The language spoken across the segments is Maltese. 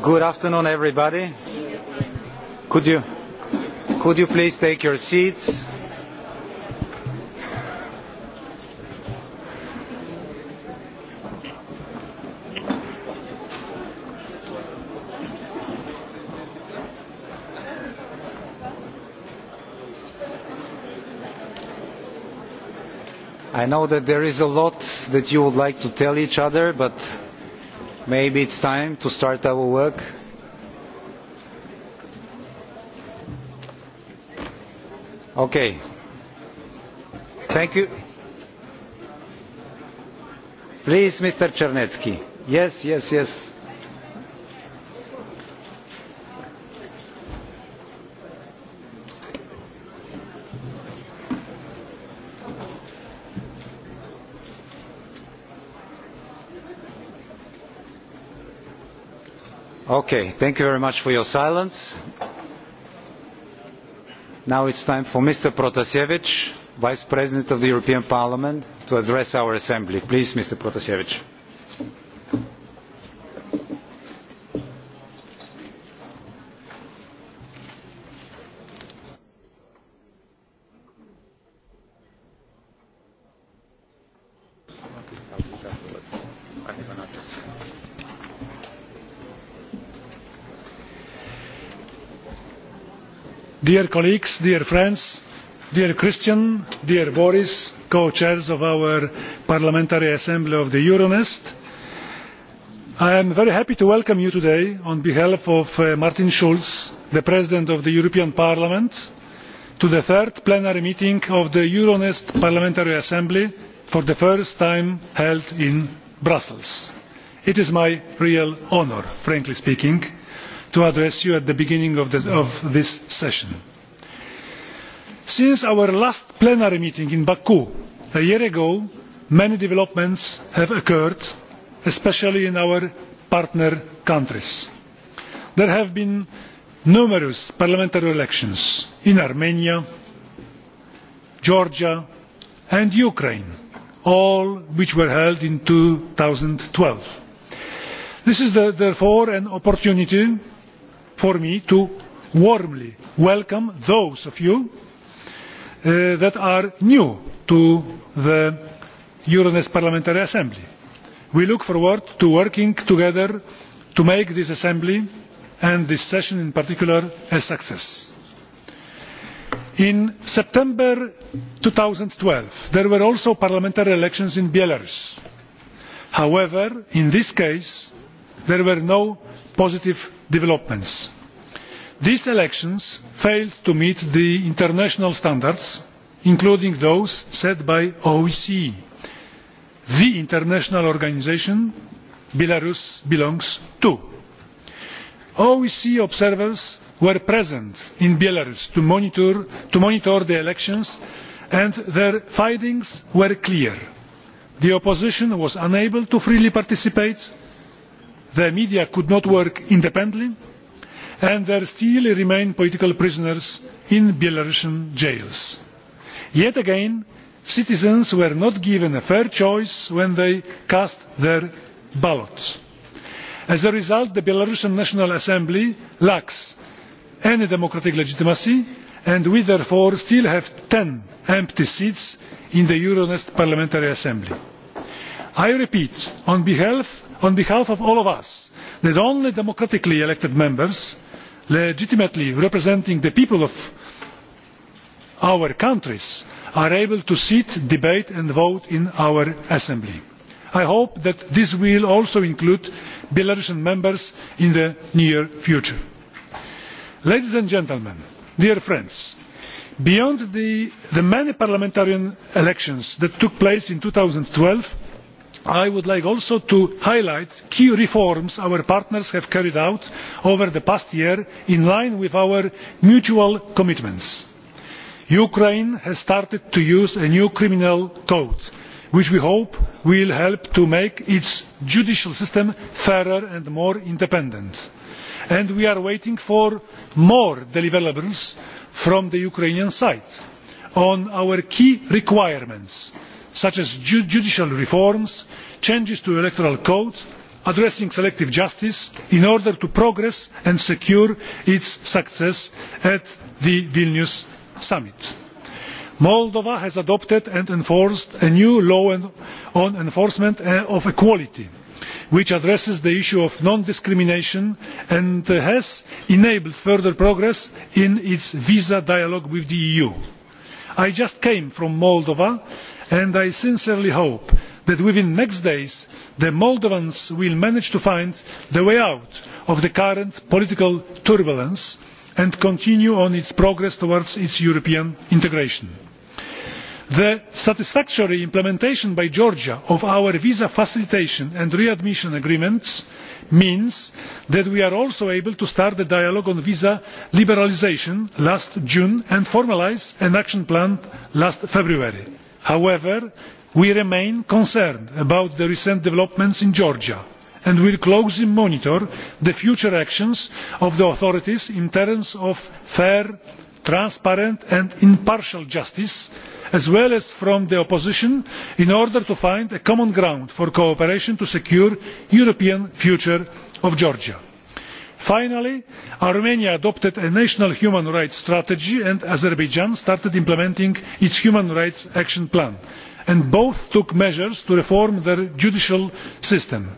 Good afternoon, everybody. Could you, could you please take your seats? I know that there is a lot that you would like to tell each other, but Maybe it's time to start our work. Okay. Thank you. Please, Mr. Czernetsky. Yes, yes, yes. Okay, thank you very much for your silence. Now it's time for Mr. Protasevich, Vice President of the European Parliament, to address our Assembly. Please, Mr. Protasevich. Dear colleagues, dear friends, dear Christian, dear Boris, co-chairs of our Parliamentary Assembly of the Euronest, I am very happy to welcome you today on behalf of uh, Martin Schulz, the President of the European Parliament, to the third plenary meeting of the Euronest Parliamentary Assembly for the first time held in Brussels. It is my real honor, frankly speaking, to address you at the beginning of, this, of this session. Since our last plenary meeting in Baku a year ago, many developments have occurred, especially in our partner countries. There have been numerous parliamentary elections in Armenia, Georgia and Ukraine, all which were held in 2012. This is the, therefore an opportunity for me to warmly welcome those of you uh, that are new to the Euronest Parliamentary Assembly. We look forward to working together to make this assembly and this session in particular a success. In September 2012, there were also parliamentary elections in Belarus. However, in this case, there were no positive developments. These elections failed to meet the international standards, including those set by OEC The international organization Belarus belongs to. OEC observers were present in Belarus to monitor, to monitor the elections and their findings were clear. The opposition was unable to freely participate the media could not work independently and there still remain political prisoners in Belarusian jails. Yet again, citizens were not given a fair choice when they cast their ballots. As a result, the Belarusian National Assembly lacks any democratic legitimacy and we therefore still have 10 empty seats in the Euronest Parliamentary Assembly. I repeat, on behalf on behalf of all of us that only democratically elected members legitimately representing the people of our countries are able to sit, debate and vote in our assembly. I hope that this will also include Belarusian members in the near future. Ladies and gentlemen, dear friends, beyond the, the many parliamentarian elections that took place in 2012, I would like also to highlight key reforms our partners have carried out over the past year in line with our mutual commitments. Ukraine has started to use a new criminal code which we hope will help to make its judicial system fairer and more independent. And we are waiting for more deliverables from the Ukrainian side on our key requirements such as judicial reforms, changes to electoral code, addressing selective justice in order to progress and secure its success at the Vilnius summit. Moldova has adopted and enforced a new law on enforcement eh, of equality, which addresses the issue of non-discrimination and has enabled further progress in its visa dialogue with the EU. I just came from Moldova and I sincerely hope that within the next days the Moldovans will manage to find the way out of the current political turbulence and continue on its progress towards its European integration. The satisfactory implementation by Georgia of our visa facilitation and readmission agreements means that we are also able to start the dialogue on visa liberalisation last June and formalise an action plan last February however we remain concerned about the recent developments in georgia and will closely monitor the future actions of the authorities in terms of fair transparent and impartial justice as well as from the opposition in order to find a common ground for cooperation to secure the european future of georgia. Finally, Armenia adopted a national human rights strategy and Azerbaijan started implementing its human rights action plan. And both took measures to reform their judicial system.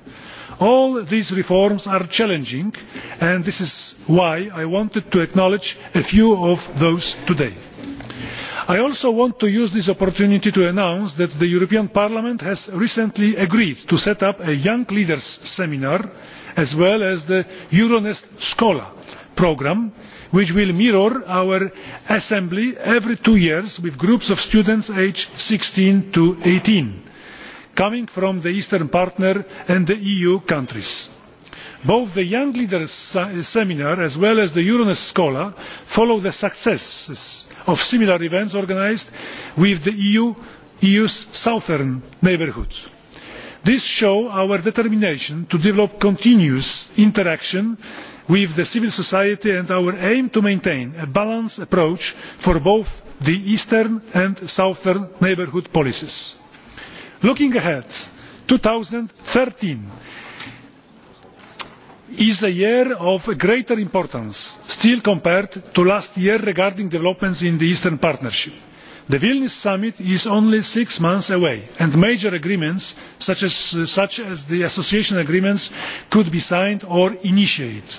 All these reforms are challenging and this is why I wanted to acknowledge a few of those today. I also want to use this opportunity to announce that the European Parliament has recently agreed to set up a Young Leaders Seminar as well as the euronest scola programme which will mirror our assembly every two years with groups of students aged sixteen to eighteen coming from the eastern partner and the eu countries. both the young leaders seminar as well as the euronest scola follow the successes of similar events organised with the EU, eu's southern neighbourhood. This shows our determination to develop continuous interaction with civil society and our aim to maintain a balanced approach for both the eastern and southern neighbourhood policies. Looking ahead, thirteen is a year of greater importance still compared to last year regarding developments in the Eastern Partnership The Vilnius summit is only six months away, and major agreements such as, such as the association agreements could be signed or initiated.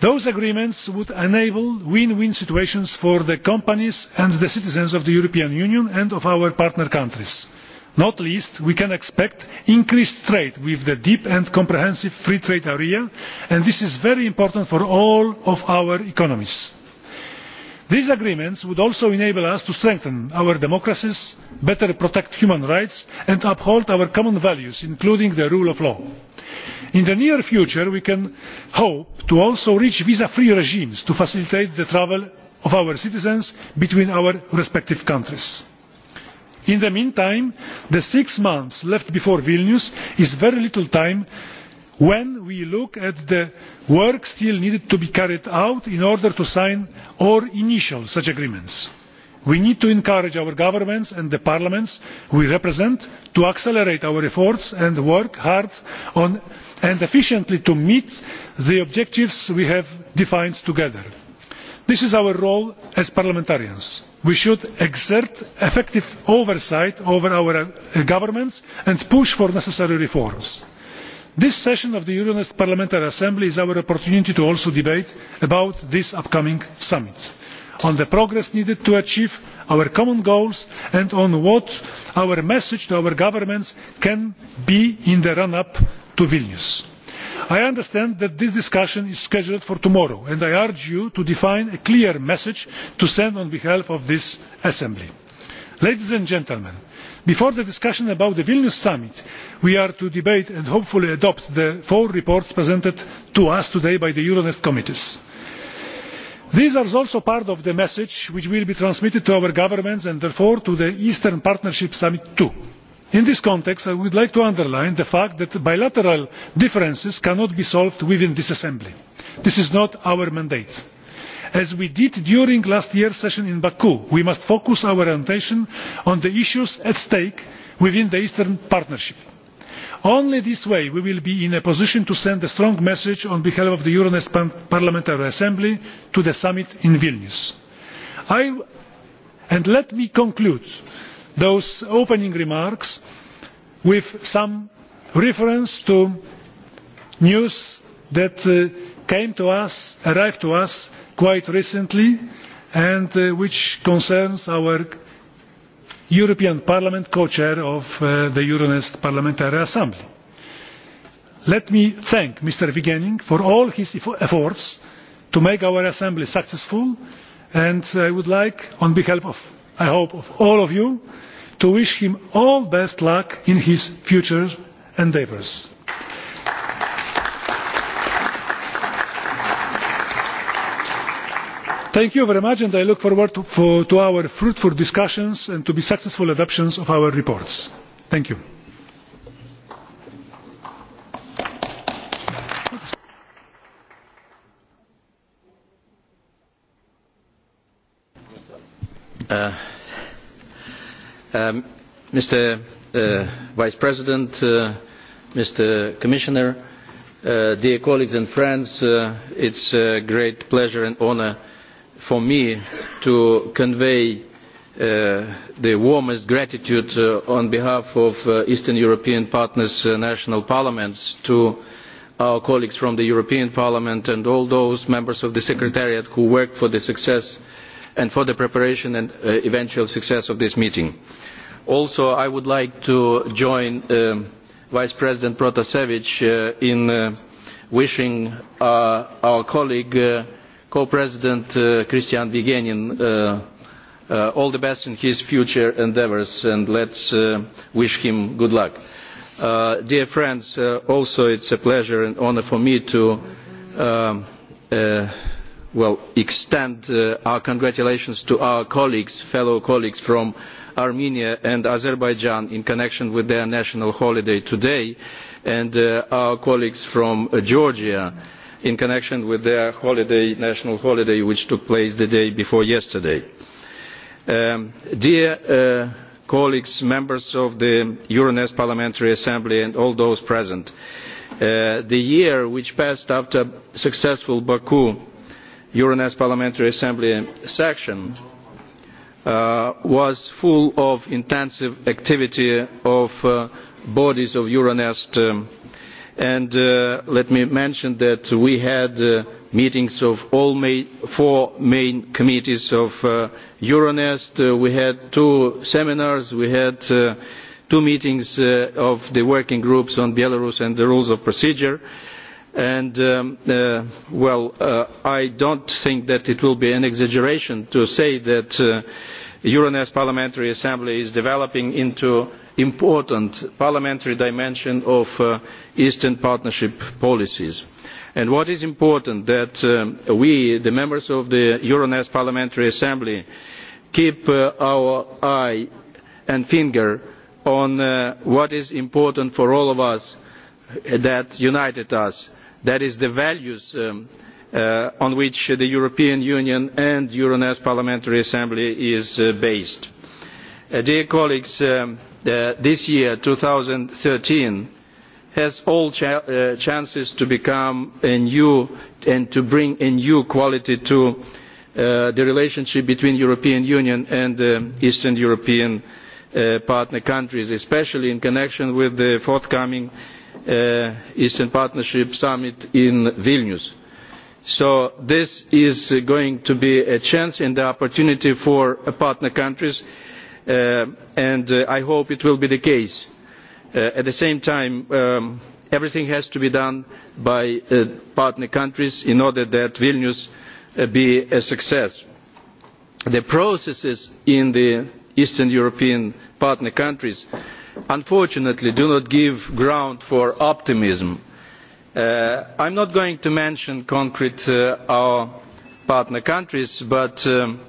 Those agreements would enable win-win situations for the companies and the citizens of the European Union and of our partner countries. Not least, we can expect increased trade with the deep and comprehensive free trade area, and this is very important for all of our economies. These agreements would also enable us to strengthen our democracies, better protect human rights and uphold our common values, including the rule of law. In the near future, we can hope to also reach visa-free regimes to facilitate the travel of our citizens between our respective countries. In the meantime, the six months left before Vilnius is very little time when we look at the work still needed to be carried out in order to sign or initial such agreements. We need to encourage our governments and the parliaments we represent to accelerate our efforts and work hard on and efficiently to meet the objectives we have defined together. This is our role as parliamentarians. We should exert effective oversight over our uh, governments and push for necessary reforms this session of the euronest parliamentary assembly is our opportunity to also debate about this upcoming summit on the progress needed to achieve our common goals and on what our message to our governments can be in the run up to vilnius. i understand that this discussion is scheduled for tomorrow and i urge you to define a clear message to send on behalf of this assembly. ladies and gentlemen Before the discussion about the Vilnius summit, we are to debate and hopefully adopt the four reports presented to us today by the Euronest committees. These are also part of the message which will be transmitted to our governments and therefore to the Eastern Partnership Summit too. In this context, I would like to underline the fact that bilateral differences cannot be solved within this Assembly. This is not our mandate as we did during last year's session in baku we must focus our attention on the issues at stake within the eastern partnership. only this way we will be in a position to send a strong message on behalf of the euronest parliamentary assembly to the summit in vilnius. I, and let me conclude those opening remarks with some reference to news that uh, came to us, arrived to us quite recently and uh, which concerns our European Parliament co-chair of uh, the Euronest Parliamentary Assembly. Let me thank Mr. Vigening for all his efforts to make our assembly successful and I would like, on behalf of, I hope, of all of you, to wish him all best luck in his future endeavours. Thank you very much and I look forward to, for, to our fruitful discussions and to be successful adoptions of our reports. Thank you. Uh, um, Mr. Uh, Vice President, uh, Mr. Commissioner, uh, dear colleagues and friends, uh, it's a great pleasure and honor for me to convey uh, the warmest gratitude uh, on behalf of uh, Eastern European partners' uh, national parliaments to our colleagues from the European Parliament and all those members of the Secretariat who worked for the success and for the preparation and uh, eventual success of this meeting. Also, I would like to join uh, Vice President Protasevich uh, in uh, wishing uh, our colleague uh, co-president uh, Christian Vigenin uh, uh, all the best in his future endeavors and let's uh, wish him good luck. Uh, dear friends, uh, also it's a pleasure and honor for me to um, uh, well, extend uh, our congratulations to our colleagues, fellow colleagues from Armenia and Azerbaijan in connection with their national holiday today and uh, our colleagues from uh, Georgia in connection with their holiday, national holiday, which took place the day before yesterday. Um, dear uh, colleagues, members of the Euronest Parliamentary Assembly and all those present, uh, the year which passed after successful Baku Euronest Parliamentary Assembly session uh, was full of intensive activity of uh, bodies of Euronest um, And uh, let me mention that we had uh, meetings of all ma four main committees of uh, Euronest. Uh, we had two seminars. We had uh, two meetings uh, of the working groups on Belarus and the rules of procedure. And, um, uh, well, uh, I don't think that it will be an exaggeration to say that uh, Euronest Parliamentary Assembly is developing into important parliamentary dimension of uh, Eastern Partnership policies. And what is important that uh, we, the members of the Euronest Parliamentary Assembly, keep uh, our eye and finger on uh, what is important for all of us that united us. That is the values um, uh, on which the European Union and Euronest Parliamentary Assembly is uh, based. Uh, dear colleagues, um, Uh, this year, 2013, has all cha uh, chances to become a new and to bring a new quality to uh, the relationship between European Union and uh, Eastern European uh, partner countries, especially in connection with the forthcoming uh, Eastern Partnership Summit in Vilnius. So this is going to be a chance and the opportunity for partner countries Uh, and uh, I hope it will be the case. Uh, at the same time, um, everything has to be done by partner countries in order that Vilnius be a success. The processes in the Eastern European partner countries unfortunately do not give ground for optimism. I am not going to mention concrete our partner countries, but um,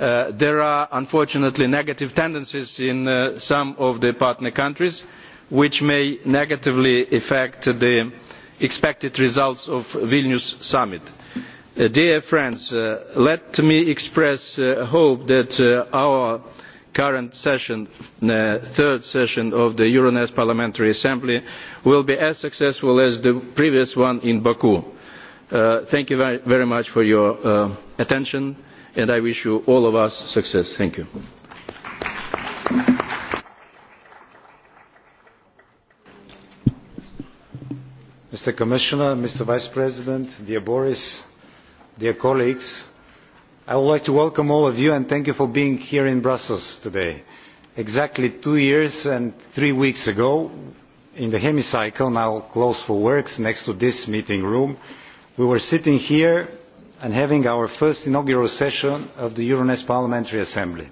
Uh, there are unfortunately negative tendencies in uh, some of the partner countries which may negatively affect the expected results of the Vilnius summit. Uh, dear friends, uh, let me express uh, hope that our current session, third session of the Euronest Parliamentary Assembly will be as successful as the previous one in Baku. thank you very, very much for your attention and I wish you all of us success. Thank you. Mr. Commissioner, Mr. Vice President, dear Boris, dear colleagues, I would like to welcome all of you and thank you for being here in Brussels today. Exactly two years and three weeks ago, in the hemicycle, now closed for works, next to this meeting room, we were sitting here and having our first inaugural session of the Euronest Parliamentary Assembly.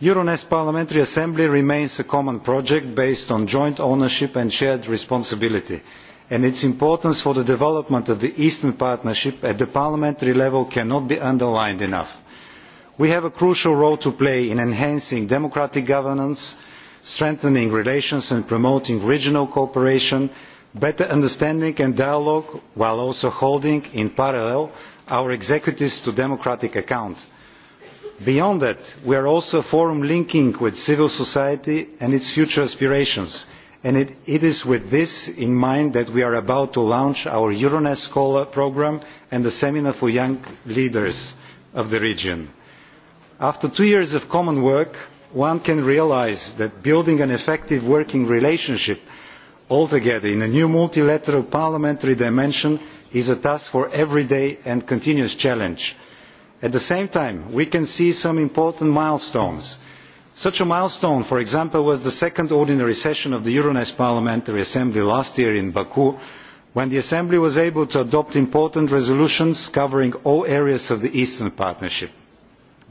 Euronest Parliamentary Assembly remains a common project based on joint ownership and shared responsibility, and its importance for the development of the Eastern Partnership at the parliamentary level cannot be underlined enough. We have a crucial role to play in enhancing democratic governance, strengthening relations and promoting regional cooperation better understanding and dialogue while also holding in parallel our executives to democratic account. Beyond that, we are also a forum linking with civil society and its future aspirations, and it, it is with this in mind that we are about to launch our Euronest Scholar programme and the seminar for young leaders of the region. After two years of common work, one can realise that building an effective working relationship – altogether in a new multilateral parliamentary dimension is a task for every day and continuous challenge. At the same time, we can see some important milestones. Such a milestone, for example, was the second ordinary session of the Euronest Parliamentary Assembly last year in Baku, when the Assembly was able to adopt important resolutions covering all areas of the Eastern Partnership.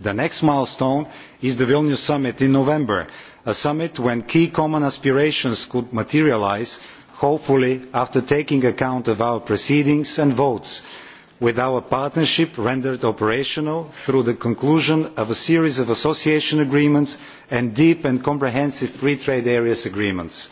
The next milestone is the Vilnius Summit in November, a summit when key common aspirations could materialise, hopefully after taking account of our proceedings and votes, with our partnership rendered operational through the conclusion of a series of association agreements and deep and comprehensive free trade areas agreements.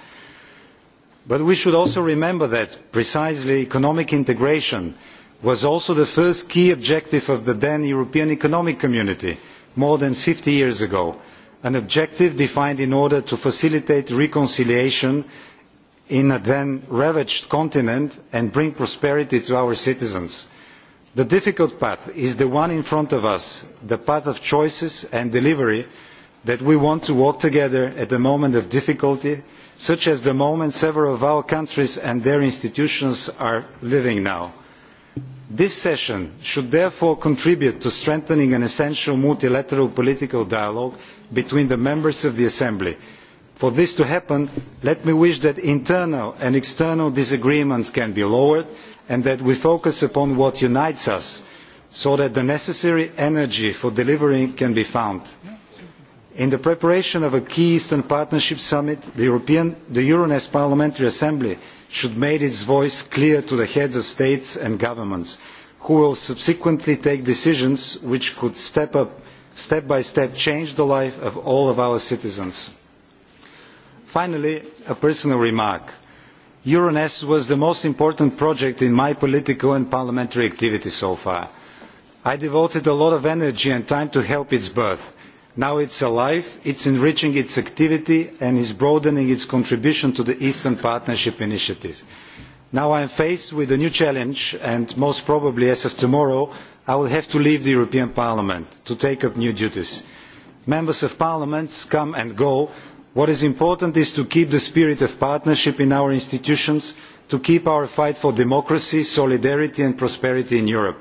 But we should also remember that precisely economic integration was also the first key objective of the then European Economic Community more than fifty years ago an objective defined in order to facilitate reconciliation in a then ravaged continent and bring prosperity to our citizens. The difficult path is the one in front of us, the path of choices and delivery that we want to walk together at a moment of difficulty, such as the moment several of our countries and their institutions are living now. This session should therefore contribute to strengthening an essential multilateral political dialogue between the members of the Assembly. For this to happen, let me wish that internal and external disagreements can be lowered and that we focus upon what unites us so that the necessary energy for delivering can be found. In the preparation of a key Eastern Partnership Summit, the, European, the Euronest Parliamentary Assembly should make its voice clear to the heads of states and governments, who will subsequently take decisions which could step up step by step change the life of all of our citizens. Finally, a personal remark. Euronest was the most important project in my political and parliamentary activity so far. I devoted a lot of energy and time to help its birth. Now it's alive, it's enriching its activity and is broadening its contribution to the Eastern Partnership Initiative. Now I am faced with a new challenge and most probably as of tomorrow I will have to leave the European Parliament to take up new duties. Members of Parliament come and go. What is important is to keep the spirit of partnership in our institutions, to keep our fight for democracy, solidarity and prosperity in Europe.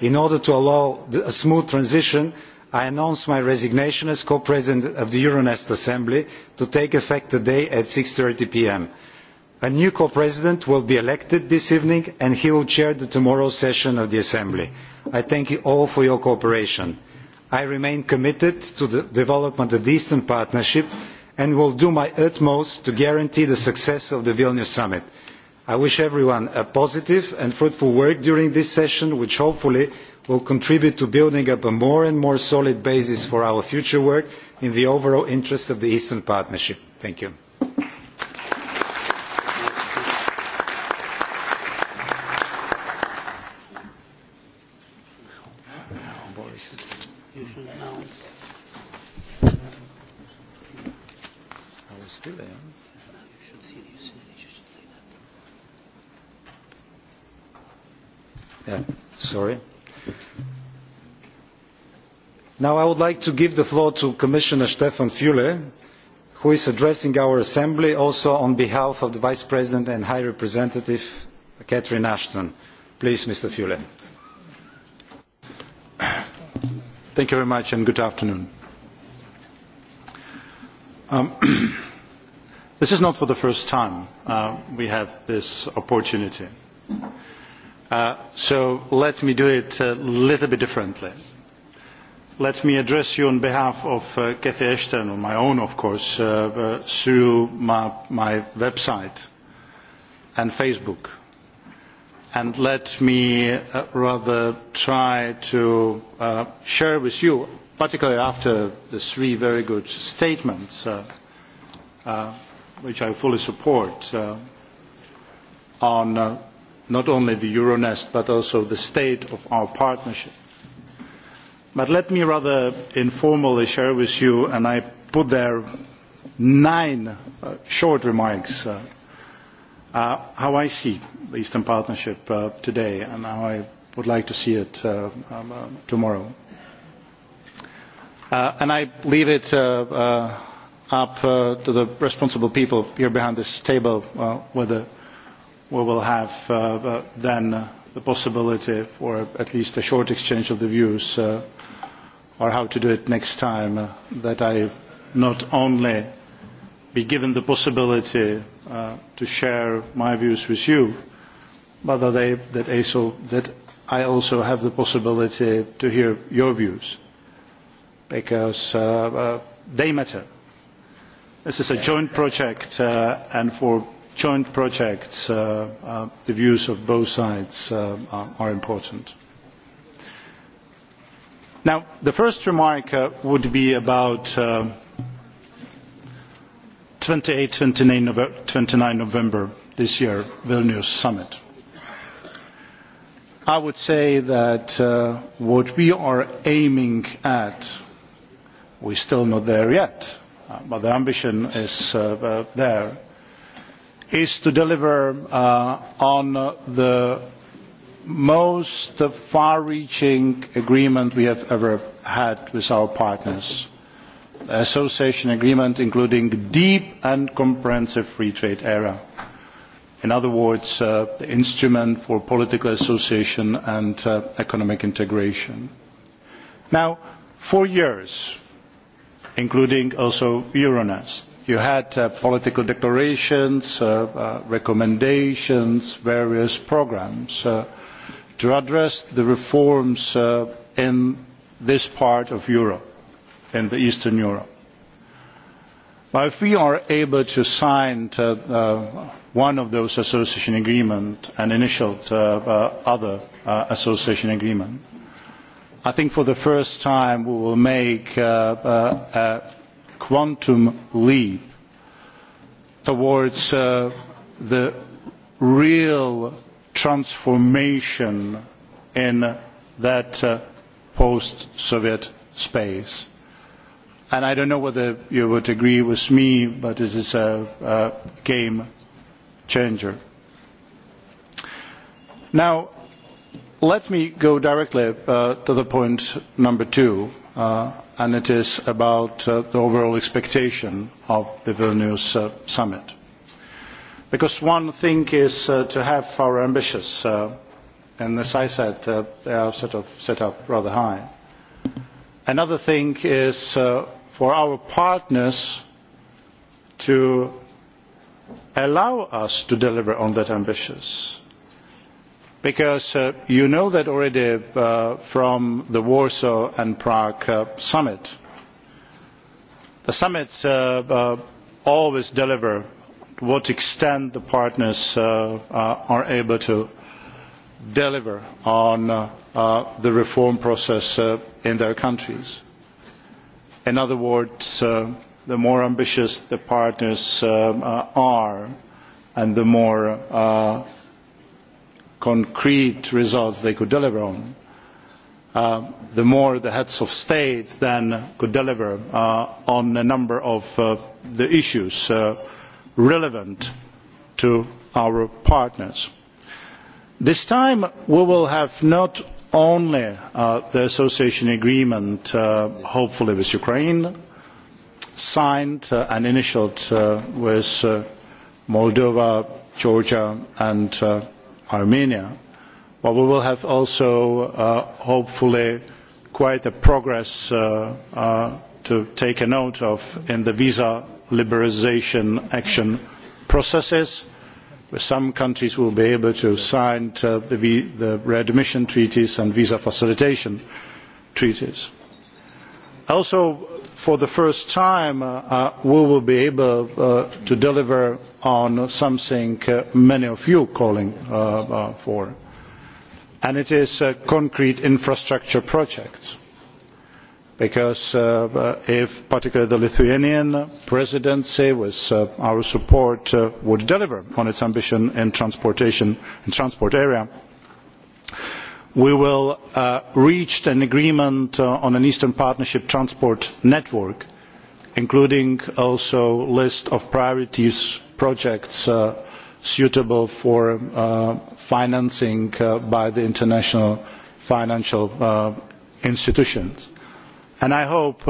In order to allow a smooth transition, I announce my resignation as co-president of the Euronest Assembly to take effect today at 6.30 p.m. A new co-president will be elected this evening and he will chair the tomorrow's session of the Assembly. I thank you all for your cooperation. I remain committed to the development of the Eastern Partnership and will do my utmost to guarantee the success of the Vilnius Summit. I wish everyone a positive and fruitful work during this session, which hopefully will contribute to building up a more and more solid basis for our future work in the overall interest of the Eastern Partnership. Thank you. Stille, ja. Eh? Yeah, sorry. Now I would like to give the floor to Commissioner Stefan Fule, who is addressing our Assembly also on behalf of the Vice President and High Representative Catherine Ashton. Please, Mr. Fule. Thank you very much and good afternoon. Um, This is not for the first time uh, we have this opportunity. Uh, so let me do it a little bit differently. Let me address you on behalf of uh, Cathy Ashton, on my own, of course, uh, uh, through my, my website and Facebook. And let me uh, rather try to uh, share with you, particularly after the three very good statements uh, uh, which I fully support, uh, on uh, not only the Euronest but also the state of our partnership. But let me rather informally share with you, and I put there nine uh, short remarks, uh, uh, how I see the Eastern Partnership uh, today and how I would like to see it uh, um, uh, tomorrow. Uh, and I leave it uh, uh, up uh, to the responsible people here behind this table uh, whether we will have uh, uh, then uh, the possibility for at least a short exchange of the views uh, or how to do it next time uh, that I not only be given the possibility uh, to share my views with you but that, I, that, ASO, that I also have the possibility to hear your views because uh, uh, they matter This is a joint project, uh, and for joint projects, uh, uh, the views of both sides uh, are important. Now, the first remark uh, would be about uh, 28, 29, November, 29 November this year, Vilnius summit. I would say that uh, what we are aiming at, we're still not there yet Uh, but the ambition is uh, uh, there, is to deliver on the most far-reaching agreement we have ever had with our partners association agreement including deep and comprehensive free trade area. In other words, uh, the instrument for political association and uh, economic integration. Now, for years, including also Euronest. You had uh, political declarations, uh, uh, recommendations, various programs uh, to address the reforms uh, in this part of Europe, in the Eastern Europe. But if we are able to sign to, uh, uh, one of those association agreements and initial to, uh, uh, other uh, association agreements, I think for the first time we will make uh, uh, a quantum leap towards uh, the real transformation in that uh, post-Soviet space. And I don't know whether you would agree with me, but it is a, a game changer. Now, let me go directly uh, to the point number two, uh, and it is about uh, the overall expectation of the Vilnius uh, summit. Because one thing is uh, to have our ambitions, uh, and as I said, uh, they are sort of set up rather high. Another thing is uh, for our partners to allow us to deliver on that ambitions because uh, you know that already uh, from the Warsaw and Prague uh, summit. The summits always deliver to what extent the partners are able to deliver on the reform process in their countries. In other words, the more ambitious the partners are and the more concrete results they could deliver on, uh, the more the heads of state then could deliver uh, on a number of uh, the issues uh, relevant to our partners. This time we will have not only uh, the association agreement, uh, hopefully with Ukraine, signed uh, and initialed uh, with uh, Moldova, Georgia and uh, Armenia. But we will have also, uh, hopefully, quite a progress uh, uh, to take a note of in the visa liberalisation action processes. Where some countries will be able to sign to uh, the, the readmission treaties and visa facilitation treaties. Also, for the first time uh, uh, we will be able uh, to deliver on something uh, many of you are calling uh, uh, for and it is concrete infrastructure projects because if particularly the lithuanian presidency with our support would deliver on its ambition in the transportation and transport area we will uh, reach an agreement uh, on an Eastern Partnership transport network, including a list of priority projects uh, suitable for financing by the international financial institutions. And I hope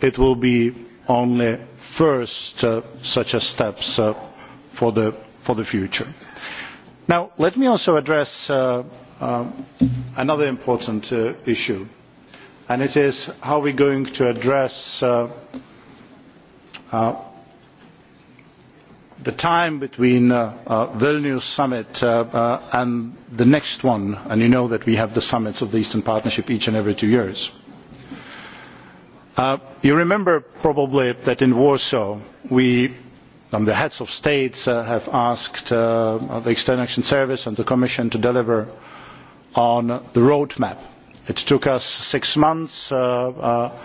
it will be only first such steps for the, for the future. Now, let me also address Um, another important uh, issue, and it is how we're going to address uh, uh, the time between uh, uh, Vilnius summit uh, uh, and the next one, and you know that we have the summits of the Eastern Partnership each and every two years. Uh, you remember probably that in Warsaw, we, and um, the heads of states uh, have asked uh, the External Action Service and the Commission to deliver on the roadmap. It took us six months uh, uh,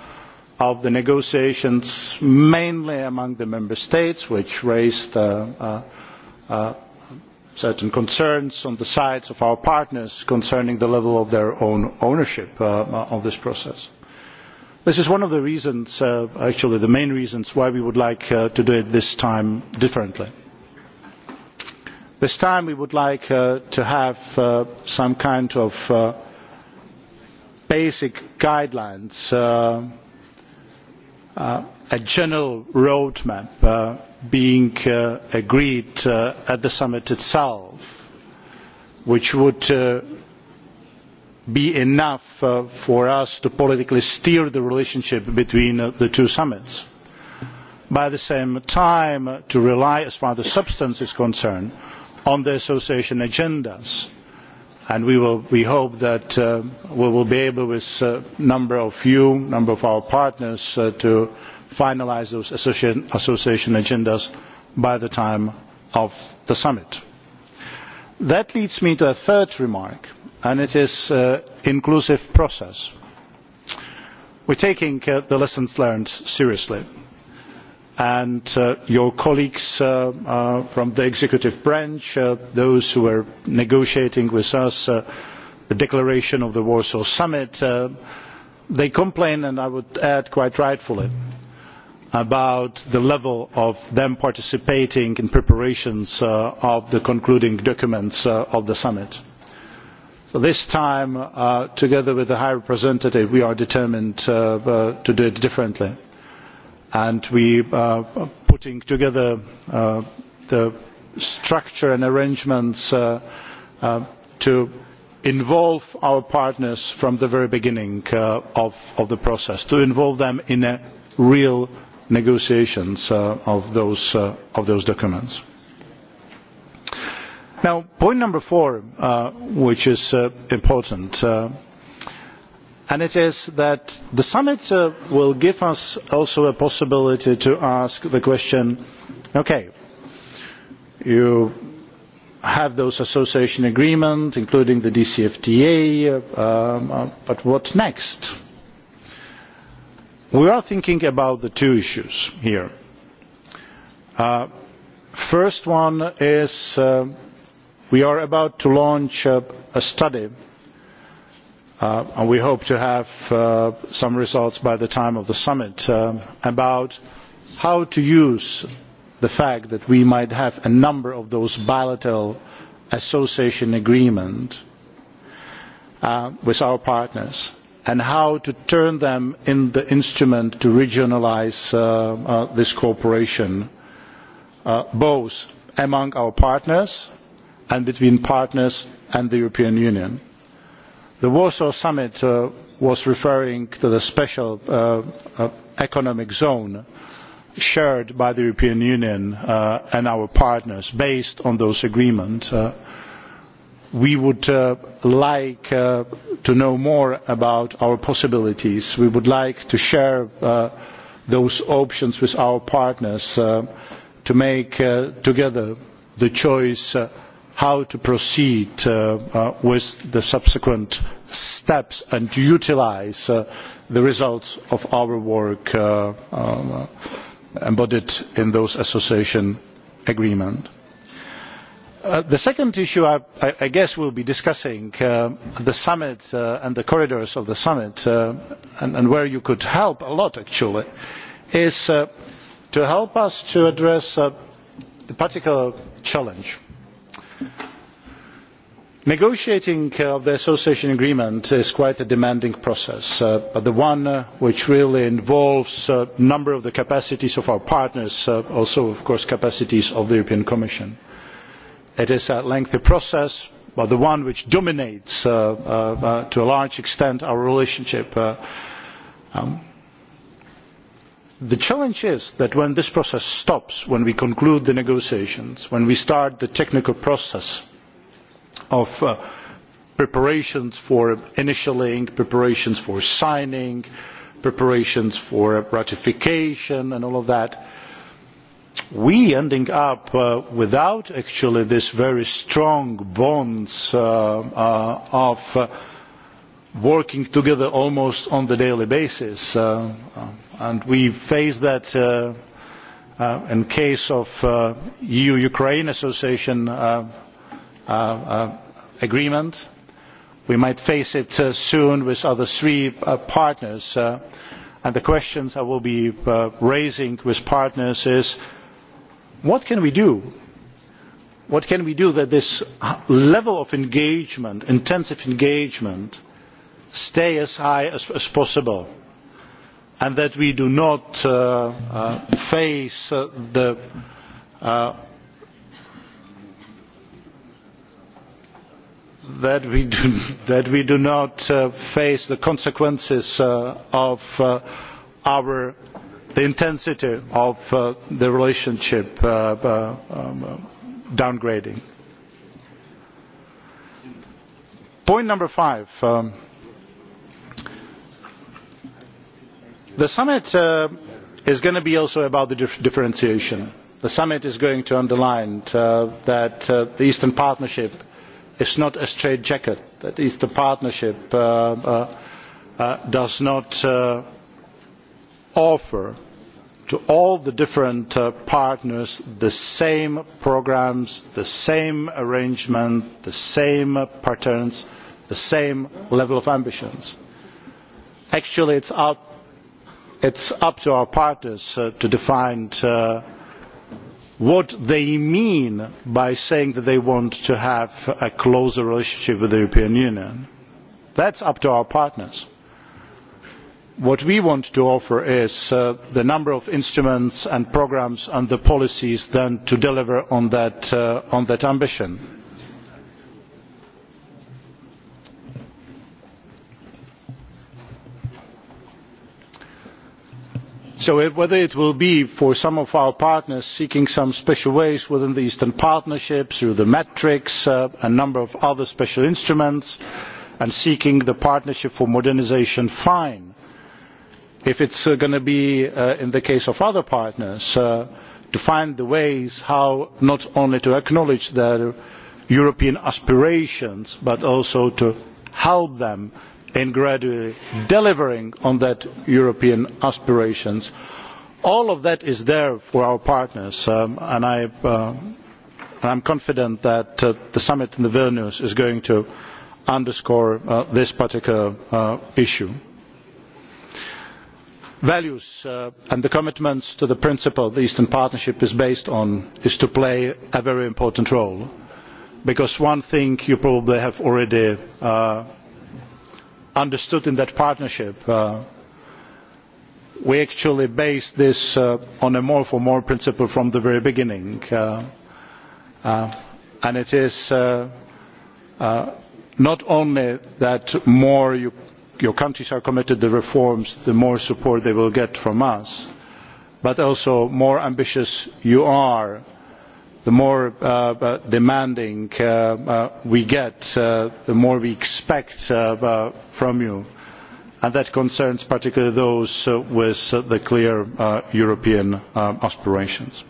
of the negotiations, mainly among the member states, which raised uh, uh, uh certain concerns on the sides of our partners concerning the level of their own ownership uh, of this process. This is one of the reasons, actually the main reasons, why we would like to do it this time differently This time we would like uh, to have uh, some kind of uh, basic guidelines, uh, uh, a general roadmap uh, being uh, agreed uh, at the summit itself, which would uh, be enough uh, for us to politically steer the relationship between uh, the two summits. By the same time, uh, to rely, as far as the substance is concerned, on the association agendas and we, will, we hope that uh, we will be able with a uh, number of you, a number of our partners uh, to finalise those association, association agendas by the time of the summit. That leads me to a third remark and it is uh, inclusive process. We're taking uh, the lessons learned seriously and uh, your colleagues uh, uh, from the executive branch, uh, those who were negotiating with us uh, the declaration of the Warsaw Summit, uh, they complain, and I would add quite rightfully, about the level of them participating in preparations uh, of the concluding documents uh, of the summit. So this time, uh, together with the High Representative, we are determined uh, uh, to do it differently and we are uh, putting together uh, the structure and arrangements uh, to involve our partners from the very beginning of, of, the process, to involve them in a real negotiations of those, of those documents. Now, point number four, uh, which is uh, important, uh, and it is that the summit uh, will give us also a possibility to ask the question okay you have those association agreements including the DCFTA uh, um, uh, but what next we are thinking about the two issues here uh, first one is uh, we are about to launch uh, a study Uh, and we hope to have uh, some results by the time of the summit um, about how to use the fact that we might have a number of those bilateral association agreements uh, with our partners and how to turn them into the instrument to regionalise uh, uh, this cooperation, uh, both among our partners and between partners and the European Union The Warsaw Summit uh, was referring to the special uh, uh, economic zone shared by the European Union uh, and our partners based on those agreements. Uh, we would uh, like uh, to know more about our possibilities. We would like to share uh, those options with our partners to make together the choice how to proceed uh, uh, with the subsequent steps and to utilise uh, the results of our work um, embodied in those association agreements. Uh, the second issue I, I guess we will be discussing uh, the summit uh, and the corridors of the summit and, and, where you could help a lot actually is to help us to address the particular challenge Negotiating uh, the association agreement is quite a demanding process, uh, but the one uh, which really involves a number of the capacities of our partners, also of course capacities of the European Commission. It is a lengthy process, but the one which dominates to a large extent our relationship. Um, The challenge is that when this process stops, when we conclude the negotiations, when we start the technical process of uh, preparations for initialing, preparations for signing, preparations for ratification and all of that, we ending up uh, without actually this very strong bonds uh, uh, of uh, working together almost on the daily basis. Uh, uh, and we face that uh, uh, in case of uh, EU-Ukraine association uh, uh, uh, agreement. We might face it uh, soon with other three uh, partners. Uh, and the questions I will be uh, raising with partners is, what can we do? What can we do that this level of engagement, intensive engagement, stay as high as, as possible? and that we do not uh, uh, face uh, the uh, that we do, that we do not uh, face the consequences uh, of uh, our the intensity of uh, the relationship uh, uh, um, uh, downgrading point number 5 um, The summit uh, is going to be also about the dif differentiation. The summit is going to underline uh, that uh, the Eastern Partnership is not a straitjacket, that the Eastern Partnership uh, uh, uh, does not uh, offer to all the different uh, partners the same programs, the same arrangement, the same patterns, the same level of ambitions. Actually, it's out it is up to our partners uh, to define uh, what they mean by saying that they want to have a closer relationship with the European Union. That is up to our partners. What we want to offer is uh, the number of instruments and programmes and the policies then to deliver on that, uh, on that ambition So whether it will be for some of our partners seeking some special ways within the Eastern Partnership through the metrics, uh, a number of other special instruments, and seeking the partnership for modernisation, fine. If it's uh, going to be, uh, in the case of other partners, uh, to find the ways how not only to acknowledge their European aspirations, but also to help them in gradually delivering on that European aspirations. All of that is there for our partners, um, and I, uh, am confident that uh, the summit in the Vilnius is going to underscore uh, this particular uh, issue. Values uh, and the commitments to the principle the Eastern Partnership is based on is to play a very important role, because one thing you probably have already uh, understood in that partnership. Uh, we actually based this uh, on a more for more principle from the very beginning. Uh, uh, and it is uh, uh, not only that more you, your countries are committed to reforms, the more support they will get from us, but also more ambitious you are the more uh, uh demanding uh, uh, we get, the more we expect from you. And that concerns particularly those with the clear European aspirations.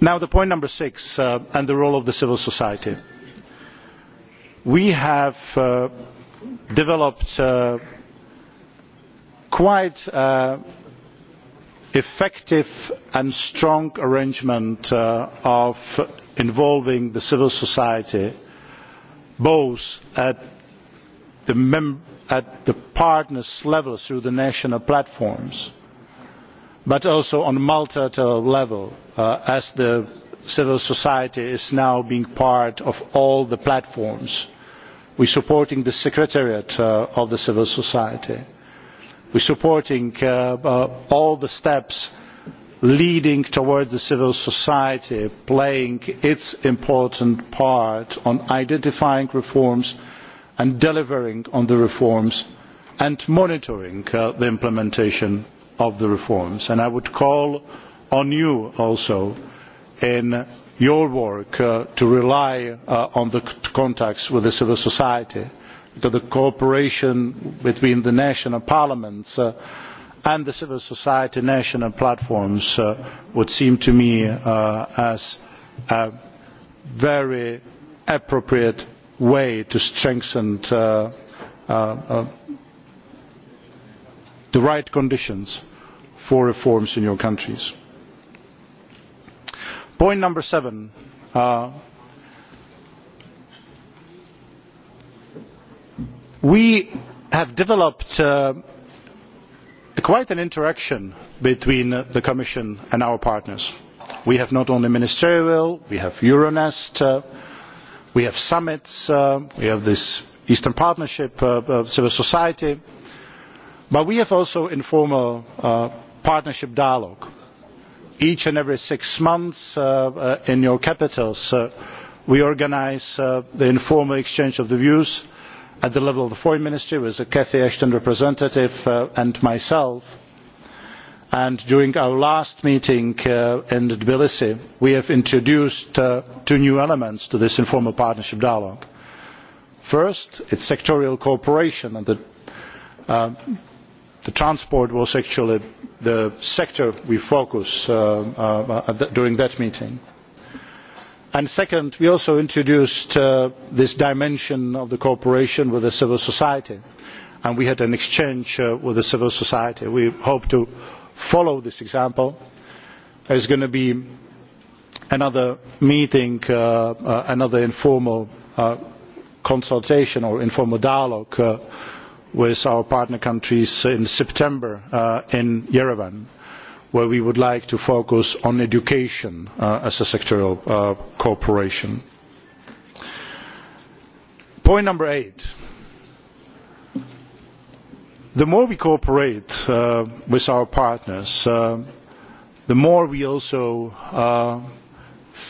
Now, the point number six, and the role of the civil society. We have developed quite effective and strong arrangement uh, of involving the civil society both at the, mem at the partners level through the national platforms but also on multilateral level uh, as the civil society is now being part of all the platforms. We are supporting the secretariat uh, of the civil society we are supporting uh, uh, all the steps leading towards civil society playing its important part on identifying reforms and delivering on the reforms and monitoring uh, the implementation of the reforms. And I would call on you also in your work uh, to rely uh, on the contacts with the civil society to the cooperation between the national parliaments uh, and the civil society national platforms uh, would seem to me uh, as a very appropriate way to strengthen uh, uh, uh, the right conditions for reforms in your countries. Point number seven, uh, we have developed uh, quite an interaction between the Commission and our partners. We have not only ministerial, we have Euronest, uh, we have summits, uh, we have this Eastern Partnership of uh, uh, civil society, but we have also informal uh, partnership dialogue. Each and every six months in your capitals, we organise the informal exchange of the views at the level of the foreign ministry with the Cathy Ashton representative uh, and myself. And during our last meeting uh, in Tbilisi, we have introduced uh, two new elements to this informal partnership dialogue. First, it's sectorial cooperation, and the, uh, the transport was actually the sector we focus uh, uh, uh during that meeting second, we also introduced uh, this dimension of the cooperation with the civil society. And we had an exchange uh, with the civil society. We hope to follow this example. There is going to be another meeting, uh, uh, another informal uh, consultation or informal dialogue uh, with our partner countries in September uh, in Yerevan where we would like to focus on education uh, as a sectoral uh, cooperation. Point number eight. The more we cooperate uh, with our partners, uh, the more we also uh,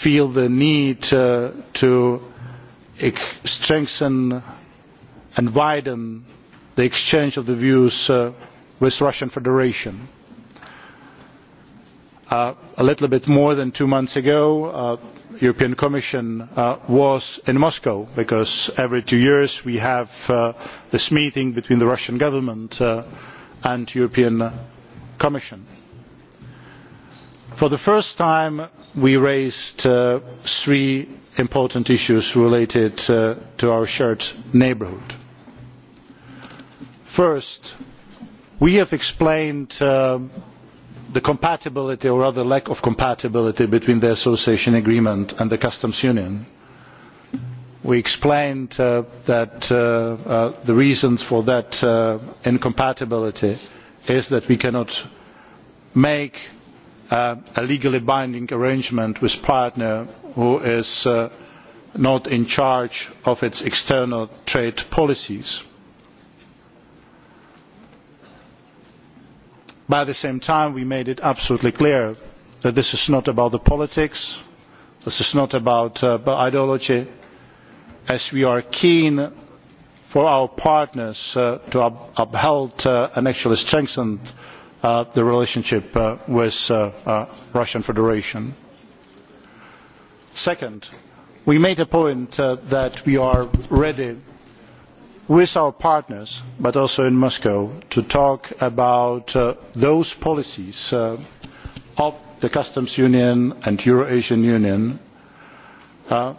feel the need uh, to strengthen and widen the exchange of the views uh, with Russian Federation Uh, a little bit more than two months ago, the uh, European Commission uh, was in Moscow because every two years we have uh, this meeting between the Russian government and the European Commission. For the first time, we raised three important issues related to our shared neighbourhood. First, we have explained the compatibility or rather lack of compatibility between the association agreement and the customs union. We explained uh, that uh, uh, the reasons for that uh, incompatibility is that we cannot make uh, a legally binding arrangement with a partner who is uh, not in charge of its external trade policies. Uh, But at the same time, we made it absolutely clear that this is not about the politics, this is not about uh, ideology, as we are keen for our partners uh, to up uphold uh, and actually strengthen uh, the relationship uh, with the uh, uh, Russian Federation. Second, we made a point uh, that we are ready with our partners but also in Moscow to talk about uh, those policies uh, of the customs union and Eurasian Union uh,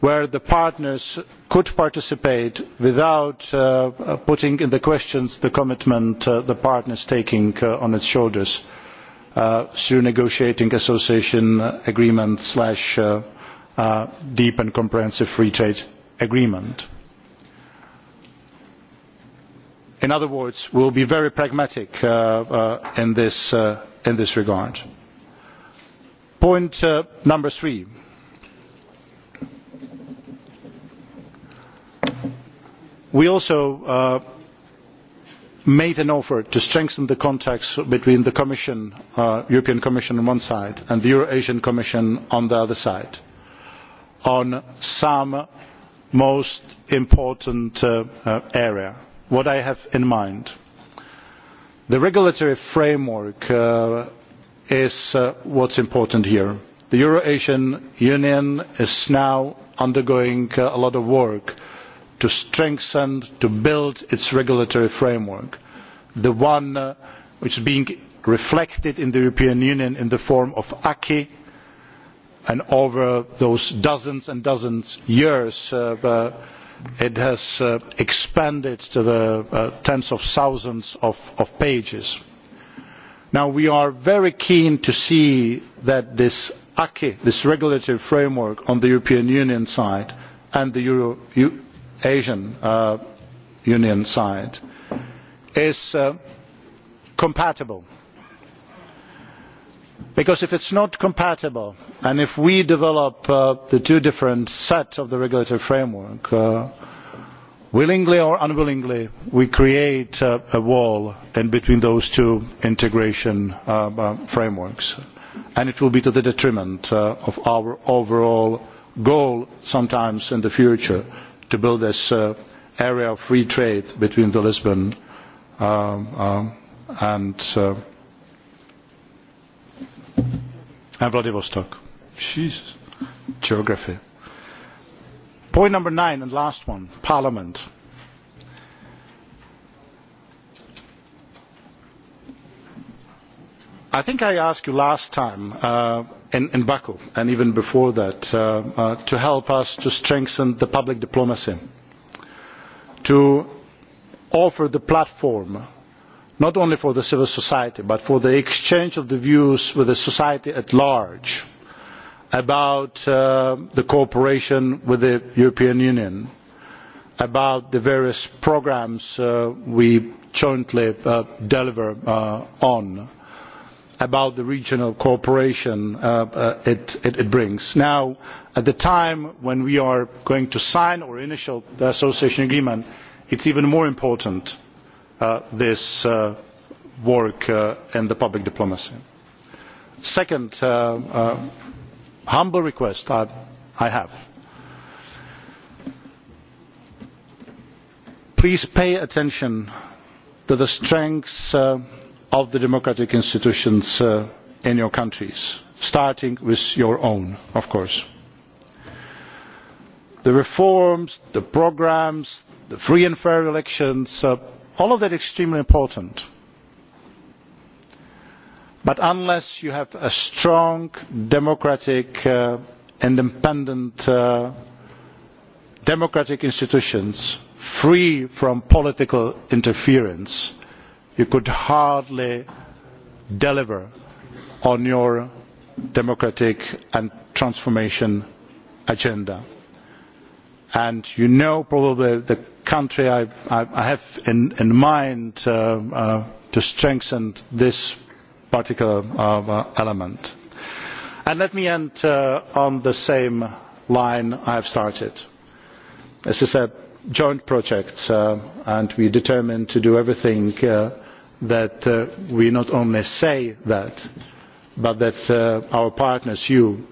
where the partners could participate without putting into question the commitment the the partners taking on its shoulders through negotiating association agreements or deep and comprehensive free trade agreement in other words we will be very pragmatic uh, uh, in, this, uh, in this regard. point uh, number three we also uh, made an offer to strengthen the contacts between the commission, uh, european commission on one side and the euro asian commission on the other side on some most important areas what I have in mind. The regulatory framework uh, is uh, what's important here. The Eurasian Union is now undergoing uh, a lot of work to strengthen, to build its regulatory framework, the one uh, which is being reflected in the European Union in the form of acquis, and over those dozens and dozens of years uh, uh, it has uh, expanded to the uh, tens of thousands of, of pages. Now, we are very keen to see that this acquis this regulatory framework on the european union side and the Euro U asian uh, union side is uh, compatible because if it is not compatible and if we develop uh, the two different sets of the regulatory framework uh, willingly or unwillingly we create uh, a wall in between those two integration uh, uh, frameworks and it will be to the detriment uh, of our overall goal sometimes in the future to build this area of free trade between the lisbon um, um, and and Vladivostok. Jesus, geography. Point number nine and last one, Parliament. I think I asked you last time uh, in, in Baku and even before that uh, uh, to help us to strengthen the public diplomacy, to offer the platform not only for the civil society but for the exchange of the views with the society at large about uh, the cooperation with the European Union, about the various programmes uh, we jointly uh, deliver uh, on, about the regional cooperation uh, uh, it, it, it, brings. Now, at the time when we are going to sign our initial association agreement, it is even more important Uh, this uh, work uh, in the public diplomacy. Second humble request I, I have. Please pay attention to the strengths of the democratic institutions in your countries, starting with your own, of course. The reforms, the programmes, the free and fair elections All of that is extremely important. But unless you have a strong, democratic, uh, independent, uh, democratic institutions free from political interference, you could hardly deliver on your democratic and transformation agenda and you know probably the country I, I, I have in, in mind uh, uh, to strengthen this particular uh, uh, element. And let me end uh, on the same line I have started. This is a joint project uh, and we are determined to do everything uh, that uh, we not only say that, but that uh, our partners, you,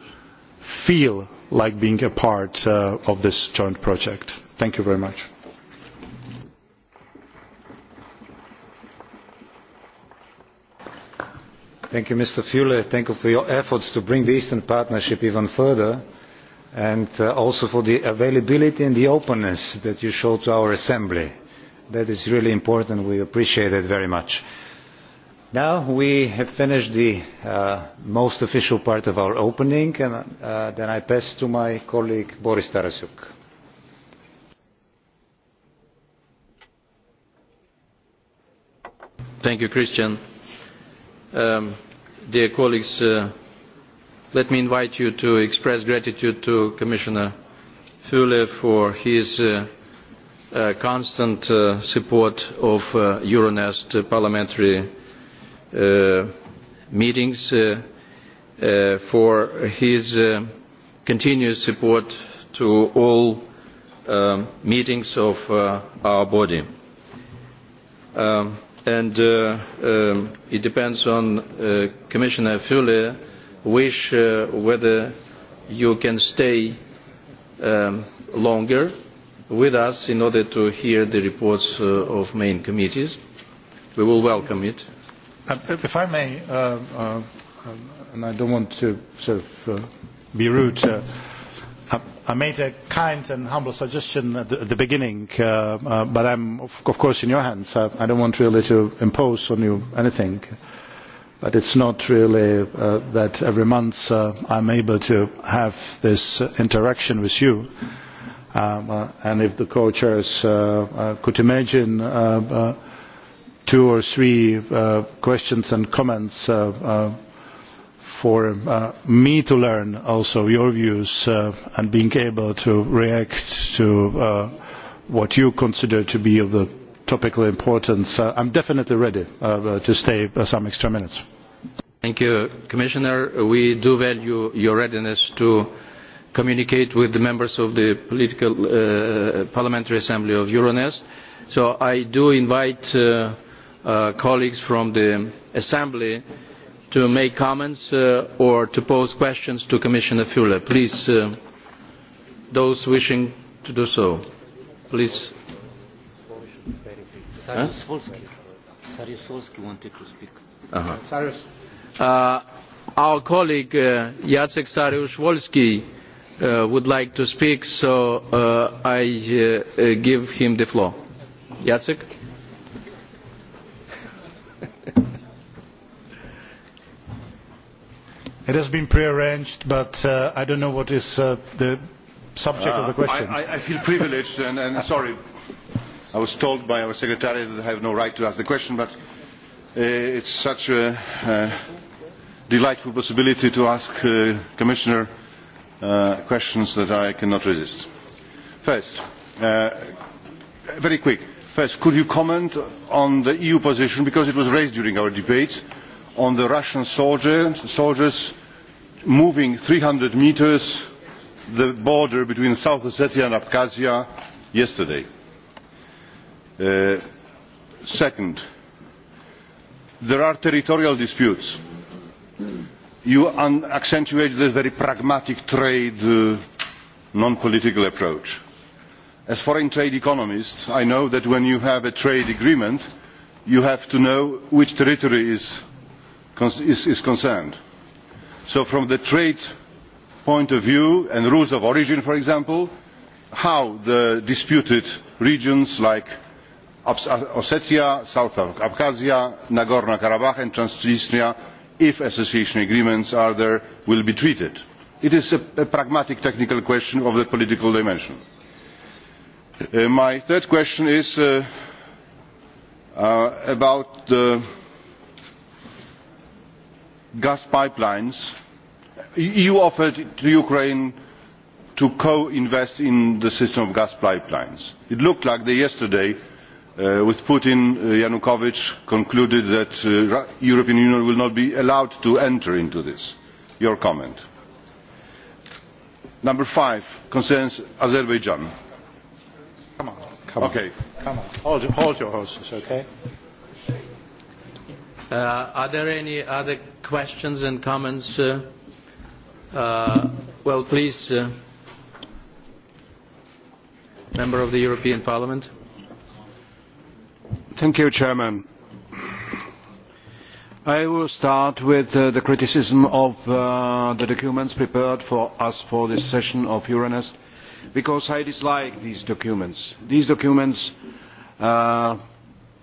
feel like being a part uh, of this joint project. Thank you very much. Thank you, Mr. Fuller. Thank you for your efforts to bring the Eastern Partnership even further and uh, also for the availability and the openness that you show to our Assembly. That is really important. We appreciate it very much. Now we have finished the uh, most official part of our opening, and uh, then I pass to my colleague Boris Tarasuk. Thank you, Christian. Um, dear colleagues, uh, let me invite you to express gratitude to Commissioner Fule for his uh, uh, constant uh, support of uh, Euronest parliamentary uh, meetings uh, uh, for his uh, continuous support to all um, meetings of uh, our body. Um, and uh, um, it depends on uh, Commissioner Fuller wish uh, whether you can stay um, longer with us in order to hear the reports uh, of main committees. We will welcome it. Um, if I may, uh, uh, and I don't want to sort of uh, be rude, uh, um, I made a kind and humble suggestion at the, at the beginning, uh, uh, but I'm of, of course in your hands. I, I don't want really to impose on you anything. But it's not really uh, that every month uh, I'm able to have this uh, interaction with you. Um, uh, and if the co-chairs uh, uh, could imagine uh, uh, two or three uh, questions and comments uh, uh, for uh, me to learn also your views uh, and being able to react to uh, what you consider to be of the topical importance. Uh, I'm definitely ready uh, uh to stay uh, some extra minutes. Thank you, Commissioner. We do value your readiness to communicate with the members of the political uh, parliamentary assembly of Euronest. So I do invite uh, Uh, colleagues from the Assembly to make comments uh, or to pose questions to Commissioner Fuller. Please, uh, those wishing to do so, please. Sarius Volsky. Sarius wanted to speak. Uh -huh. Uh, our colleague uh, Jacek Sariusz-Wolski uh, would like to speak, so uh, I uh, uh give him the floor. Jacek? It has been prearranged, but uh, I don't know what is uh, the subject uh, of the uh, question. I, I feel privileged and, and sorry. I was told by our secretary that I have no right to ask the question, but uh, it's such a uh, delightful possibility to ask uh, Commissioner uh, questions that I cannot resist. First, uh, very quick. First, could you comment on the EU position, because it was raised during our debates, on the Russian soldier, soldiers moving three hundred metres the border between south ossetia and abkhazia yesterday. Uh, second there are territorial disputes. you accentuate this very pragmatic trade uh, non political approach. as foreign trade economist i know that when you have a trade agreement you have to know which territory is, is, is concerned So from the trade point of view and rules of origin, for example, how the disputed regions like Ossetia, South Abkhazia, Nagorno-Karabakh and Transnistria, if association agreements are there, will be treated. It is a, a pragmatic technical question of the political dimension. Uh, my third question is uh, uh, about the gas pipelines, EU offered to Ukraine to co-invest in the system of gas pipelines. It looked like they yesterday uh, with Putin, uh, Yanukovych concluded that the uh, European Union will not be allowed to enter into this. Your comment. Number five concerns Azerbaijan. Come on. Come on. Okay. Come on. Hold, hold your horses, okay? Uh, are there any other questions and comments? Uh, uh, well, please, uh, member of the European Parliament. Thank you, Chairman. I will start with uh, the criticism of uh, the documents prepared for us for this session of Euronest because I dislike these documents. These documents uh,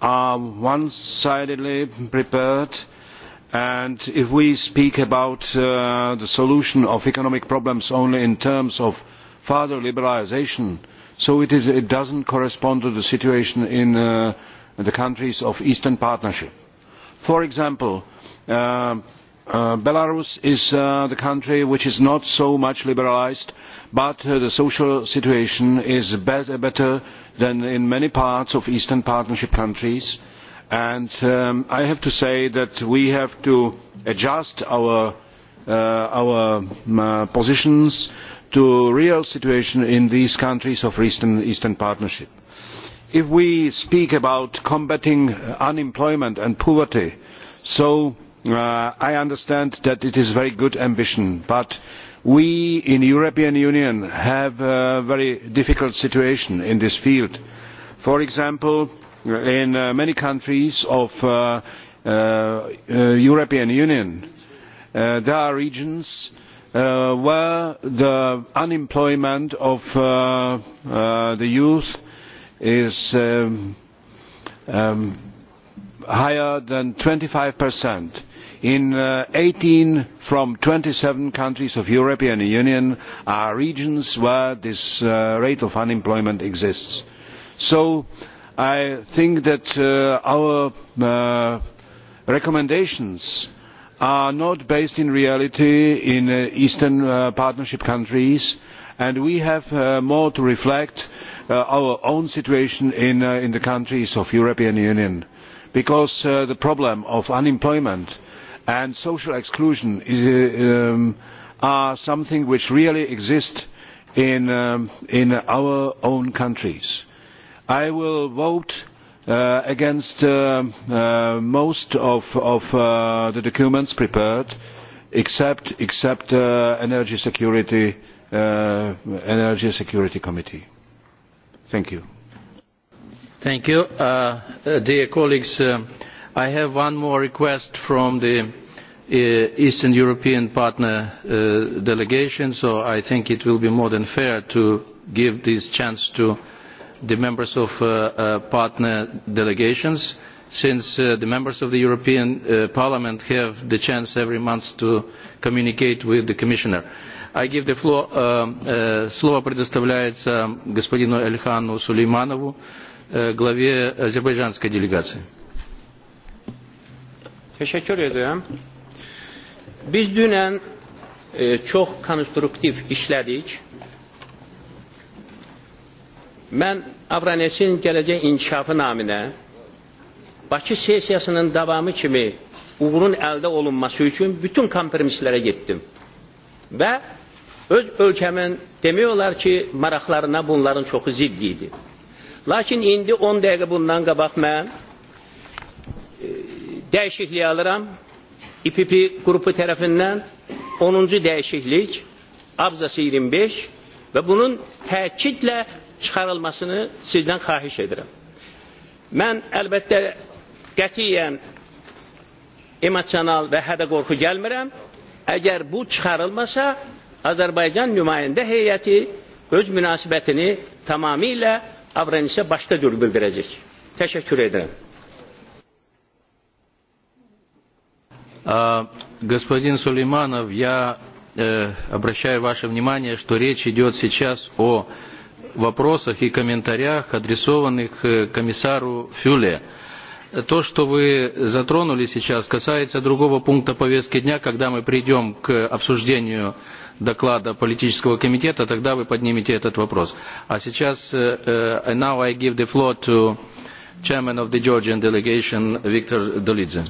are one-sidedly prepared and if we speak about uh, the solution of economic problems only in terms of further liberalisation, so it, is, it doesn't correspond to the situation in uh, the countries of Eastern Partnership. For example, uh, Uh, Belarus is uh, the country which is not so much liberalised, but uh, the social situation is bet better than in many parts of Eastern Partnership countries. And um, I have to say that we have to adjust our, uh, our um, uh, positions to real situation in these countries of Eastern, Eastern Partnership. If we speak about combating unemployment and poverty, so uh, I understand that it is very good ambition, but We in the European Union have a very difficult situation in this field. For example, in uh, many countries of uh, uh, uh, European Union, uh, there are regions uh, where the unemployment of uh, uh, the youth is um, um, higher than 25 percent in uh, 18 from 27 countries of European Union are regions where this uh, rate of unemployment exists. So I think that uh, our uh, recommendations are not based in reality in uh, Eastern uh, Partnership countries and we have uh, more to reflect uh, our own situation in, uh, in the countries of European Union because uh, the problem of unemployment and social exclusion is, uh, um, are something which really exist in, um, in our own countries. I will vote uh, against uh, uh, most of, of uh, the documents prepared except, except uh, energy security uh, energy security committee thank you thank you uh, uh dear colleagues uh, I have one more request from the uh, Eastern European partner uh, delegation, so I think it will be more than fair to give this chance to the members of uh, uh, partner delegations, since uh, the members of the European uh, Parliament have the chance every month to communicate with the Commissioner. I give the floor, um, uh, слово предоставляется господину Эльхану Сулейманову, э, главе азербайджанской делегации. Teşekkür ederim. Biz dünen e, çok konstruktif işledik. Ben Avranes'in geleceği inkişafı namine Bakı sesiyasının davamı kimi uğurun əldə olunması üçün bütün kompromislərə getdim. Və öz ölkəmin demək olar ki, maraqlarına bunların çoxu ziddiydi. Lakin indi 10 dəqiqə bundan qabaq mən e, Değişikliği alıram. İPP grubu tarafından 10. değişiklik abzası 25 ve bunun tekitle çıkarılmasını sizden kahiş ederim. Ben elbette qətiyyən emosional və hədə qorxu gəlmirəm. Əgər bu çıxarılmasa, Azərbaycan nümayəndə heyəti öz münasibətini tamamilə Avranis'e başqa cür bildirəcək. Təşəkkür edirəm. Господин Сулейманов, я э, обращаю ваше внимание, что речь идет сейчас о вопросах и комментариях, адресованных э, комиссару Фюле. То, что вы затронули сейчас, касается другого пункта повестки дня, когда мы придем к обсуждению доклада политического комитета, тогда вы поднимете этот вопрос. А сейчас, э, now I give the floor to chairman of the Georgian delegation, Виктор Долидзе.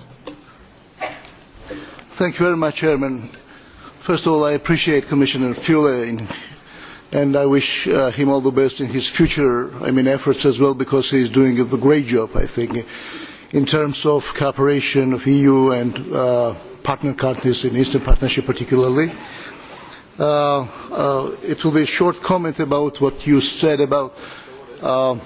Thank you very much, Chairman. First of all, I appreciate Commissioner Fule and I wish uh, him all the best in his future I mean, efforts as well because he is doing a great job, I think, in terms of cooperation of EU and uh, partner countries in Eastern Partnership particularly. Uh, uh, it will be a short comment about what you said about uh,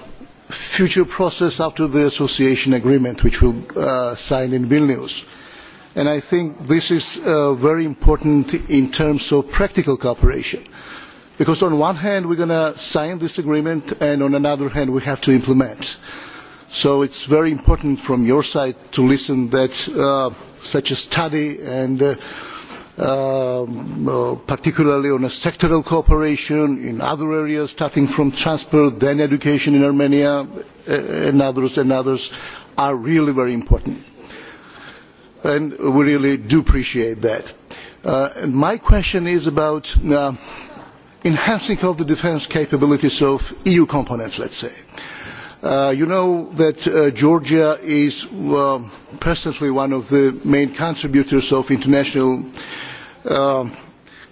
future process after the association agreement which will uh, sign in Vilnius. And I think this is uh, very important in terms of practical cooperation. Because on one hand, we're going to sign this agreement, and on another hand, we have to implement. So it's very important from your side to listen that uh, such a study and uh, um, uh, particularly on a sectoral cooperation in other areas, starting from transport, then education in Armenia, uh, and others and others, are really very important and we really do appreciate that. Uh, my question is about uh, enhancing of the defence capabilities of EU components, let's say. Uh, you know that uh, Georgia is uh, presently one of the main contributors of international uh,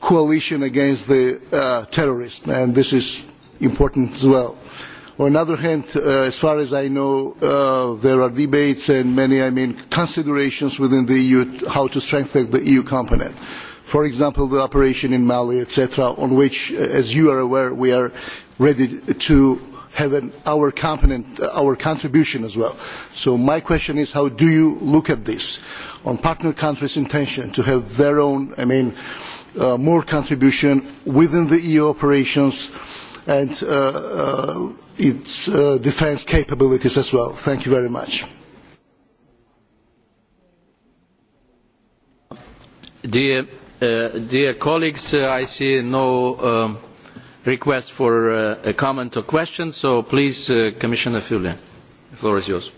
coalition against the uh, terrorists, and this is important as well. On the other hand, uh, as far as I know, uh, there are debates and many, I mean, considerations within the EU how to strengthen the EU component. For example, the operation in Mali, etc., on which, uh, as you are aware, we are ready to have an, our component, uh, our contribution as well. So my question is, how do you look at this? On partner countries' intention to have their own, I mean, uh, more contribution within the EU operations, uh, and uh, uh, its uh, defense capabilities as well. Thank you very much. Dear, uh, dear colleagues, uh, I see no uh, request for uh, a comment or question, so please, uh, Commissioner Fule, the floor is yours.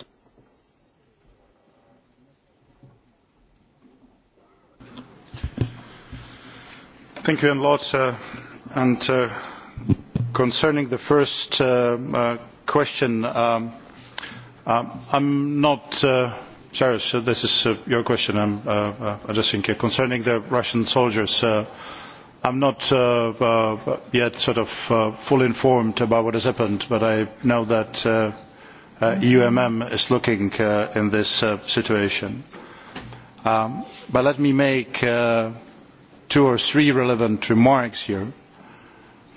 Thank you a lot, uh, and uh, Concerning the first uh, uh, question, um, um, I'm not, uh, Cherish, this is uh, your question I'm uh, uh, addressing here. Concerning the Russian soldiers, uh, I'm not uh, uh, yet sort of uh, fully informed about what has happened, but I know that uh, uh, e is looking uh, in this uh, situation. Um, but let me make uh, two or three relevant remarks here.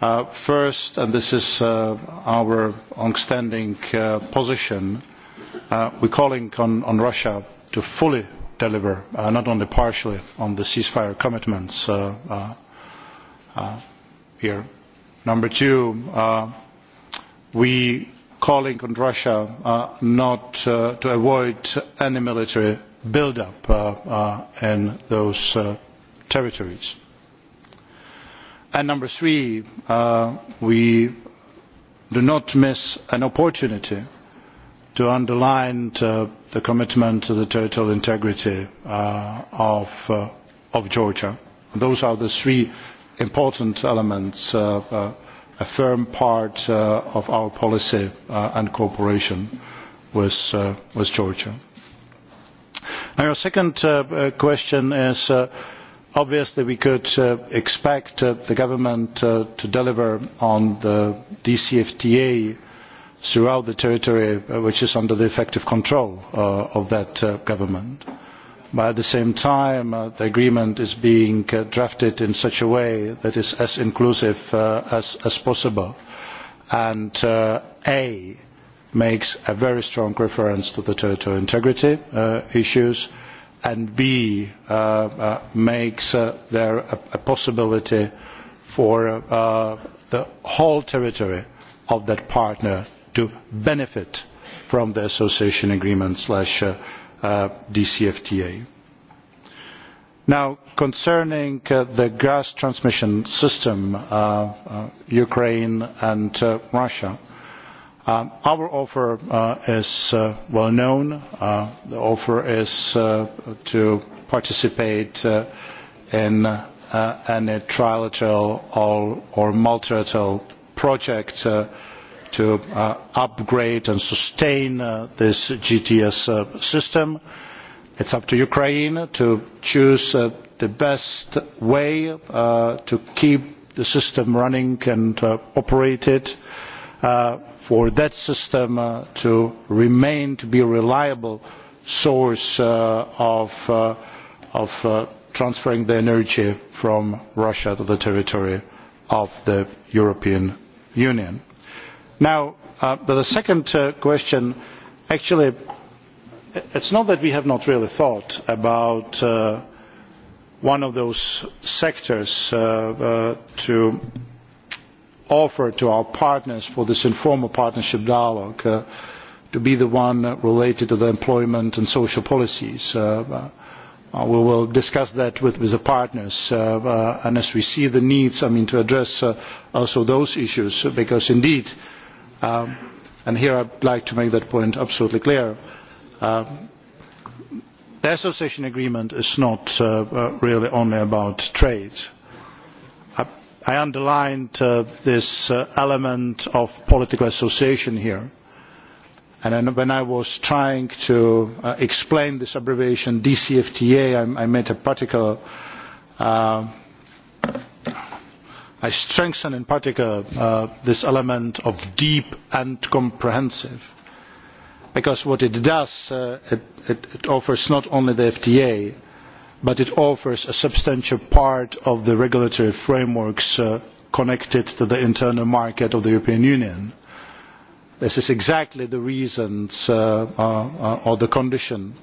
Uh, first, and this is uh, our longstanding uh, position, uh, we're calling on, on Russia to fully deliver, uh, not only partially, on the ceasefire commitments uh, uh, uh, here. Number two, uh, we calling on Russia uh, not uh, to avoid any military build-up uh, uh, in those uh, territories. And number three, uh, we do not miss an opportunity to underline to the commitment to the territorial integrity uh, of, uh, of Georgia. Those are the three important elements, uh, uh, a firm part uh, of our policy uh, and cooperation with, uh, with Georgia. Now your second uh, uh question is uh, Obviously, we could uh, expect uh, the government uh, to deliver on the DCFTA throughout the territory uh, which is under the effective control uh, of that uh, government. But at the same time, uh, the agreement is being uh, drafted in such a way that is as inclusive uh, as, as possible. And uh, A makes a very strong reference to the territorial integrity uh, issues and B uh, uh, makes uh, there a, a possibility for uh, the whole territory of that partner to benefit from the association agreement slash uh, uh, DCFTA. Now, concerning uh, the gas transmission system, uh, uh, Ukraine and uh, Russia, uh, Um, our offer uh, is uh, well known. Uh, the offer is uh, to participate uh, in uh, any trilateral or, or multilateral project uh, to uh, upgrade and sustain uh, this GTS uh, system. It's up to Ukraine to choose uh, the best way uh, to keep the system running and uh, operated. Uh, for that system uh, to remain to be a reliable source uh, of, uh, of uh, transferring the energy from Russia to the territory of the European Union. Now, uh, the second uh, question, actually, it's not that we have not really thought about uh, one of those sectors uh, uh, to offer to our partners for this informal partnership dialogue uh, to be the one uh, related to the employment and social policies. Uh, uh, we will discuss that with, with the partners uh, uh, and as we see the needs, I mean, to address uh, also those issues uh, because indeed, um, and here I'd like to make that point absolutely clear, uh, the association agreement is not uh, uh, really only about trade. Uh, I underlined uh, this uh, element of political association here. And then when I was trying to uh, explain this abbreviation DCFTA, I, I made a particular, uh, I strengthened in particular uh, this element of deep and comprehensive. Because what it does, uh, it, it, it offers not only the FTA, but it offers a substantial part of the regulatory frameworks uh, connected to the internal market of the European Union. This is exactly the reason uh, uh, uh, or the condition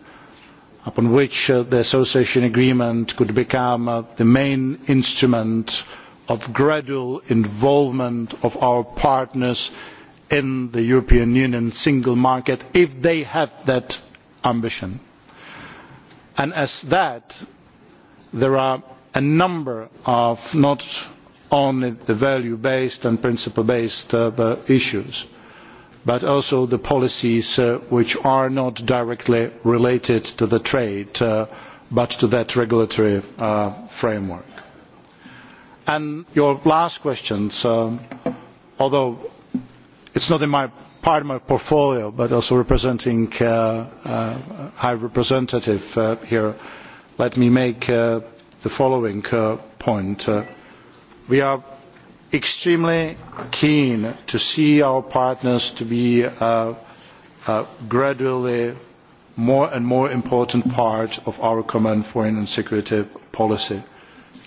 upon which uh, the association agreement could become uh, the main instrument of gradual involvement of our partners in the European Union single market if they have that ambition. And as that, there are a number of not only the value-based and principle-based uh, uh, issues, but also the policies uh, which are not directly related to the trade, uh, but to that regulatory uh, framework. And your last questions, um, although it's not in my part of my portfolio, but also representing uh, uh, High Representative uh, here, let me make uh, the following uh, point. Uh, we are extremely keen to see our partners to be uh, uh, gradually more and more important part of our common foreign and security policy,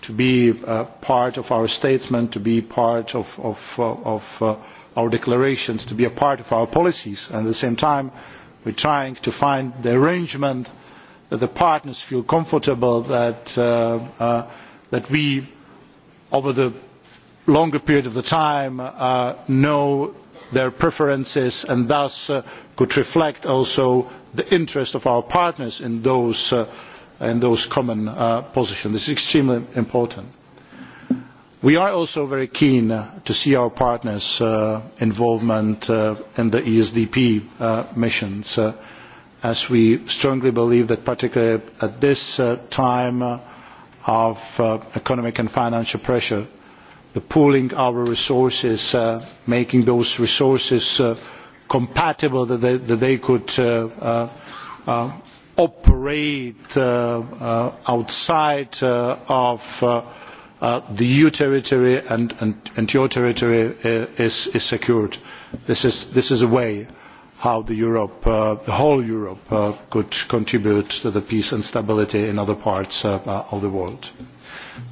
to be uh, part of our statement, to be part of, of, uh, of uh, our declarations to be a part of our policies and at the same time we are trying to find the arrangement that the partners feel comfortable that, uh, uh, that we over the longer period of the time uh, know their preferences and thus uh, could reflect also the interest of our partners in those, uh, in those common uh, positions. This is extremely important. We are also very keen uh, to see our partners' uh, involvement uh, in the ESDP uh, missions, uh, as we strongly believe that particularly at this uh, time uh, of uh, economic and financial pressure, the pooling our resources, uh, making those resources uh, compatible that they, that they could uh, uh, uh operate uh, uh, outside uh, of uh, Uh, the EU territory and, and, and your territory uh, is, is secured. This is, this is a way how the Europe, uh, the whole Europe uh, could contribute to the peace and stability in other parts uh, uh, of the world.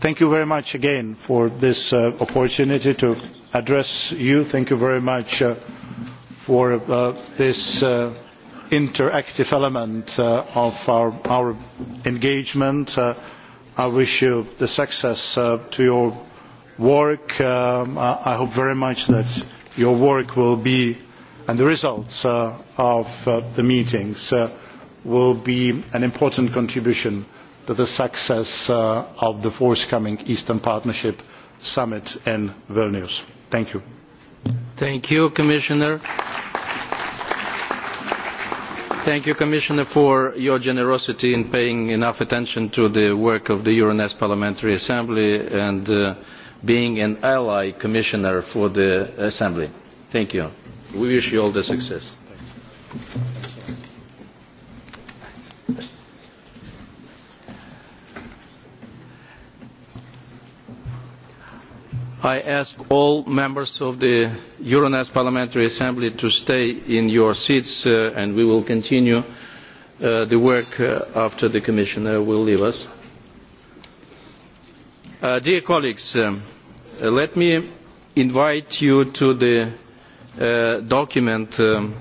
Thank you very much again for this uh, opportunity to address you. Thank you very much uh, for uh, this uh, interactive element uh, of our, our engagement. Uh, I wish you the success uh, to your work. Um, I hope very much that your work will be, and the results uh, of uh, the meetings uh, will be an important contribution to the success uh, of the forthcoming Eastern Partnership Summit in Vilnius. Thank you. Thank you, Commissioner. Thank you, Commissioner, for your generosity in paying enough attention to the work of the Euronest Parliamentary Assembly and uh, being an ally commissioner for the Assembly. Thank you. We wish you all the success. Thanks. I ask all members of the Euronest Parliamentary Assembly to stay in your seats uh, and we will continue uh, the work uh, after the Commissioner will leave us. Uh, dear colleagues, um, uh, let me invite you to the uh, document um,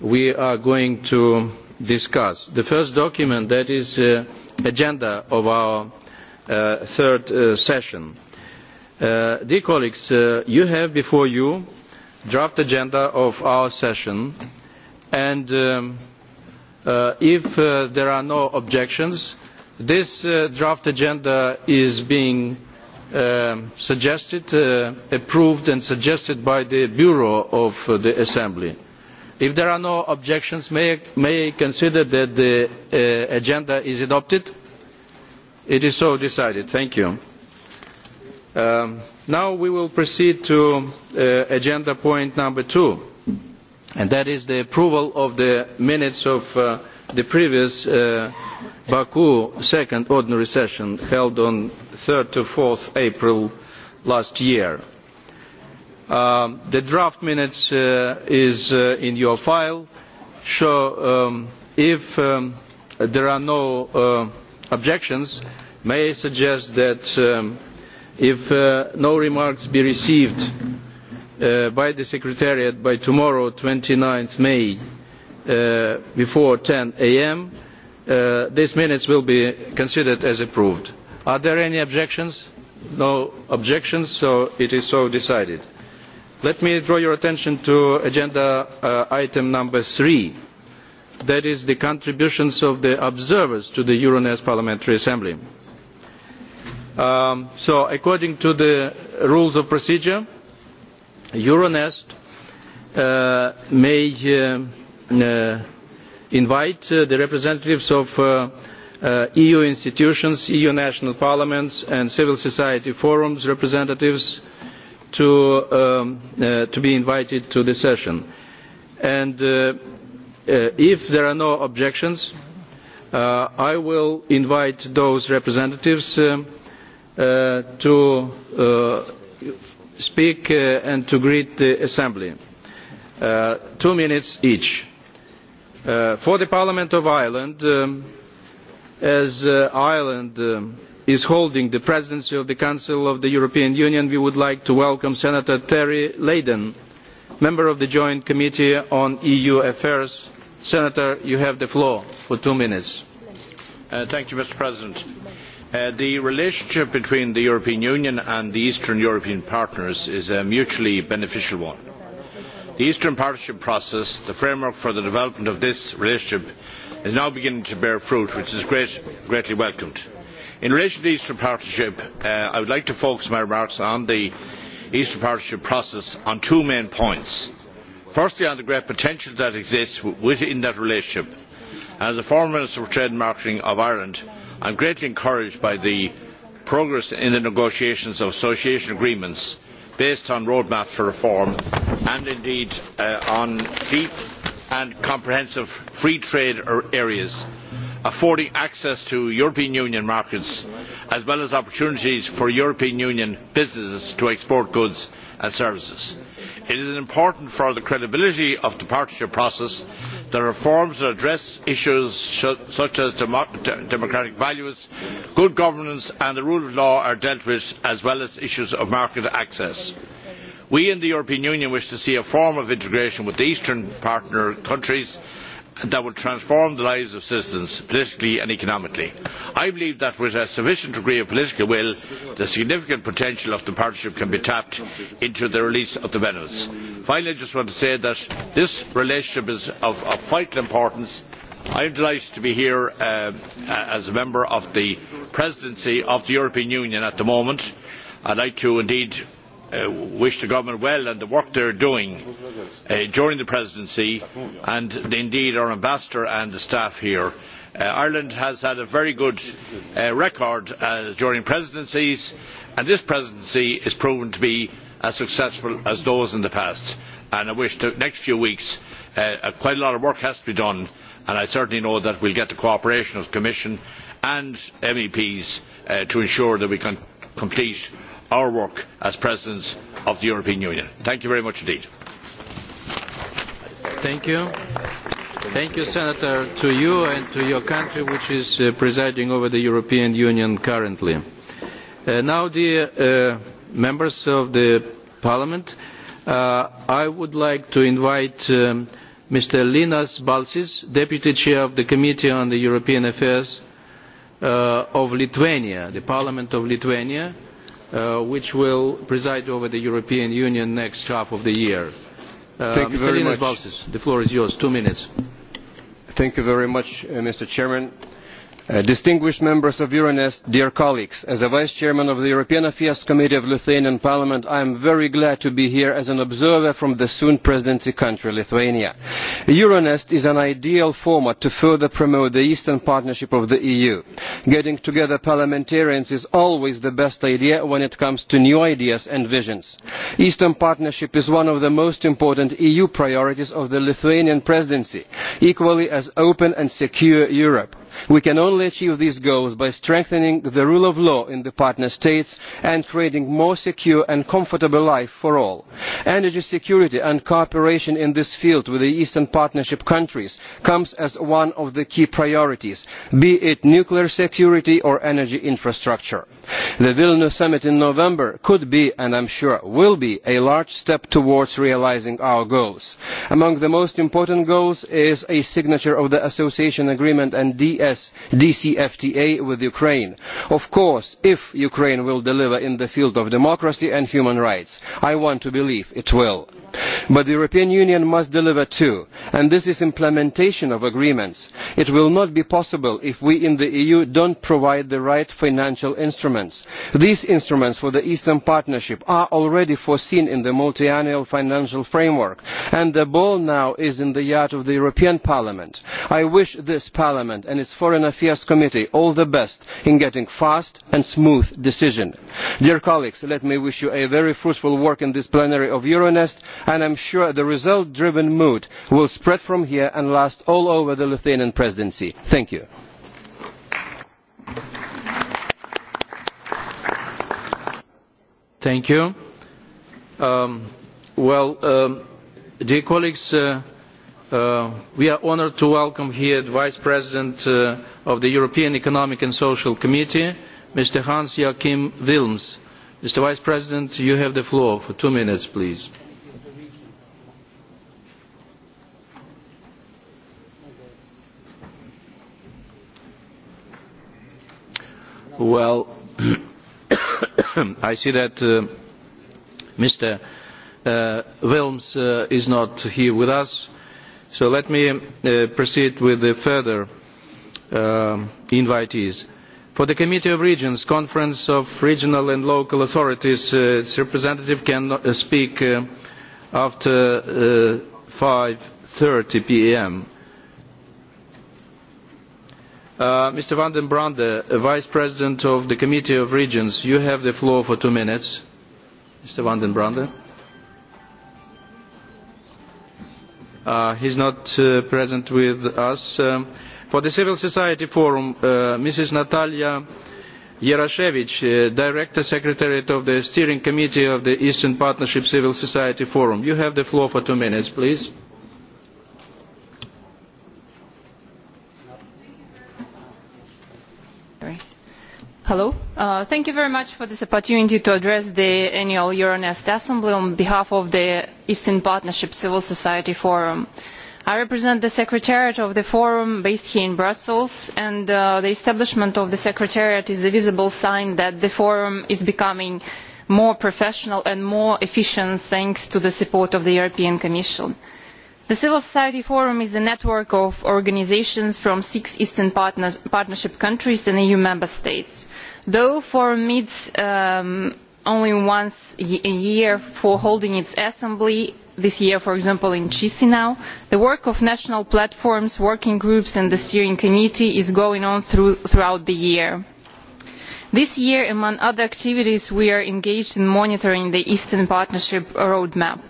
we are going to discuss. The first document that is uh, agenda of our uh, third uh, session. Uh, dear colleagues, uh, you have before you draft agenda of our session and um, uh, if uh, there are no objections, this uh, draft agenda is being uh, suggested, uh, approved and suggested by the Bureau of uh, the Assembly. If there are no objections, may, may I consider that the uh, agenda is adopted? It is so decided. Thank you. Um, now we will proceed to uh, agenda point number two, and that is the approval of the minutes of uh, the previous uh, Baku second ordinary session held on 3rd to 4th April last year. Um, the draft minutes uh, is uh, in your file, so um, if um, there are no uh, objections, may I suggest that um, If uh, no remarks be received uh, by the Secretariat by tomorrow, 29th May, uh, before 10 a.m., uh, these minutes will be considered as approved. Are there any objections? No objections, so it is so decided. Let me draw your attention to agenda uh, item number three, that is the contributions of the observers to the Euronest Parliamentary Assembly. Um, so according to the rules of procedure, Euronest uh, may uh, uh, invite uh, the representatives of uh, uh, EU institutions, EU national parliaments and civil society forums representatives to, um, uh, to be invited to the session. And uh, uh, if there are no objections, uh, I will invite those representatives uh, Uh, to uh, speak uh, and to greet the Assembly. Uh, two minutes each. Uh, for the Parliament of Ireland, um, as uh, Ireland um, is holding the presidency of the Council of the European Union, we would like to welcome Senator Terry Leyden, member of the Joint Committee on EU Affairs. Senator, you have the floor for two minutes. Uh, thank you, Mr. President. Uh, the relationship between the European Union and the Eastern European partners is a mutually beneficial one. The Eastern Partnership process, the framework for the development of this relationship, is now beginning to bear fruit, which is great, greatly welcomed. In relation to the Eastern Partnership, uh, I would like to focus my remarks on the Eastern Partnership process on two main points. Firstly, on the great potential that exists within that relationship. As the former Minister for Trade and Marketing of Ireland, I am greatly encouraged by the progress in the negotiations of association agreements based on roadmap for reform and indeed uh, on deep and comprehensive free trade areas affording access to European Union markets as well as opportunities for European Union businesses to export goods and services. It is important for the credibility of the partnership process that reforms that address issues such as democratic values, good governance and the rule of law are dealt with as well as issues of market access. We in the European Union wish to see a form of integration with the Eastern partner countries that will transform the lives of citizens politically and economically. I believe that with a sufficient degree of political will, the significant potential of the partnership can be tapped into the release of the benefits. Finally, I just want to say that this relationship is of, of vital importance. I am delighted to be here uh, uh as a member of the presidency of the European Union at the moment. I too like to indeed Uh, wish the government well and the work they are doing uh, during the presidency and indeed our ambassador and the staff here. Uh, Ireland has had a very good uh, record uh, during presidencies and this presidency is proven to be as successful as those in the past and I wish the next few weeks uh, quite a lot of work has to be done and I certainly know that we will get the cooperation of the Commission and MEPs uh, to ensure that we can complete our work as presidents of the European Union. Thank you very much indeed. Thank you. Thank you, Senator, to you and to your country, which is uh, presiding over the European Union currently. Uh, now, dear uh, members of the Parliament, uh, I would like to invite um, Mr. Linas Balsis, Deputy Chair of the Committee on the European Affairs uh, of Lithuania, the Parliament of Lithuania, uh, which will preside over the European Union next half of the year. Uh, Thank you very much. Balsis, the floor is yours. Two minutes. Thank you very much, uh, Mr. Chairman. Uh, distinguished members of Euronest, dear colleagues, as a Vice Chairman of the European Affairs Committee of Lithuanian Parliament, I am very glad to be here as an observer from the soon presidency country, Lithuania. Euronest is an ideal format to further promote the Eastern Partnership of the EU. Getting together parliamentarians is always the best idea when it comes to new ideas and visions. Eastern Partnership is one of the most important EU priorities of the Lithuanian presidency, equally as open and secure Europe. We can only achieve these goals by strengthening the rule of law in the partner states and creating a more secure and comfortable life for all. Energy security and cooperation in this field with the Eastern Partnership countries comes as one of the key priorities, be it nuclear security or energy infrastructure. The Vilnius summit in November could be, and I am sure will be, a large step towards realising our goals. Among the most important goals is a signature of the association agreement and DA DCS, DCFTA with Ukraine. Of course, if Ukraine will deliver in the field of democracy and human rights, I want to believe it will. But the European Union must deliver too, and this is implementation of agreements. It will not be possible if we in the EU do not provide the right financial instruments. These instruments for the Eastern Partnership are already foreseen in the multiannual financial framework, and the ball now is in the yard of the European Parliament. I wish this Parliament and its Foreign Affairs Committee all the best in getting fast and smooth decisions. Dear colleagues, let me wish you a very fruitful work in this plenary of Euronest and I am sure the result driven mood will spread from here and last all over the Lithuanian presidency. Thank you. Thank you. Um, well, um, dear colleagues, uh, uh, we are honored to welcome here the Vice President uh, of the European Economic and Social Committee, Mr. Hans Joachim Wilms. Mr. Vice President, you have the floor for two minutes, please. Well, I see that uh, Mr. Uh, Wilms uh, is not here with us, so let me uh, proceed with the further uh, invitees. For the Committee of Regions, Conference of Regional and Local Authorities, uh, its representative can uh, speak uh, after uh, 5.30 p.m. Uh, Mr. Van den Brande, uh, Vice President of the Committee of Regions, you have the floor for two minutes. Mr. Van den Brande. Uh, he's not uh, present with us. Um, for the Civil Society Forum, uh, Mrs. Natalia Yerashevich, uh, Director Secretariat of the Steering Committee of the Eastern Partnership Civil Society Forum. You have the floor for two minutes, please. Hello. Uh, thank you very much for this opportunity to address the annual Euronest Assembly on behalf of the Eastern Partnership Civil Society Forum. I represent the Secretariat of the Forum based here in Brussels, and uh, the establishment of the Secretariat is a visible sign that the Forum is becoming more professional and more efficient thanks to the support of the European Commission. The Civil Society Forum is a network of organizations from six Eastern partners, Partnership countries and EU member states. Though forum meets um, only once a year for holding its assembly, this year, for example, in Chisinau, the work of national platforms, working groups and the steering committee is going on through, throughout the year. This year, among other activities, we are engaged in monitoring the Eastern Partnership Roadmap.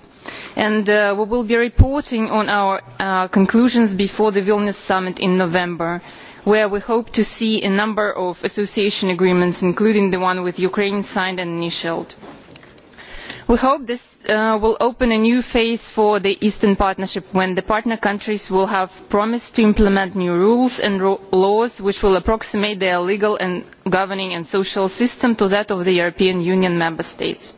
And uh, we will be reporting on our uh, conclusions before the Vilnius Summit in November where we hope to see a number of association agreements, including the one with Ukraine, signed and initialed. We hope this uh, will open a new phase for the Eastern Partnership when the partner countries will have promised to implement new rules and laws which will approximate their legal and governing and social system to that of the European Union member states.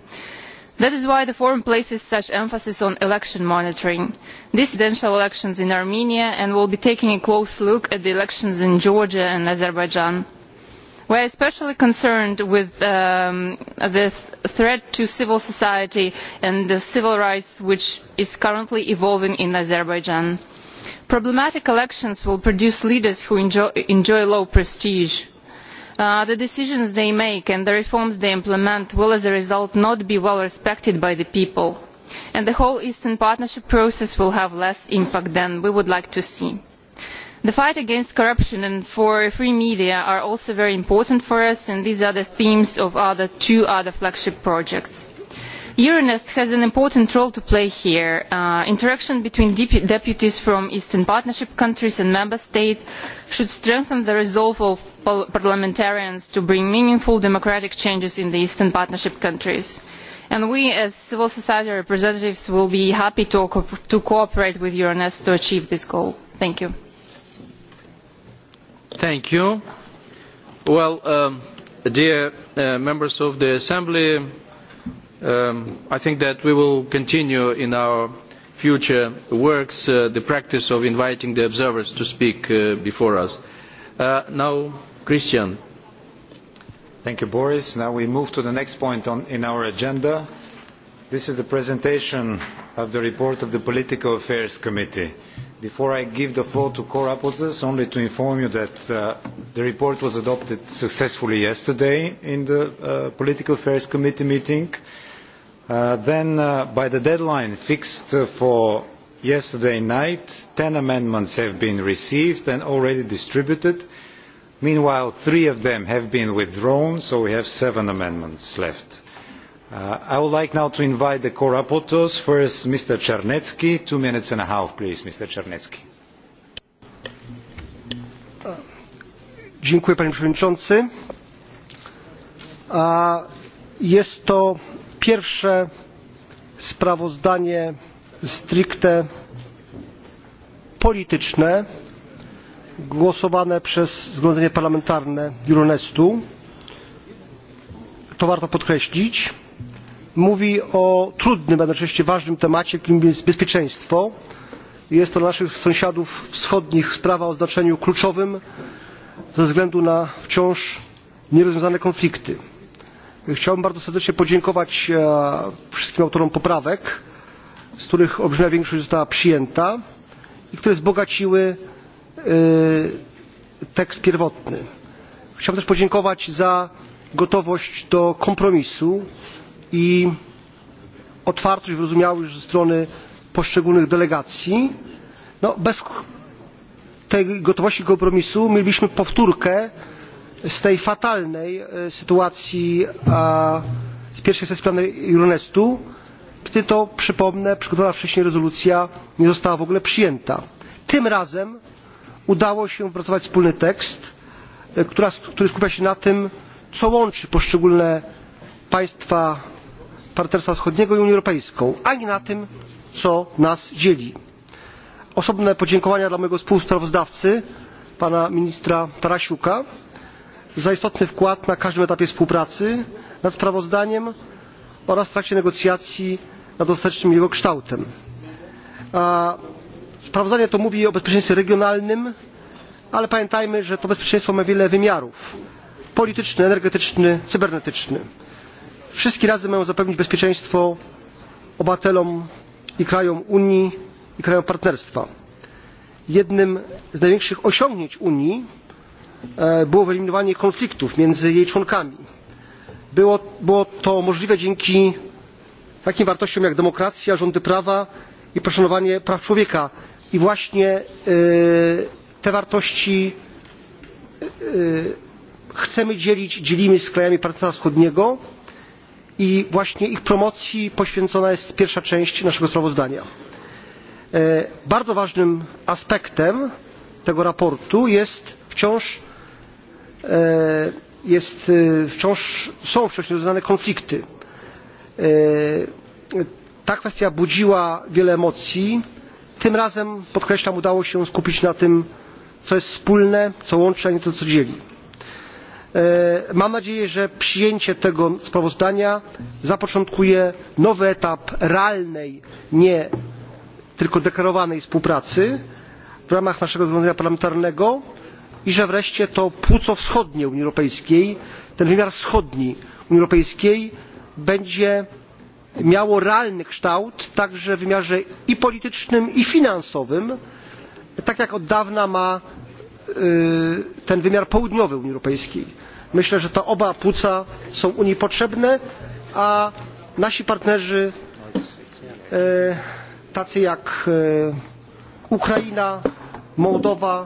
That is why the forum places such emphasis on election monitoring. These presidential elections in Armenia and will be taking a close look at the elections in Georgia and Azerbaijan. We are especially concerned with um, the th threat to civil society and the civil rights which is currently evolving in Azerbaijan. Problematic elections will produce leaders who enjoy, enjoy low prestige Uh, the decisions they make and the reforms they implement will as a result not be well respected by the people and the whole eastern partnership process will have less impact than we would like to see. the fight against corruption and for free media are also very important for us and these are the themes of the two other flagship projects euronest has an important role to play here. Uh, interaction between dep deputies from eastern partnership countries and member states should strengthen the resolve of parliamentarians to bring meaningful democratic changes in the eastern partnership countries and we as civil society representatives will be happy to, co to cooperate with euronest to achieve this goal. thank you. Thank you. well um, dear uh, members of the assembly Um, I think that we will continue in our future works uh, the practice of inviting the observers to speak uh, before us. Uh, now, Christian. Thank you, Boris. Now we move to the next point on, in our agenda. This is the presentation of the report of the Political Affairs Committee. Before I give the floor to co-rapporteurs, only to inform you that uh, the report was adopted successfully yesterday in the uh, Political Affairs Committee meeting. Uh, then uh, by the deadline fixed for yesterday night, ten amendments have been received and already distributed. Meanwhile, three of them have been withdrawn, so we have seven amendments left. Uh, I would like now to invite the co-rapporteurs. First, Mr. Czarnecki. Two minutes and a half, please, Mr. Czarnecki. Dziękuję, panie przewodniczący. Jest to Pierwsze sprawozdanie stricte polityczne głosowane przez Zgromadzenie Parlamentarne Euronestu. To warto podkreślić. Mówi o trudnym, a jednocześnie ważnym temacie, jakim jest bezpieczeństwo. Jest to dla naszych sąsiadów wschodnich sprawa o znaczeniu kluczowym ze względu na wciąż nierozwiązane konflikty. Chciałbym bardzo serdecznie podziękować e, wszystkim autorom poprawek, z których olbrzymia większość została przyjęta i które wzbogaciły e, tekst pierwotny. Chciałbym też podziękować za gotowość do kompromisu i otwartość wyrozumiałość ze strony poszczególnych delegacji. No, bez tej gotowości kompromisu mielibyśmy powtórkę z tej fatalnej e, sytuacji z pierwszej sesji plenarnej Euronestu, gdy to, przypomnę, przygotowana wcześniej rezolucja nie została w ogóle przyjęta. Tym razem udało się wypracować wspólny tekst, e, która, który skupia się na tym, co łączy poszczególne państwa Partnerstwa Wschodniego i Unię Europejską, a nie na tym, co nas dzieli. Osobne podziękowania dla mojego współsprawozdawcy, pana ministra Tarasiuka, za istotny wkład na każdym etapie współpracy nad sprawozdaniem oraz w trakcie negocjacji nad ostatecznym jego kształtem. Sprawozdanie to mówi o bezpieczeństwie regionalnym, ale pamiętajmy, że to bezpieczeństwo ma wiele wymiarów. Polityczny, energetyczny, cybernetyczny. Wszystkie razem mają zapewnić bezpieczeństwo obywatelom i krajom Unii i krajom partnerstwa. Jednym z największych osiągnięć Unii E, było wyeliminowanie konfliktów między jej członkami. Było, było to możliwe dzięki takim wartościom jak demokracja, rządy prawa i poszanowanie praw człowieka. I właśnie e, te wartości e, chcemy dzielić, dzielimy z krajami Partnerstwa Wschodniego i właśnie ich promocji poświęcona jest pierwsza część naszego sprawozdania. Bardzo ważnym aspektem tego raportu jest wciąż E, jest e, wciąż, są wciąż nierozwiązane konflikty. E, ta kwestia budziła wiele emocji. Tym razem, podkreślam, udało się skupić na tym, co jest wspólne, co łączy, a nie to, co dzieli. Mam nadzieję, że przyjęcie tego sprawozdania zapoczątkuje nowy etap realnej, nie tylko deklarowanej współpracy w ramach naszego zgromadzenia parlamentarnego i że wreszcie to płuco wschodnie Unii Europejskiej, ten wymiar wschodni Unii Europejskiej będzie miało realny kształt także w wymiarze i politycznym i finansowym, tak jak od dawna ma ten wymiar południowy Unii Europejskiej. Myślę, że to oba płuca są Unii potrzebne, a nasi partnerzy tacy jak Ukraina, Mołdowa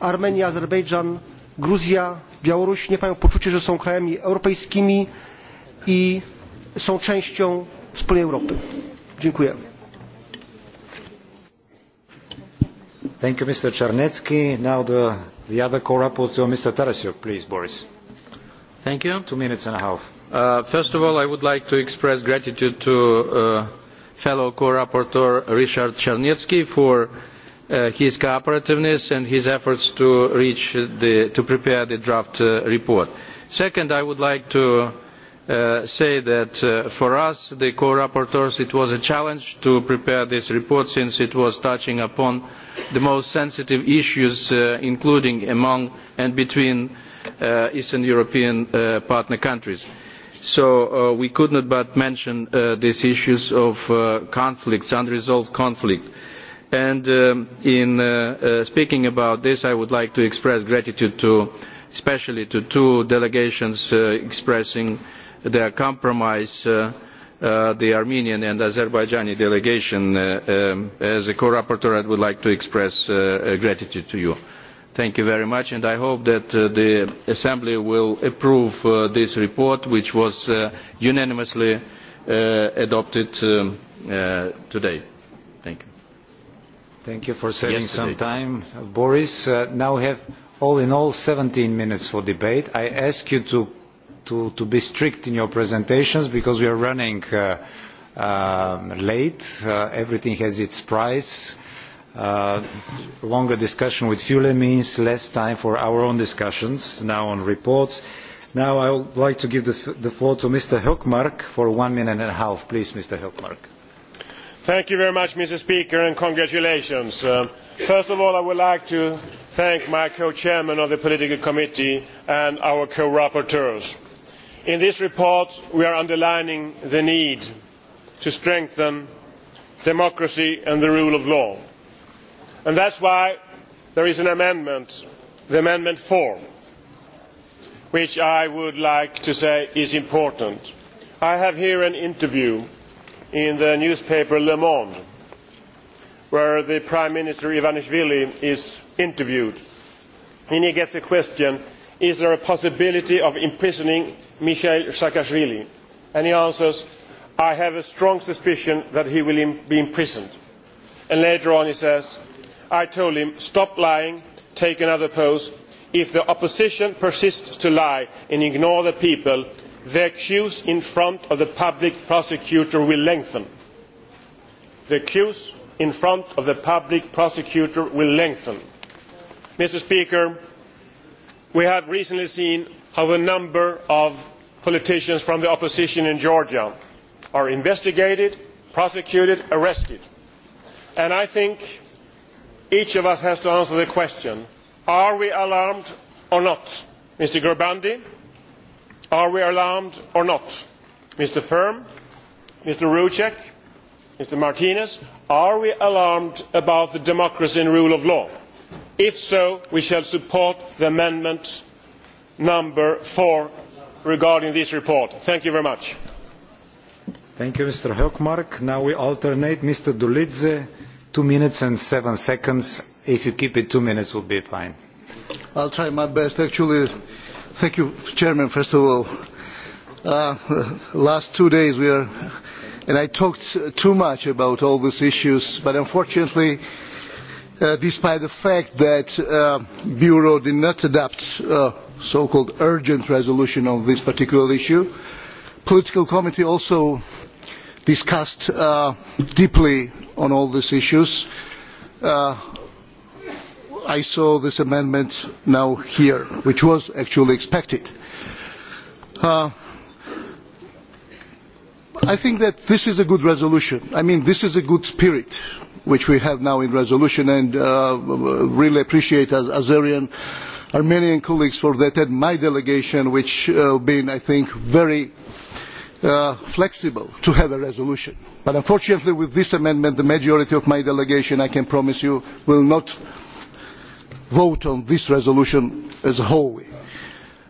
Armenia, Azerbejdżan, Gruzja, Białoruś nie mają poczucia, że są krajami europejskimi i są częścią wspólnej Europy. Dziękuję. Thank you, Mr. Czarnecki. Now the, the other co-rapporteur, Mr. please, Boris. Thank you. Two minutes and a half. Uh, first of all, I would like to express gratitude to uh, fellow co-rapporteur Richard Czarnecki for uh, his cooperativeness and his efforts to, reach the, to prepare the draft uh, report. Second, I would like to uh, say that uh, for us, the co-rapporteurs, it was a challenge to prepare this report since it was touching upon the most sensitive issues, uh, including among and between uh, Eastern European uh, partner countries. So uh, we could not but mention uh, these issues of uh, conflicts, unresolved conflict, And uh, in uh, uh, speaking about this, I would like to express gratitude to, especially to two delegations uh, expressing their compromise, uh, uh, the Armenian and Azerbaijani delegation. Uh, um, as a co-rapporteur, I would like to express uh, uh gratitude to you. Thank you very much, and I hope that uh, the Assembly will approve uh, this report, which was uh, unanimously uh, adopted um, uh, today. Thank you for saving yesterday. some time, Boris. Uh, now we have all in all 17 minutes for debate. I ask you to, to, to be strict in your presentations because we are running uh, uh, late. Uh, everything has its price. Uh, longer discussion with Fule means less time for our own discussions now on reports. Now I would like to give the, f the floor to Mr. Hökmark for one minute and a half. Please, Mr. Hökmark. Thank you very much, and congratulations. Uh, first of all, I would like to thank my co-chairman of the Political Committee and our co-rapporteurs. In this report, we are underlining the need to strengthen democracy and the rule of law. And is why there is an amendment, the Amendment four, which I would like to say is important. I have here an interview in the newspaper Le Monde, where the Prime Minister Ivanishvili is interviewed. And he gets a question, is there a possibility of imprisoning Mikhail Saakashvili? And he answers, I have a strong suspicion that he will be imprisoned. And later on he says, I told him, stop lying, take another pose. If the opposition persists to lie and ignore the people, the accused in front of the public prosecutor will lengthen. The accused in front of the public prosecutor will lengthen. Mr. Speaker, we have recently seen how a number of politicians from the opposition in Georgia are investigated, prosecuted, arrested. And I think each of us has to answer the question, are we alarmed or not? Mr. Gerbrandy, Are we alarmed or not? Mr. Firm, Mr. Rouchek, Mr. Martinez, are we alarmed about the democracy and rule of law? If so, we shall support the amendment number four regarding this report. Thank you very much. Thank you, Mr. hochmark. Now we alternate Mr. Dulidze, two minutes and seven seconds. If you keep it two minutes, will be fine. I'll try my best. Actually, Thank you, Chairman, first of all. Uh, last two days we are, and I talked too much about all these issues, but unfortunately, uh, despite the fact that uh, Bureau did not adopt uh, so-called urgent resolution on this particular issue, political committee also discussed uh, deeply on all these issues. Uh, I saw this amendment now here, which was actually expected. Uh, I think that this is a good resolution. I mean, this is a good spirit which we have now in resolution and uh, really appreciate as Azerian Armenian colleagues for that and my delegation which uh, been, I think, very Uh, flexible to have a resolution. But unfortunately with this amendment the majority of my delegation, I can promise you, will not vote on this resolution as a whole.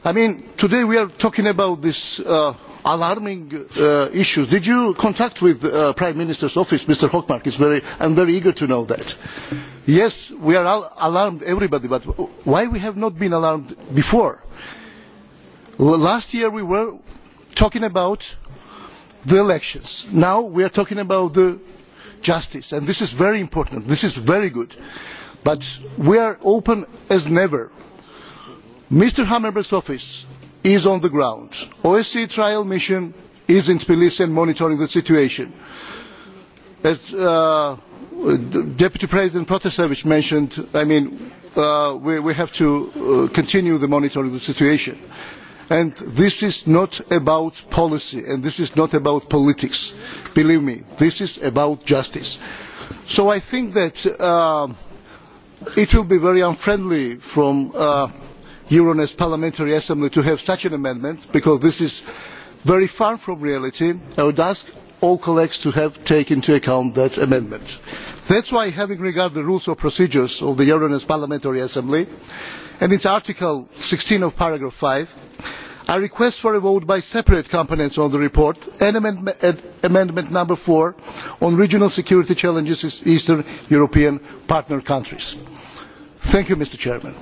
I mean, today we are talking about this uh, alarming uh, issue. Did you contact with uh, Prime Minister's office, Mr. Hochmark? It's very, I'm very eager to know that. Yes, we are al alarmed, everybody, but why we have not been alarmed before? L last year we were talking about the elections. Now we are talking about the justice, and this is very important. This is very good. Uh, But we are open as never. Mr. Hammerberg's office is on the ground. OSCE trial mission is in Tbilisi and monitoring the situation. As uh, Deputy President Protasevich mentioned, I mean, uh, we, we have to uh, continue the monitoring of the situation. And this is not about policy and this is not about politics. Believe me, this is about justice. So I think that uh, it will be very unfriendly from uh, Euronest Parliamentary Assembly to have such an amendment because this is very far from reality. I would ask all colleagues to have take into account that amendment. That's why having regard the rules of procedures of the Euronest Parliamentary Assembly and its Article 16 of paragraph 5 i request for a vote by separate components on the report and amendment number four on regional security challenges in eastern european partner countries. thank you mr chairman.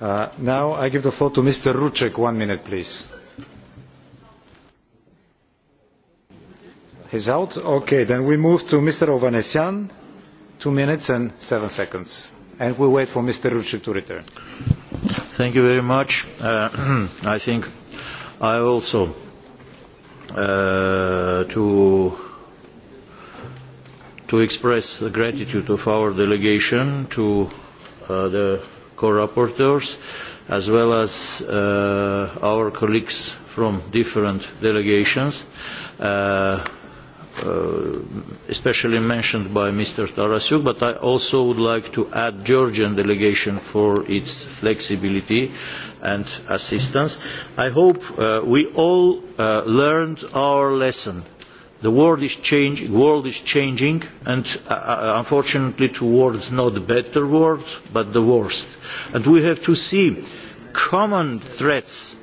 Uh, now i give the floor to mr rouek one minute please. he's out? okay then we move to mr ovanesyan two minutes and seven seconds and we wait for Mr. Rucic to return. Thank you very much. Uh, I think I also uh, to to express the gratitude of our delegation to uh, the co-rapporteurs as well as uh, our colleagues from different delegations. Uh, uh, especially mentioned by Mr. Tarasyuk, but I also would like to add Georgian delegation for its flexibility and assistance. I hope uh, we all uh, learned our lesson. The world is, change, world is changing, and uh, uh unfortunately towards not the better world, but the worst. And we have to see common threats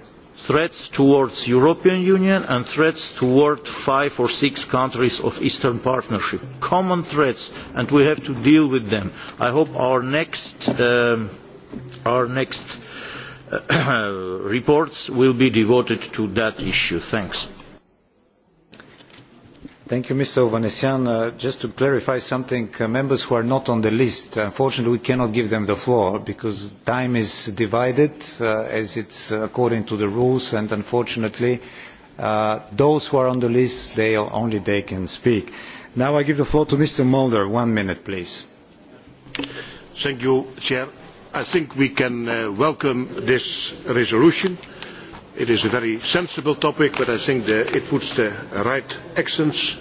threats towards the European Union and threats toward five or six countries of Eastern Partnership. Common threats, and we have to deal with them. I hope our next, um, our next uh, reports will be devoted to that issue. Thanks. Thank you, Mr. Ovanesian, Uh, just to clarify something, uh, members who are not on the list, unfortunately, we cannot give them the floor because time is divided uh, as it's uh, according to the rules, and unfortunately, uh, those who are on the list, they only they can speak. Now I give the floor to Mr. Mulder. One minute, please. Thank you, Chair. I think we can uh, welcome this resolution It is a very sensible topic, but I think that it puts the right accents.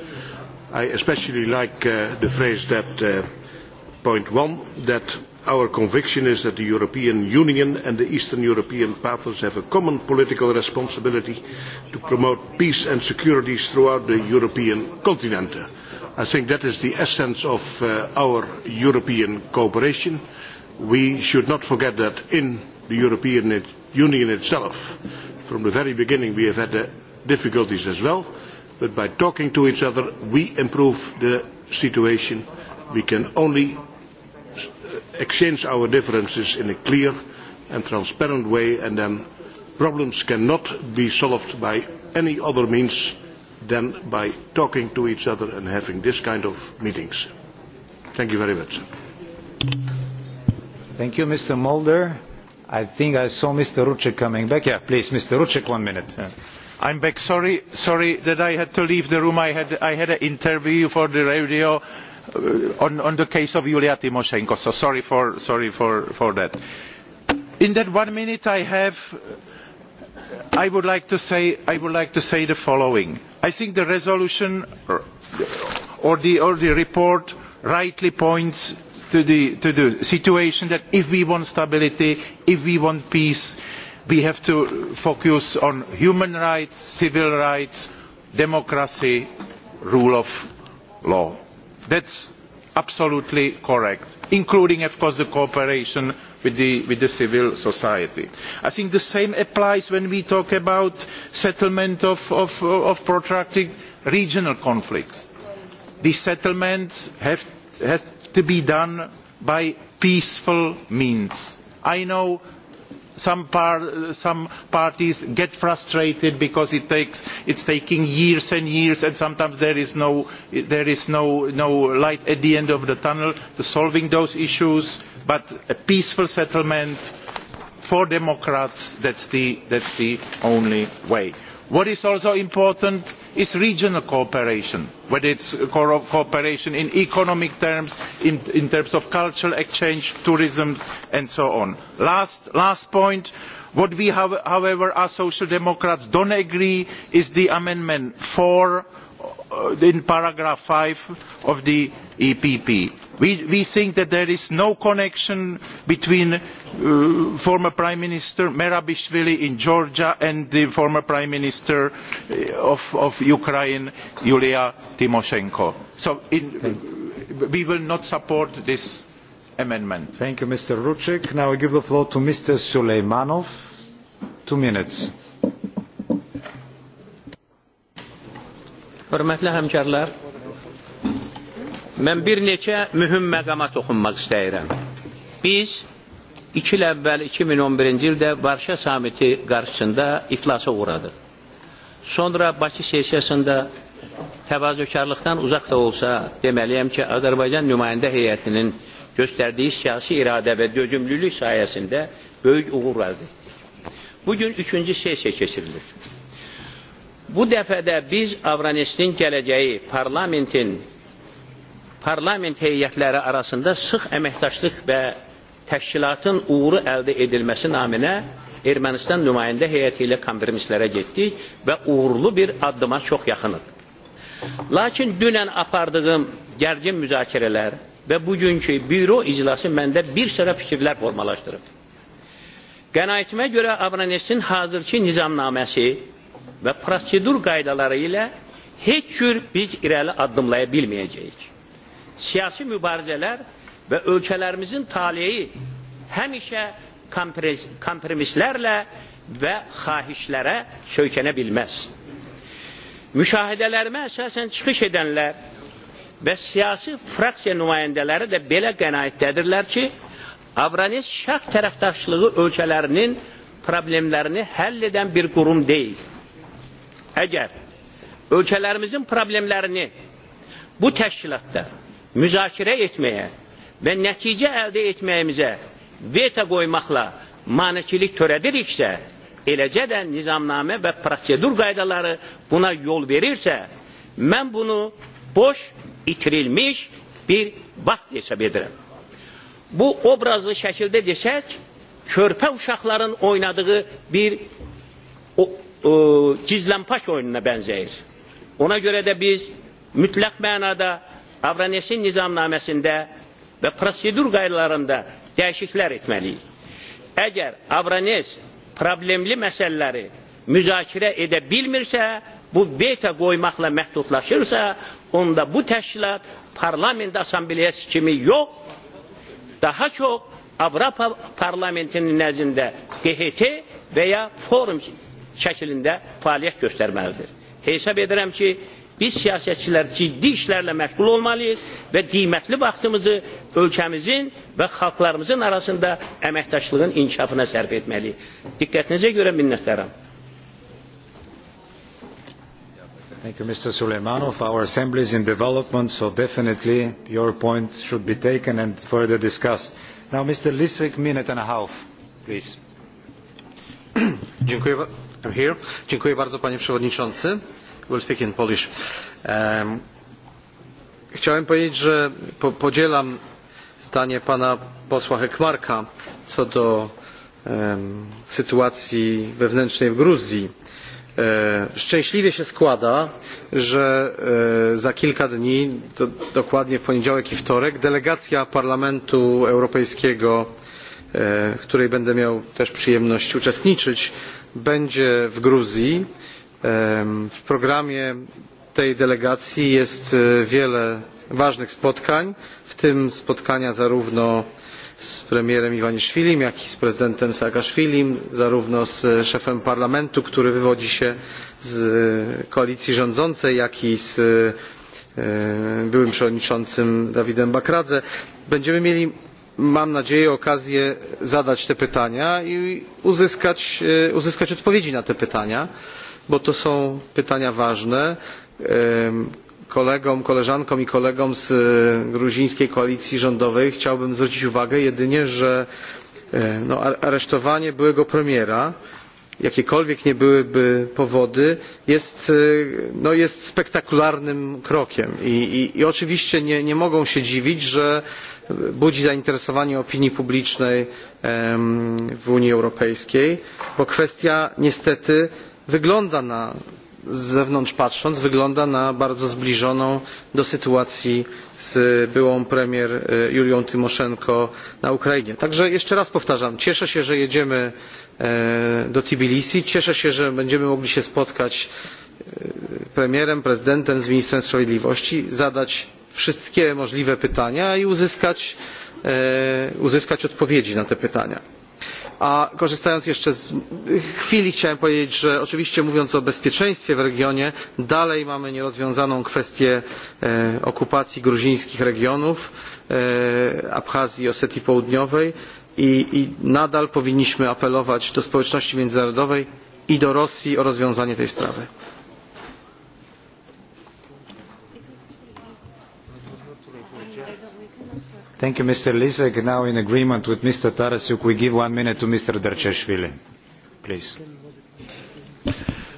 I especially like uh, the phrase that, uh, point one, that our conviction is that the European Union and the Eastern European partners have a common political responsibility to promote peace and security throughout the European continent. I think that is the essence of uh, our European cooperation. We should not forget that in the European Union itself From the very beginning we have had uh, difficulties as well, but by talking to each other we improve the situation. We can only uh, exchange our differences in a clear and transparent way and then problems cannot be solved by any other means than by talking to each other and having this kind of meetings. Thank you very much. Thank you, Mr. Mulder. I think I saw Mr. Rucic coming back. Yeah, please, Mr. Rucic, one minute. Yeah. I'm back. Sorry, sorry that I had to leave the room. I had, I had an interview for the radio uh, on, on the case of Yulia Tymoshenko, so sorry, for, sorry for, for that. In that one minute I have, I would, like to say, I would like to say the following. I think the resolution or the, or the report rightly points to the, to the situation that if we want stability, if we want peace, we have to focus on human rights, civil rights, democracy, rule of law. That's absolutely correct, including, of course, the cooperation with the, with the civil society. I think the same applies when we talk about settlement of, of, of protracted regional conflicts. These settlements have, has to be done by peaceful means. I know some, par some parties get frustrated because it takes, it's taking years and years and sometimes there is, no, there is no, no light at the end of the tunnel to solving those issues, but a peaceful settlement for Democrats, that's the, that's the only way. What is also important is regional cooperation, whether it is cooperation in economic terms, in, in, terms of cultural exchange, tourism, and so on. Last, last point, what we, however, as Social Democrats do not agree with is the Amendment 4 Uh, in paragraph five of the EPP. We, we think that there is no connection between uh, former Prime Minister Merabishvili in Georgia and the former Prime Minister uh, of, of Ukraine, Yulia Tymoshenko. So in, we will not support this amendment. Thank you, Mr. Ruchik. Now I give the floor to Mr. Suleimanov. Two minutes. Hörmətli həmkarlar, mən bir neçə mühüm məqama toxunmaq istəyirəm. Biz iki il əvvəl 2011-ci ildə Varşa samiti qarşısında iflasa uğradıq. Sonra Bakı sesiyasında təvazökarlıqdan uzaq da olsa deməliyəm ki, Azərbaycan nümayəndə heyətinin göstərdiyi siyasi iradə və dözümlülük sayəsində böyük uğur əldə etdik. Bugün üçüncü sesiya keçirilir. Bu dəfədə biz Avranistin gələcəyi parlamentin parlament heyətləri arasında sıx əməkdaşlıq və təşkilatın uğuru əldə edilməsi naminə Ermənistan nümayəndə heyəti ilə kompromislərə getdik və uğurlu bir addıma çox yaxınıq. Lakin dünən apardığım gərgin müzakirələr və bugünkü büro iclası məndə bir sıra fikirlər formalaşdırıb. Qənaətimə görə Avranistin hazırki nizamnaməsi ve prosedür kaydalarıyla hiç tür biz ileri adımlayabilmeyeceğiz. Siyasi mübarizeler ve ölçelerimizin talihi hemişe kompromislerle ve hahişlere söylenebilmez. Müşahedelerime esasen çıkış edenler ve siyasi fraksiya nümayendeleri de belə qənaətdədirlər ki, Avranis şah tərəfdaşlığı ölkələrinin problemlərini həll edən bir qurum deyil. Eger ölkələrimizin problemlərini bu təşkilatda müzakirə etməyə və nəticə əldə etməyimizə veto qoymaqla manikilik törədiriksə, eləcə də nizamnamə və prosedur qaydaları buna yol verirsə, mən bunu boş itirilmiş bir vaxt hesab edirəm. Bu obrazlı şəkildə desək, körpə uşaqların oynadığı bir E, cizlenpaş oyununa benzeyiz. Ona göre de biz mütlak manada Avranesin nizamnamesinde ve prosedur gayrılarında değişikler etmeliyiz. Eğer Avranes problemli meseleleri müzakirə edə bilmirsə, bu veto qoymaqla məhdudlaşırsa, onda bu təşkilat parlament assambleyası kimi yox, daha çox Avropa parlamentinin nəzində QHT və ya forum şəkilində fəaliyyət göstərməlidir. Hesab edirəm ki, biz siyasətçilər ciddi işlərlə məşğul olmalıyıq və qiymətli vaxtımızı ölkəmizin və xalqlarımızın arasında əməkdaşlığın inkişafına sərf etməliyik. Diqqətinizə görə minnətdaram. Thank you, Mr. Suleimanov. Our assembly is in development, so definitely your point should be taken and further discussed. Now, Mr. Lisek, minute and a half, please. Dziękuję bardzo panie przewodniczący. Will speak in Polish. Um, chciałem powiedzieć, że po podzielam zdanie pana posła Hekmarka co do um, sytuacji wewnętrznej w Gruzji. E, szczęśliwie się składa, że e, za kilka dni, dokładnie w poniedziałek i wtorek, delegacja Parlamentu Europejskiego E, w której będę miał też przyjemność uczestniczyć, będzie w Gruzji. E, w programie tej delegacji jest e, wiele ważnych spotkań, w tym spotkania zarówno z premierem Iwaniszwilim, jak i z prezydentem Saakaszwilim, zarówno z szefem parlamentu, który wywodzi się z koalicji rządzącej, jak i z byłym przewodniczącym Dawidem Bakradze. Będziemy mieli mam nadzieję okazję zadać te pytania i uzyskać, e, uzyskać odpowiedzi na te pytania, bo to są pytania ważne. Kolegom, koleżankom i kolegom z e, gruzińskiej koalicji rządowej chciałbym zwrócić uwagę jedynie, że e, no, aresztowanie byłego premiera, jakiekolwiek nie byłyby powody, jest, no, jest spektakularnym krokiem. I, i, i oczywiście nie, nie mogą się dziwić, że budzi zainteresowanie opinii publicznej w Unii Europejskiej, bo kwestia niestety wygląda na z zewnątrz patrząc wygląda na bardzo zbliżoną do sytuacji z byłą premier e, Julią Tymoszenko na Ukrainie. Także jeszcze raz powtarzam, cieszę się, że jedziemy e, do Tbilisi, cieszę się, że będziemy mogli się spotkać premierem, prezydentem, z ministrem sprawiedliwości, zadać wszystkie możliwe pytania i uzyskać, e, uzyskać odpowiedzi na te pytania. A korzystając jeszcze z chwili chciałem powiedzieć, że oczywiście mówiąc o bezpieczeństwie w regionie, dalej mamy nierozwiązaną kwestię e, okupacji gruzińskich regionów e, Abchazji i Osetii Południowej i, i nadal powinniśmy apelować do społeczności międzynarodowej i do Rosji o rozwiązanie tej sprawy. Thank you, Mr. Lisek. Now, in agreement with Mr. Tarasuk, we give one minute to Mr. Darcheshvili. Please.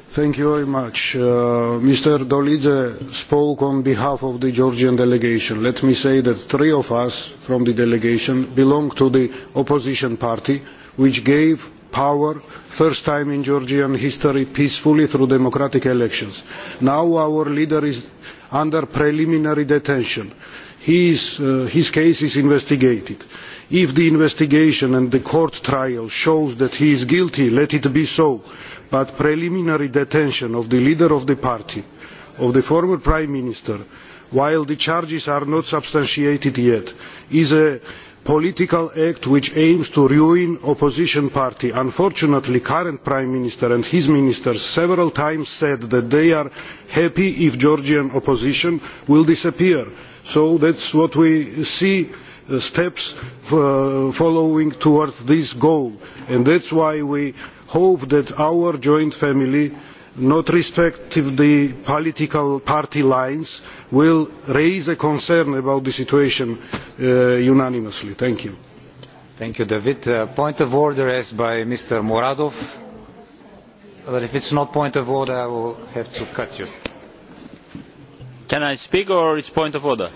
Thank you very much. Uh, Mr. Dolidze spoke on behalf of the Georgian delegation. Let me say that three of us from the delegation belong to the opposition party, which gave power first time in Georgian history peacefully through democratic elections. Now our leader is under preliminary detention his, uh, his case is investigated. If the investigation and the court trial shows that he is guilty, let it be so. But preliminary detention of the leader of the party, of the former prime minister, while the charges are not substantiated yet, is a political act which aims to ruin opposition party. Unfortunately, current Prime Minister and his ministers several times said that they are happy if Georgian opposition will disappear. So that's what we see uh, steps uh, following towards this goal. And that's why we hope that our joint family, not respective the political party lines, will raise a concern about the situation uh, unanimously. Thank you. Thank you, David. Uh, point of order as by Mr. Muradov. But if it's not point of order, I will have to cut you. Can I speak or it's point of order?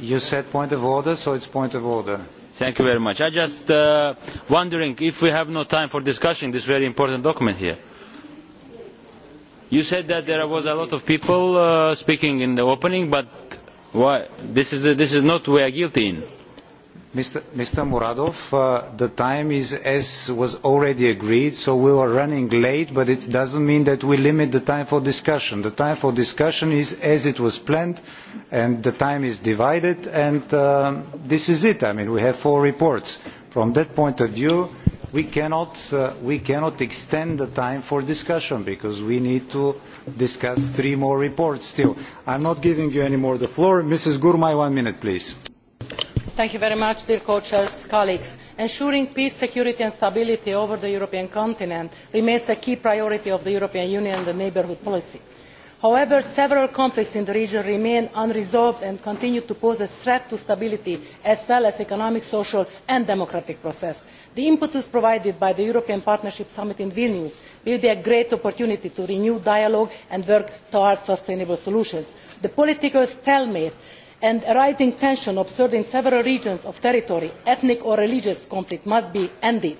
You said point of order, so it's point of order. Thank you very much. I just uh, wondering if we have no time for discussing this very important document here. You said that there was a lot of people uh, speaking in the opening, but why? This is, uh, this is not we are guilty in. Mr. Mr. Muradov, uh, the time is as was already agreed, so we are running late, but it doesn't mean that we limit the time for discussion. The time for discussion is as it was planned, and the time is divided, and uh, this is it. I mean, we have four reports. From that point of view, we cannot, uh, we cannot extend the time for discussion because we need to discuss three more reports still. I'm not giving you any more the floor. Mrs. Gurmai, one minute, please. Thank you very much, dear co-chairs, colleagues. Ensuring peace, security and stability over the European continent remains a key priority of the European Union and the neighbourhood policy. However, several conflicts in the region remain unresolved and continue to pose a threat to stability as well as economic, social and democratic process. The impetus provided by the European Partnership Summit in Vilnius will be a great opportunity to renew dialogue and work towards sustainable solutions. The political stalemate and rising tension observed in several regions of territory ethnic or religious conflict must be ended.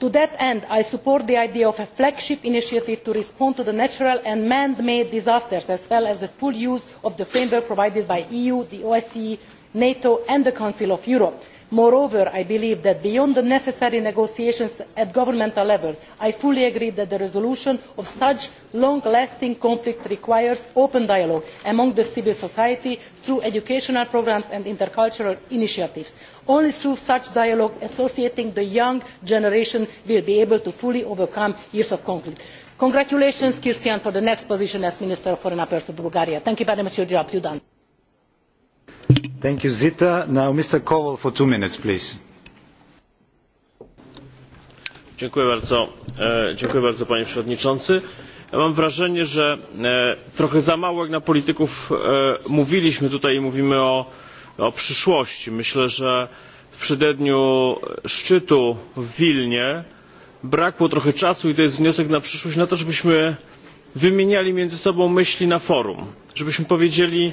to that end i support the idea of a flagship initiative to respond to the natural and man made disasters as well as the full use of the framework provided by e the eu the osce nato and the council of europe moreover i believe that beyond the necessary negotiations at governmental level i fully agree that the resolution of such long lasting conflicts requires open dialogue among civil society through educational programmes and intercultural initiatives. only through such dialogue associating the young generation will be able to fully overcome years of conflict. congratulations cristian for the next position as minister of foreign affairs of bulgaria. thank you very much for your job done. Thank you, Zita. Now, Mr. Kowal for two minutes, please. Dziękuję bardzo, e, dziękuję bardzo panie przewodniczący. Ja mam wrażenie, że e, trochę za mało jak na polityków e, mówiliśmy tutaj i mówimy o, o przyszłości. Myślę, że w przededniu szczytu w Wilnie brakło trochę czasu i to jest wniosek na przyszłość na to, żebyśmy wymieniali między sobą myśli na forum, żebyśmy powiedzieli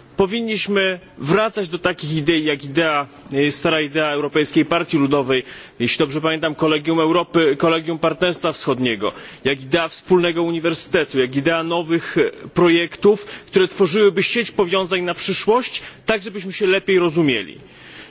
powinniśmy wracać do takich idei jak idea, e, stara idea Europejskiej Partii Ludowej, jeśli dobrze pamiętam Kolegium Europy, Kolegium Partnerstwa Wschodniego, jak idea wspólnego uniwersytetu, jak idea nowych e, projektów, które tworzyłyby sieć powiązań na przyszłość, tak żebyśmy się lepiej rozumieli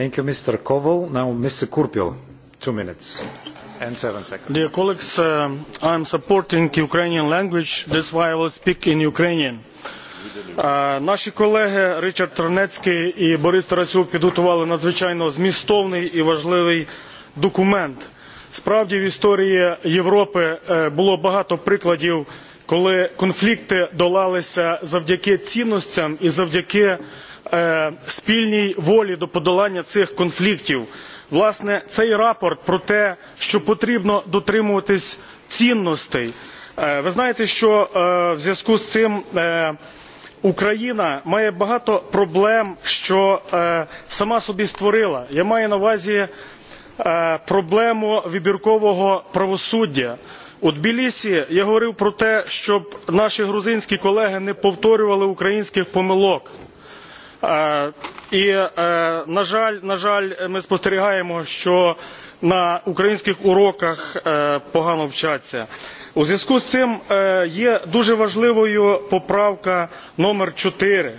Thank you, Mr. Koval. Now, Mr. Kurpil, two minutes and seven seconds. Dear colleagues, um, I'm supporting Ukrainian language, that's why I will speak in Ukrainian. Uh, наші колеги Ричард Тернецький і Борис Тарасюк підготували надзвичайно змістовний і важливий документ. Справді в історії Європи було багато прикладів, коли конфлікти долалися завдяки цінностям і завдяки спільній волі до подолання цих конфліктів. Власне, цей рапорт про те, що потрібно дотримуватись цінностей. Ви знаєте, що в зв'язку з цим Україна має багато проблем, що сама собі створила. Я маю на увазі проблему вибіркового правосуддя. У Тбілісі я говорив про те, щоб наші грузинські колеги не повторювали українських помилок. І, на жаль, на жаль, ми спостерігаємо, що на українських уроках погано вчаться. У зв'язку з цим є дуже важливою поправка номер 4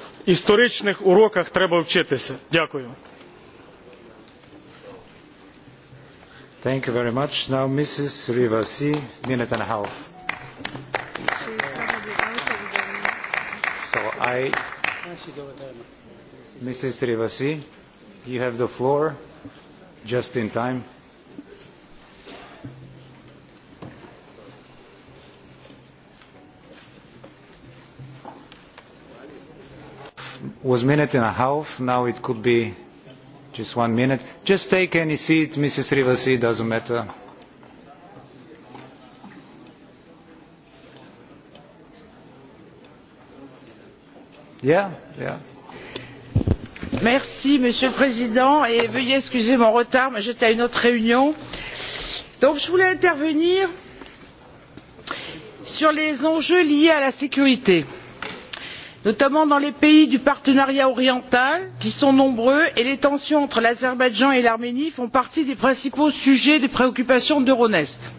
історичних уроках треба вчитися. Дякую. Thank you very much. Now Mrs. Rivasi, minute and a half. So I, Mrs. Rivasi, you have the floor just in time. was minute and a half. Now it could be just one minute. Just take any seat, Mrs. Rivasi, doesn't matter. Yeah, yeah. Merci, Monsieur le Président, et veuillez excuser mon retard, mais j'étais à une autre réunion. Donc, je voulais intervenir sur les enjeux liés à la sécurité. Euh, notamment dans les pays du partenariat oriental qui sont nombreux et les tensions entre l'azerbaïdjan et l'arménie font partie des principaux sujets de préoccupation d'euronest.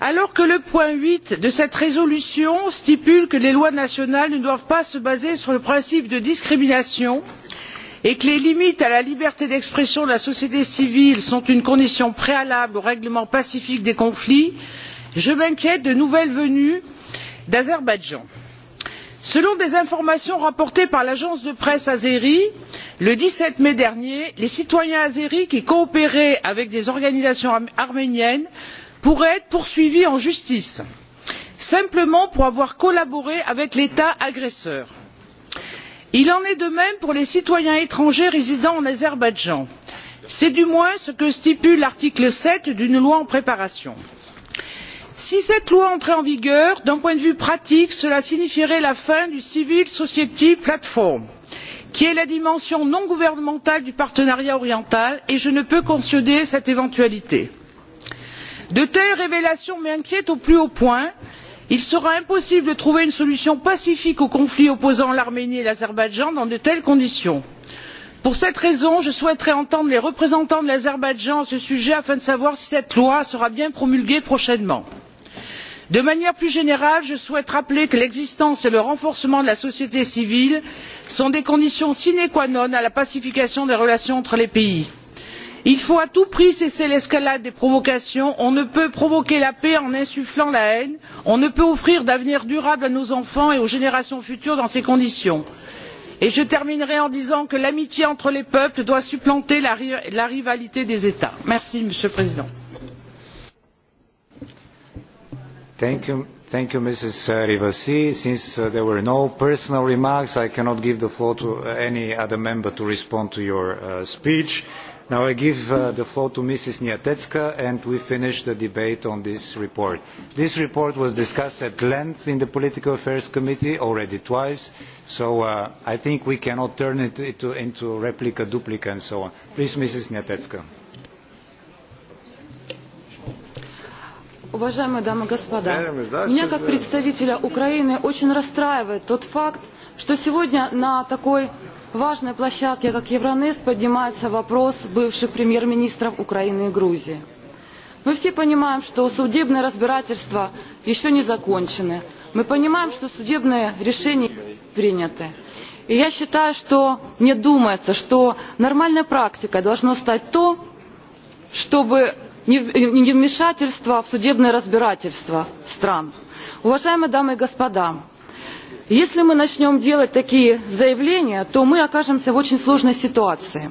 alors que le point huit de cette résolution stipule que les lois nationales ne doivent pas se baser sur le principe de discrimination et que les limites à la liberté d'expression de la société civile sont une condition préalable au règlement pacifique des conflits je m'inquiète de nouvelles venues d'azerbaïdjan selon des informations rapportées par l'agence de presse azérie le dix sept mai dernier les citoyens azéris qui coopéraient avec des organisations arméniennes pourraient être poursuivis en justice simplement pour avoir collaboré avec l'état agresseur. il en est de même pour les citoyens étrangers résidant en azerbaïdjan c'est du moins ce que stipule l'article sept d'une loi en préparation si cette loi entrait en vigueur d'un point de vue pratique cela signifierait la fin du civil society platform qui est la dimension non gouvernementale du partenariat oriental et je ne peux cautionner cette éventualité. de telles révélations m'inquiètent au plus haut point. il sera impossible de trouver une solution pacifique au conflit opposant l'arménie et l'azerbaïdjan dans de telles conditions pour cette raison je souhaiterais entendre les représentants de l'azerbaïdjan à ce sujet afin de savoir si cette loi sera bien promulguée prochainement. de manière plus générale je souhaite rappeler que l'existence et le renforcement de la société civile sont des conditions sine qua non à la pacification des relations entre les pays. il faut à tout prix cesser l'escalade des provocations on ne peut provoquer la paix en insufflant la haine on ne peut offrir d'avenir durable à nos enfants et aux générations futures dans ces conditions. il et je terminerai en disant que l'amitié entre les peuples doit supplanter la, rivalité des états. merci monsieur le président. Thank you, Mrs. Uh, Rivasi. Since uh, there were no personal remarks, I cannot give the floor to uh, any other member to respond to your speech. Now I give uh, the floor to Mrs. Niatetska and we finish the debate on this report. This report was discussed at length in the Political Affairs Committee already twice, so uh, I think we cannot turn it into, into replica, duplica and so on. Please, Mrs. Niatetska. Уважаемые дамы и господа, меня как представителя Украины очень расстраивает тот факт, что сегодня на такой важной площадке, как Евронест, поднимается вопрос бывших премьер-министров Украины и Грузии. Мы все понимаем, что судебные разбирательства еще не закончены. Мы понимаем, что судебные решения приняты. И я считаю, что мне думается, что нормальной практикой должно стать то, чтобы не вмешательство в судебное разбирательство стран. Уважаемые дамы и господа, Если мы начнем делать такие заявления, то мы окажемся в очень сложной ситуации.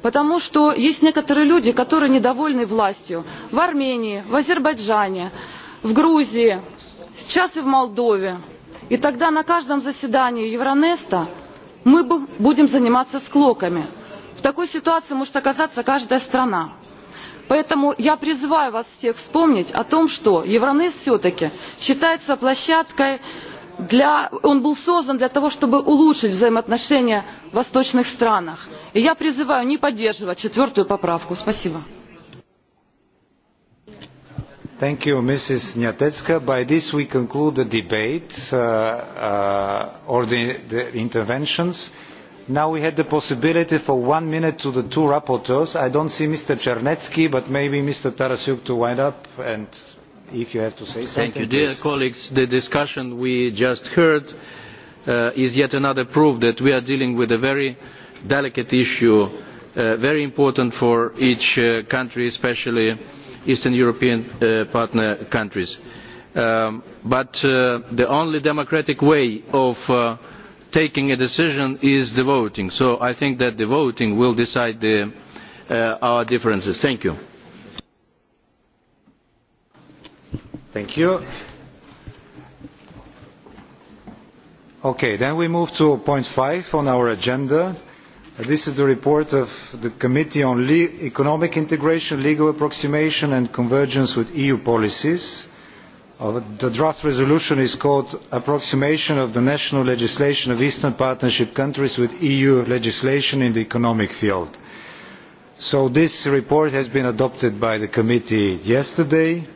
Потому что есть некоторые люди, которые недовольны властью в Армении, в Азербайджане, в Грузии, сейчас и в Молдове. И тогда на каждом заседании Евронеста мы будем заниматься склоками. В такой ситуации может оказаться каждая страна. Поэтому я призываю вас всех вспомнить о том, что Евронест все-таки считается площадкой для, он был создан для того, чтобы улучшить взаимоотношения в восточных странах. И я призываю не поддерживать четвертую поправку. Спасибо. Thank you, Mrs. Nyatetska. By this we conclude the debate uh, uh, or the, the interventions. Now we had the possibility for one minute to the two rapporteurs. I don't see Mr. Czernetsky, but maybe Mr. Tarasuk to wind up and if you have to say something. Thank you. Dear please. colleagues, the discussion we just heard uh, is yet another proof that we are dealing with a very delicate issue, uh, very important for each uh, country, especially Eastern European uh, partner countries. Um, but uh, the only democratic way of uh, taking a decision is the voting. So I think that the voting will decide the, uh, our differences. Thank you. Thank you. Okay, then we move to point five on our agenda. This is the report of the Committee on Le Economic Integration, Legal Approximation and Convergence with EU Policies. Uh, the draft resolution is called Approximation of the National Legislation of Eastern Partnership Countries with EU Legislation in the Economic Field. So this report has been adopted by the committee yesterday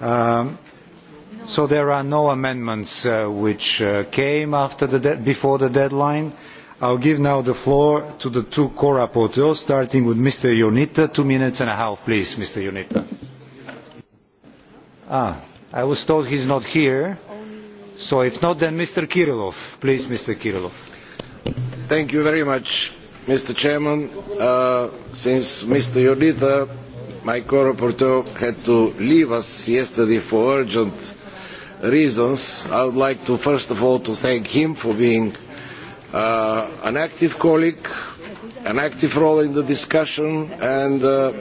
Um, so there are no amendments uh, which uh, came after the de before the deadline. I'll give now the floor to the two co-rapporteurs, starting with Mr. Yonita. Two minutes and a half, please, Mr. Yonita. Ah, I was told he's not here. So if not, then Mr. Kirillov. Please, Mr. Kirillov. Thank you very much, Mr. Chairman. Uh, since Mr. Yonita my co-rapporteur had to leave us yesterday for urgent reasons. I would like to first of all to thank him for being uh, an active colleague, an active role in the discussion, and uh,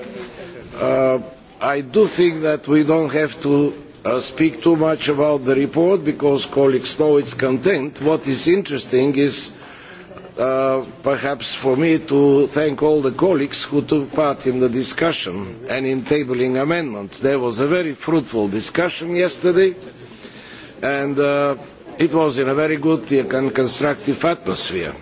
uh, I do think that we don't have to uh, speak too much about the report because colleagues know its content. What is interesting is Uh, perhaps for me to thank all the colleagues who took part in the discussion and in tabling amendments. There was a very fruitful discussion yesterday and uh, it was in a very good and constructive atmosphere.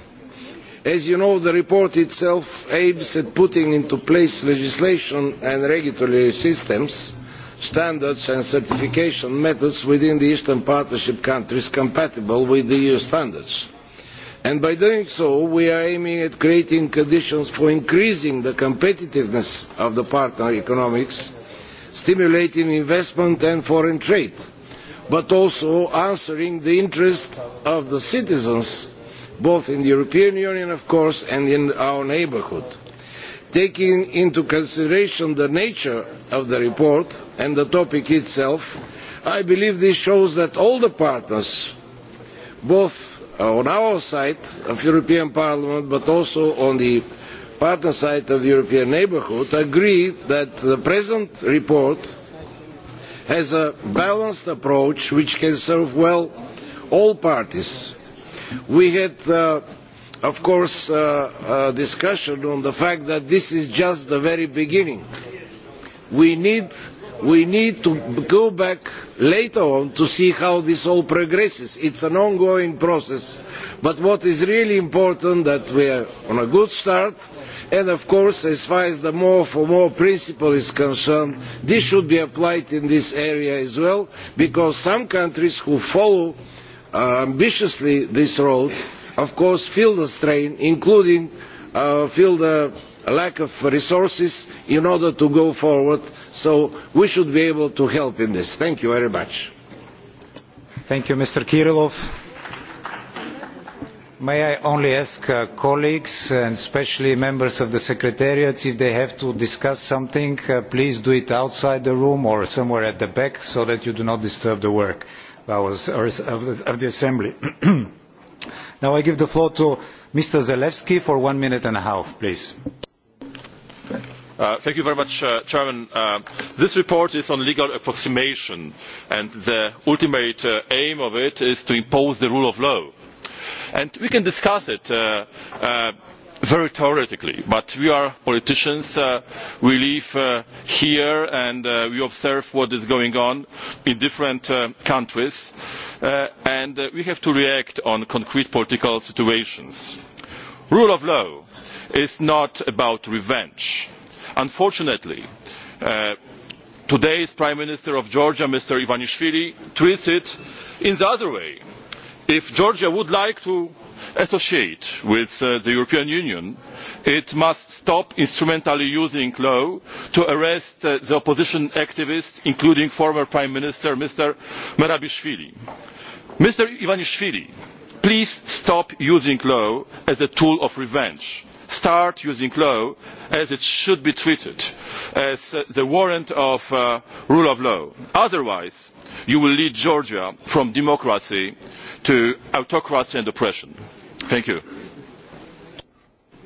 As you know, the report itself aims at putting into place legislation and regulatory systems, standards and certification methods within the Eastern Partnership countries compatible with the EU standards And by doing so, we are aiming at creating conditions for increasing the competitiveness of the partner economics, stimulating investment and foreign trade, but also answering the interest of the citizens, both in the European Union, of course, and in our neighbourhood. Taking into consideration the nature of the report and the topic itself, I believe this shows that all the partners, both uh, on our side of European Parliament, but also on the partner side of the European neighbourhood, agree that the present report has a balanced approach which can serve well all parties. We had, uh, of course, uh, a discussion on the fact that this is just the very beginning. We need we need to go back later on to see how this all progresses. It is an ongoing process. But what is really important is that we are on a good start. And of course, as far as the more for more principle is concerned, this should be applied in this area as well, because some countries who follow uh, ambitiously this road, of course, feel the strain, including uh, feel the a lack of resources in order to go forward. So we should be able to help in this. Thank you very much. Thank you, Mr. Kirillov. May I only ask uh, colleagues and especially members of the Secretariat if they have to discuss something, uh, please do it outside the room or somewhere at the back so that you do not disturb the work of the, of the Assembly. now I give the floor to Mr. Zalewski for one minute and a half, please. Mr uh, thank you very much, uh, Chairman. Uh, this report is on legal approximation, and the ultimate uh, aim of it is to impose the rule of law. And we can discuss it uh, uh, very theoretically, but we are politicians. Uh, we live uh, here and uh, we observe what is going on in different uh, countries, uh, and uh, we have to react on concrete political situations. Rule of law is not about revenge. unfortunately uh, today's prime minister of georgia mr ivanishvili treats it in the other way. if georgia would like to associate with uh, the european union it must stop instrumentally using law to arrest uh, the opposition activists including former prime minister mr merabishvili. mr ivanishvili please stop using law as a tool of revenge start using law as it should be treated as the warrant of uh, rule of law. Otherwise, you will lead Georgia from democracy to autocracy and oppression. Thank you.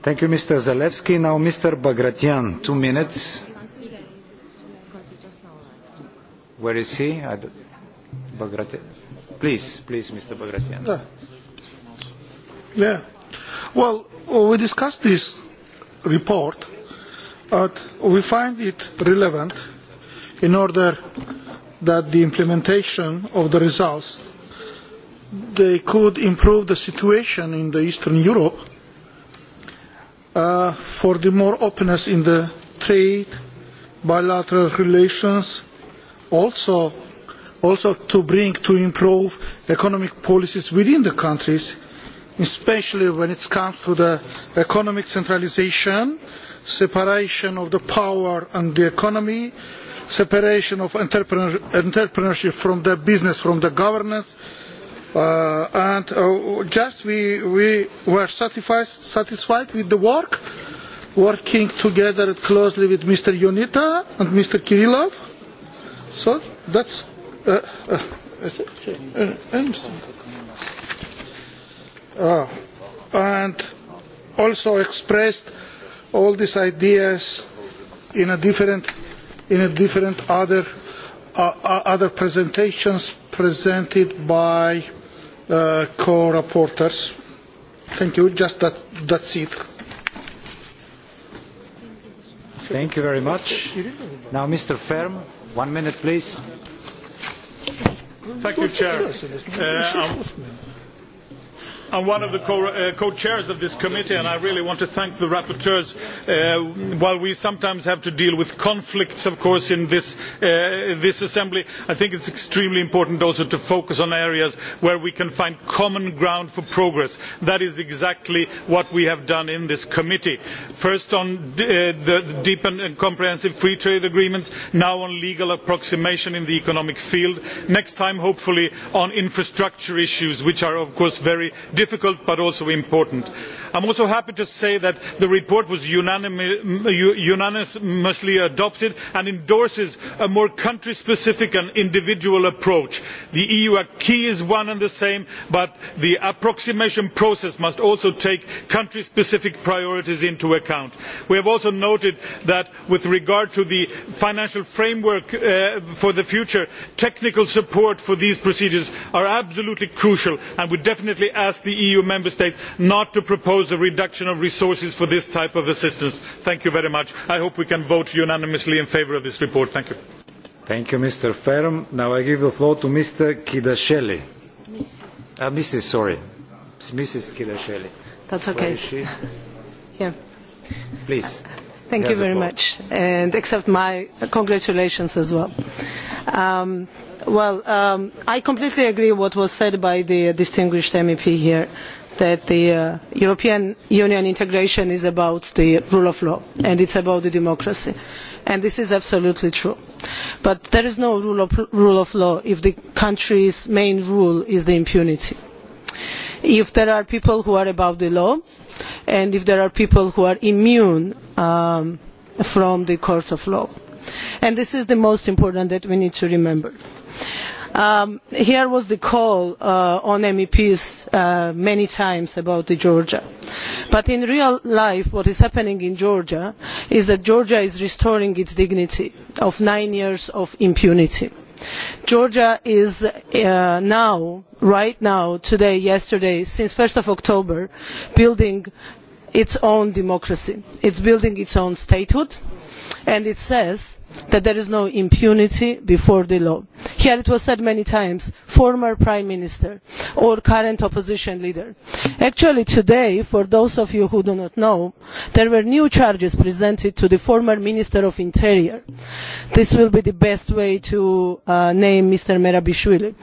Thank you, Mr. Zalewski. Now, Mr. Bagratian, two minutes. Where is he? Bagratian. Please, please, Mr. Bagratian. Yeah. yeah. Well, uh, we discussed this report, but we find it relevant in order that the implementation of the results they could improve the situation in the Eastern Europe uh, for the more openness in the trade, bilateral relations, also, also to bring to improve economic policies within the countries especially when it comes to the economic centralisation, separation of the power and the economy, separation of entrepreneur, entrepreneurship from the business, from the governance, uh, and uh, just we, we were satisfied, satisfied with the work, working together closely with Mr. Yonita and Mr. Kirillov. So that's uh, uh, uh, uh, uh, uh, and also expressed all these ideas in a different in a different other uh, uh other presentations presented by uh, co reporters thank you just that that's it thank you very much now mr ferm one minute please thank you chair uh, um, I am one of the uh, co-chairs uh, co of this committee and I really want to thank the rapporteurs. Uh, while we sometimes have to deal with conflicts, of course, in this, uh, this assembly, I think it is extremely important also to focus on areas where we can find common ground for progress. That is exactly what we have done in this committee. First on uh, the deep and comprehensive free trade agreements, now on legal approximation in the economic field, next time hopefully on infrastructure issues, which are of course very difficult but also important. I am also happy to say that the report was unanimously adopted and endorses a more country specific and individual approach. The EU acquis is one and the same, but the approximation process must also take country specific priorities into account. We have also noted that with regard to the financial framework uh, for the future, technical support for these procedures are absolutely crucial and we definitely ask the EU member states not to propose shows a reduction of resources for this type of assistance. thank you very much. i hope we can vote unanimously in favour of this report. thank you. Thank you, Mr. Ferm. Now I give the floor to Mr. Kidashelli. Mrs. Uh, Mrs. Sorry, Mrs. Kidashelli. That's okay. Where is she? yeah. Please. thank you, you very much, and accept my congratulations as well. Um, well, um, I completely agree with what was said by the distinguished MEP here that the uh, European Union integration is about the rule of law and it's about the democracy. And this is absolutely true. But there is no rule of, rule of law if the country's main rule is the impunity. If there are people who are above the law and if there are people who are immune um, from the court of law. And this is the most important that we need to remember. Um, here was the call uh, on MEPs uh, many times about Georgia. But in real life, what is happening in Georgia is that Georgia is restoring its dignity of nine years of impunity. Georgia is uh, now, right now, today, yesterday, since 1st of October, building its own democracy. It's building its own statehood and it says that there is no impunity before the law. Here it was said many times, former prime minister or current opposition leader. Actually today, for those of you who do not know, there were new charges presented to the former minister of interior. This will be the best way to uh, name Mr. Merabishvili.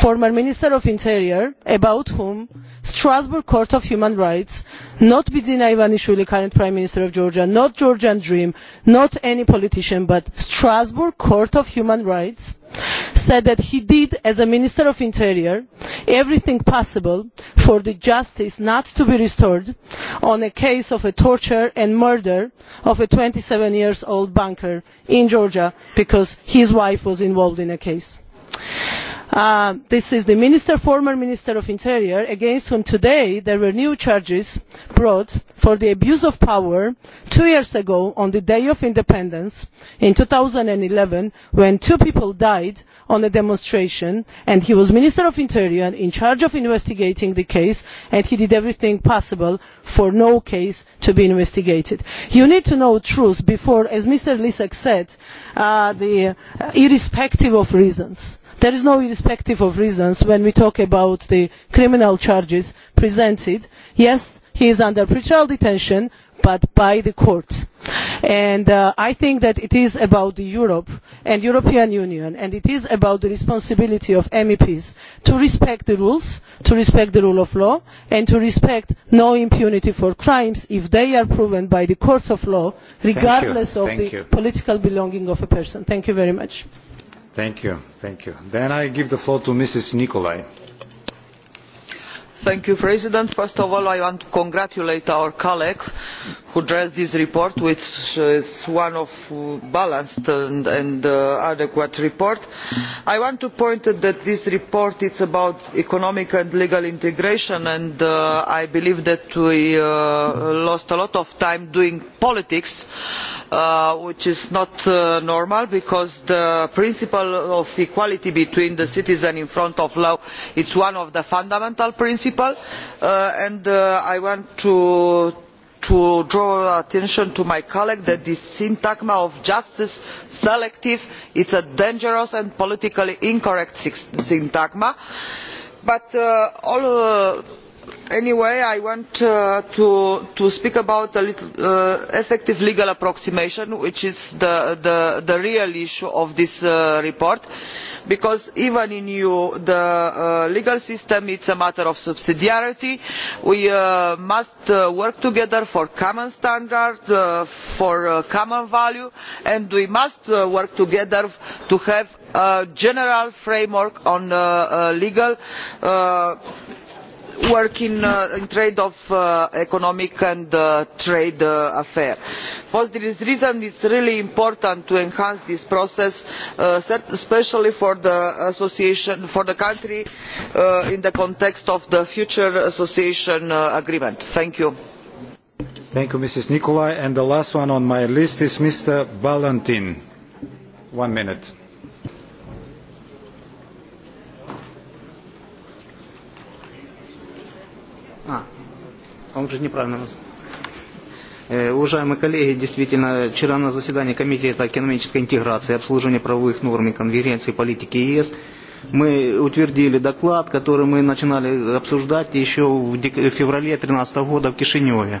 Former minister of interior, about whom Strasbourg Court of Human Rights, not Bidzina Ivanishvili, current Prime Minister of Georgia, not Georgian Dream, not any politician, but Strasbourg Court of Human Rights said that he did, as a Minister of Interior, everything possible for the justice not to be restored on a case of a torture and murder of a 27 years old banker in Georgia because his wife was involved in a case. Uh, this is the minister, former Minister of Interior, against whom today there were new charges brought for the abuse of power two years ago on the day of independence in 2011 when two people died on a demonstration and he was Minister of Interior in charge of investigating the case and he did everything possible for no case to be investigated. You need to know truth before, as Mr. Lisek said, uh, the, uh, irrespective of reasons There is no irrespective of reasons when we talk about the criminal charges presented. Yes, he is under pretrial detention, but by the court. And uh, I think that it is about the Europe and European Union, and it is about the responsibility of MEPs to respect the rules, to respect the rule of law, and to respect no impunity for crimes if they are proven by the courts of law, regardless of Thank the you. political belonging of a person. Thank you very much. Thank you, thank you. Then I give the floor to Mrs. Nicolai. Thank you, President. First of all, I want to congratulate our colleague who addressed this report, which is one of uh, balanced and, and uh, adequate report. I want to point out that this report is about economic and legal integration, and uh, I believe that we uh, lost a lot of time doing politics Uh, which is not uh, normal because the principle of equality between the citizen in front of law is one of the fundamental principles uh, and uh, I want to, to draw attention to my colleague that this syntagma of justice selective is a dangerous and politically incorrect syntagma but uh, all anyway i want uh, to, to speak about little uh, effective legal approximation which is the, the, the real issue of this uh, report because even in the uh, legal system is a matter of subsidiarity. we uh, must uh, work together for common standards uh, for common value and we must work together to have a general framework on legal work in, uh, in trade of uh, economic and uh, trade uh, affair. For this reason, it's really important to enhance this process, uh, especially for the association, for the country uh, in the context of the future association uh, agreement. Thank you. Thank you, Mrs. Nicolai. And the last one on my list is Mr. Valentin. One minute. Он же неправильно назвал. Э, уважаемые коллеги, действительно, вчера на заседании Комитета экономической интеграции, обслуживания правовых норм и конвергенции политики ЕС мы утвердили доклад, который мы начинали обсуждать еще в феврале 2013 года в Кишиневе.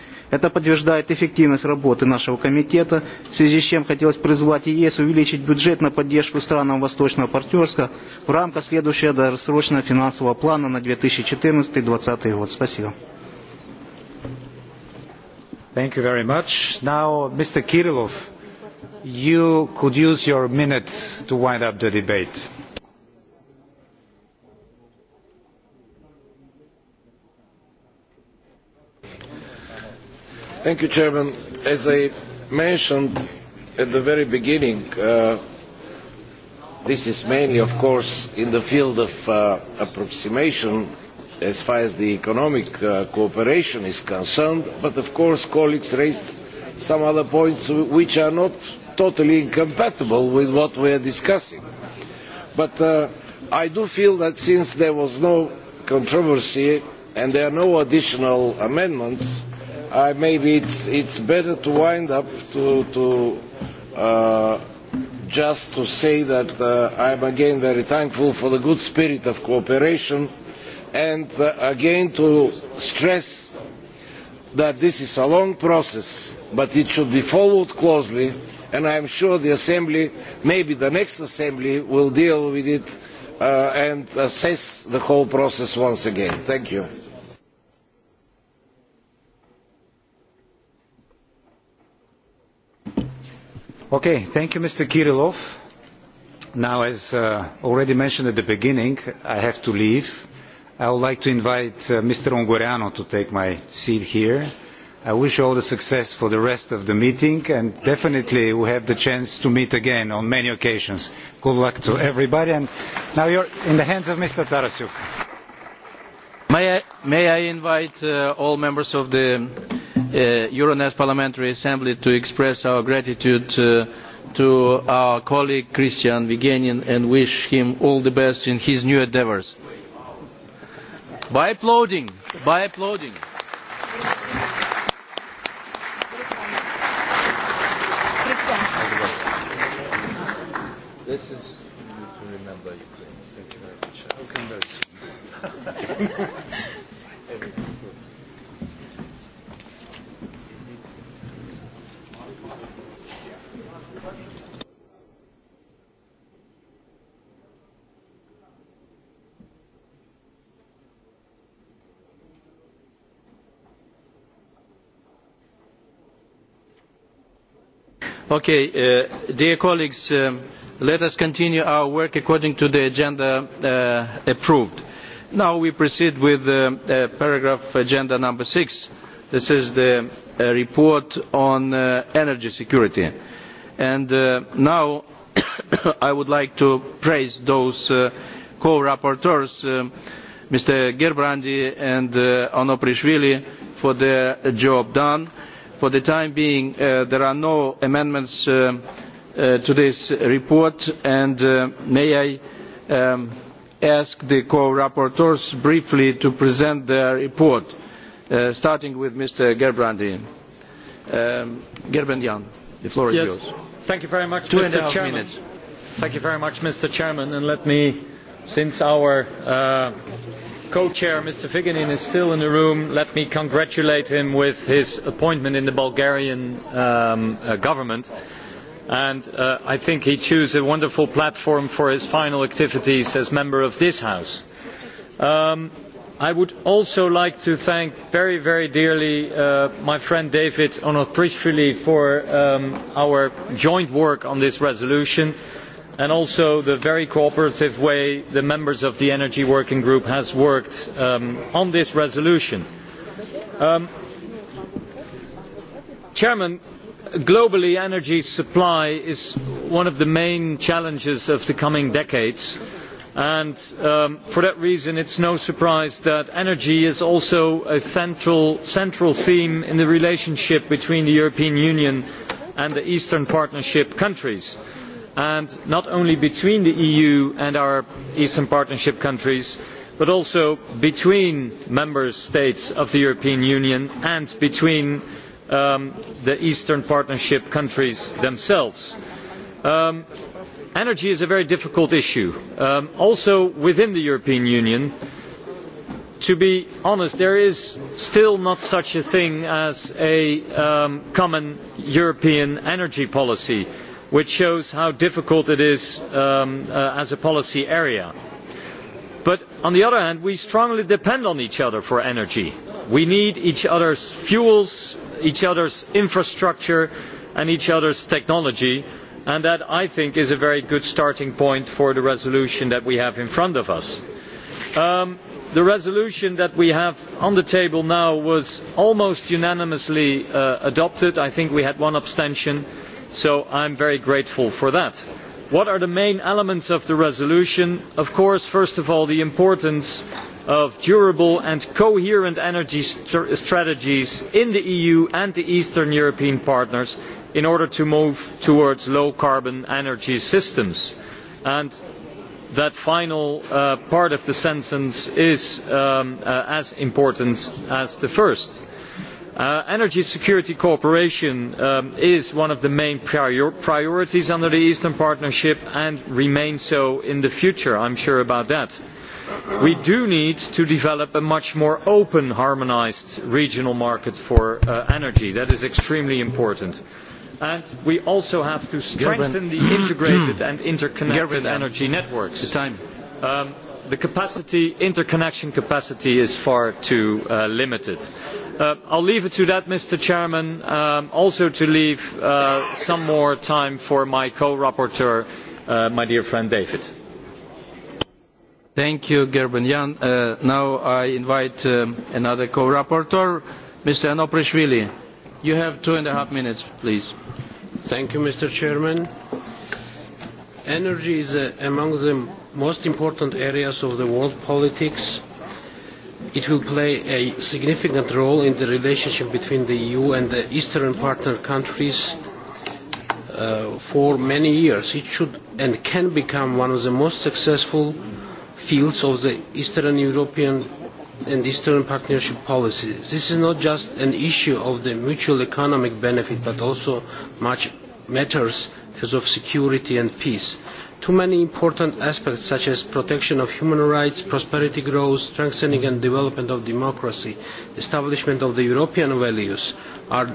Это подтверждает эффективность работы нашего комитета, в связи с чем хотелось призвать ЕС увеличить бюджет на поддержку странам Восточного партнерства в рамках следующего досрочного финансового плана на 2014-2020 год. Спасибо. Thank you very much. Now, Mr. Kirillov, you could use your minute to wind up the debate. Thank you, Chairman. As I mentioned at the very beginning, uh, this is mainly, of course, in the field of uh, approximation as far as the economic uh, cooperation is concerned, but of course colleagues raised some other points which are not totally incompatible with what we are discussing. But uh, I do feel that since there was no controversy and there are no additional amendments, I maybe it's, it's better to wind up to, to uh, just to say that uh, I'm again very thankful for the good spirit of cooperation and uh, again to stress that this is a long process but it should be followed closely and I am sure the assembly, maybe the next assembly will deal with it uh, and assess the whole process once again. Thank you. Okay, thank you, Mr. Kirillov. Now, as uh, already mentioned at the beginning, I have to leave. I would like to invite uh, Mr. Ongoriano to take my seat here. I wish all the success for the rest of the meeting, and definitely we have the chance to meet again on many occasions. Good luck to everybody, and now you're in the hands of Mr. Tarasuk. May I, may I invite uh, all members of the Uh, Euronest Parliamentary Assembly to express our gratitude uh, to our colleague Christian Vigenin and wish him all the best in his new endeavors. By applauding, by applauding. Okay, uh, dear colleagues, um, let us continue our work according to the agenda uh, approved. Now we proceed with uh, uh, paragraph agenda number six. This is the uh, report on uh, energy security. And uh, now I would like to praise those uh, co-rapporteurs, uh, Mr. Gerbrandi and uh, Onoprishvili, for their job done For the time being, uh, there are no amendments uh, uh, to this report, and uh, may I um, ask the co-rapporteurs briefly to present their report, uh, starting with Mr. Gerbrandy. Um, Gerbrandian, the floor yes. is yours. Thank you very much, Two Mr. And a half Chairman. Minutes. Thank you very much, Mr. Chairman, and let me, since our uh, co-chair, Mr. Figenin is still in the room, let me congratulate him with his appointment in the Bulgarian um, uh, government. And uh, I think he chose a wonderful platform for his final activities as member of this House. Um, I would also like to thank very, very dearly uh, my friend David Onoprishvili for um, our joint work on this resolution and also the very cooperative way the members of the Energy Working Group have worked um, on this resolution. Um, Chairman, globally energy supply is one of the main challenges of the coming decades and um, for that reason it is no surprise that energy is also a central, central theme in the relationship between the European Union and the Eastern Partnership countries and not only between the EU and our Eastern Partnership countries, but also between member states of the European Union and between um, the Eastern Partnership countries themselves. Um, energy is a very difficult issue, um, also within the European Union. To be honest, there is still not such a thing as a um, common European energy policy which shows how difficult it is um, uh, as a policy area. But on the other hand, we strongly depend on each other for energy. We need each other's fuels, each other's infrastructure and each other's technology and that I think is a very good starting point for the resolution that we have in front of us. Um, the resolution that we have on the table now was almost unanimously uh, adopted. I think we had one abstention so I am very grateful for that. What are the main elements of the resolution? Of course, first of all, the importance of durable and coherent energy st strategies in the EU and the Eastern European partners in order to move towards low carbon energy systems. And that final uh, part of the sentence is um, uh, as important as the first. Uh, energy security cooperation um, is one of the main prior priorities under the Eastern Partnership and remains so in the future, I am sure about that. We do need to develop a much more open, harmonised regional market for uh, energy. That is extremely important. And we also have to strengthen the integrated and interconnected energy networks. Um, the capacity, interconnection capacity is far too uh, limited Uh, I'll leave it to that, Mr. Chairman, um, also to leave uh, some more time for my co-rapporteur, uh, my dear friend David. Thank you, Gerben Jan. Uh, now I invite um, another co-rapporteur, Mr. Anoprishvili. You have two and a half minutes, please. Thank you, Mr. Chairman. Energy is uh, among the most important areas of the world politics It will play a significant role in the relationship between the EU and the Eastern partner countries uh, for many years. It should and can become one of the most successful fields of the Eastern European and Eastern Partnership policy. This is not just an issue of the mutual economic benefit, but also much matters as of security and peace. Too many important aspects such as protection of human rights, prosperity growth, strengthening and development of democracy, establishment of the European values are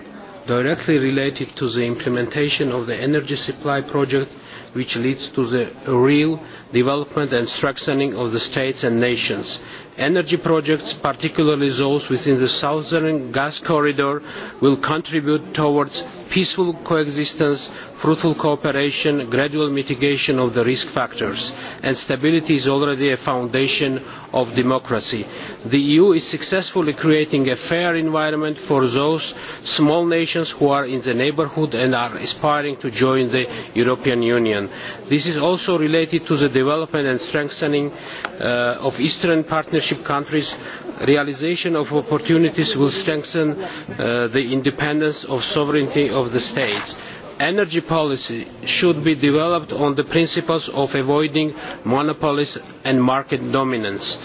directly related to the implementation of the energy supply project which leads to the real development and strengthening of the states and nations. Energy projects, particularly those within the southern gas corridor, will contribute towards peaceful coexistence fruitful cooperation, gradual mitigation of the risk factors, and stability is already a foundation of democracy. The EU is successfully creating a fair environment for those small nations who are in the neighbourhood and are aspiring to join the European Union. This is also related to the development and strengthening uh, of Eastern Partnership countries. Realization of opportunities will strengthen uh, the independence of sovereignty of the states energy policy should be developed on the principles of avoiding monopolies and market dominance.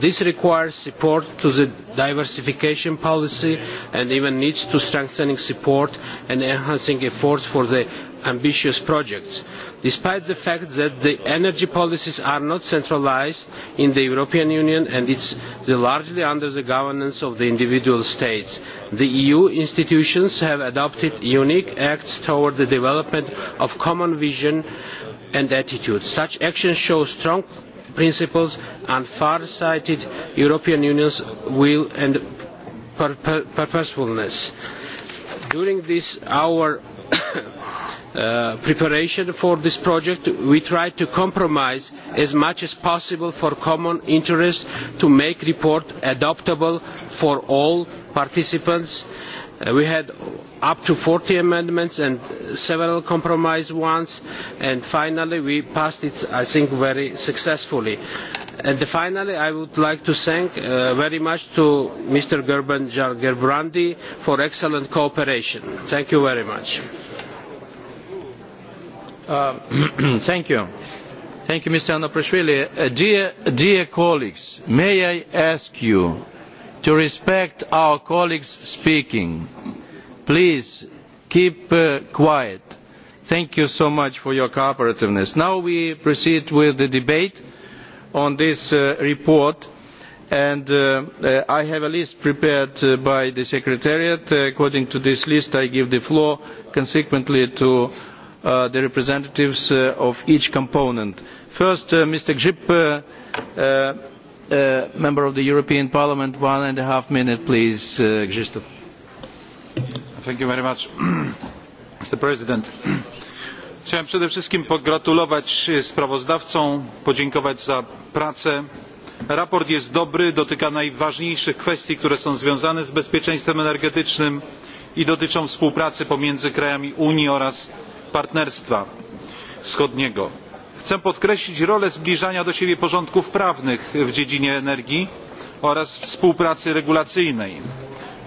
This requires support to the diversification policy and even needs to strengthening support and enhancing efforts for the ambitious projects, despite the fact that the energy policies are not centralised in the European Union and it's largely under the governance of the individual states. The EU institutions have adopted unique acts toward the development of common vision and attitude. Such actions show strong principles and far-sighted European Union's will and purposefulness. During this, hour Uh, preparation for this project, we tried to compromise as much as possible for common interests to make report adoptable for all participants. Uh, we had up to 40 amendments and several compromise ones, and finally we passed it, I think, very successfully. And finally, I would like to thank uh, very much to Mr. Gerben Gerbrandi for excellent cooperation. Thank you very much. Uh, thank you. Thank you, Mr. Anaprashvili. Uh, dear, dear colleagues, may I ask you to respect our colleagues speaking. Please keep uh, quiet. Thank you so much for your cooperativeness. Now we proceed with the debate on this uh, report and uh, uh, I have a list prepared uh, by the Secretariat. Uh, according to this list, I give the floor consequently to Uh, the representatives uh, of each component. First, uh, Mr. Grzyb, uh, uh, uh, member of the European Parliament, one and a half minute, please, uh, Krzysztof. Thank you very much, Mr. President. Chciałem przede wszystkim pogratulować e, sprawozdawcom, podziękować za pracę. Raport jest dobry, dotyka najważniejszych kwestii, które są związane z bezpieczeństwem energetycznym i dotyczą współpracy pomiędzy krajami Unii oraz partnerstwa wschodniego. chcę podkreślić rolę zbliżania do siebie porządków prawnych w dziedzinie energii oraz współpracy regulacyjnej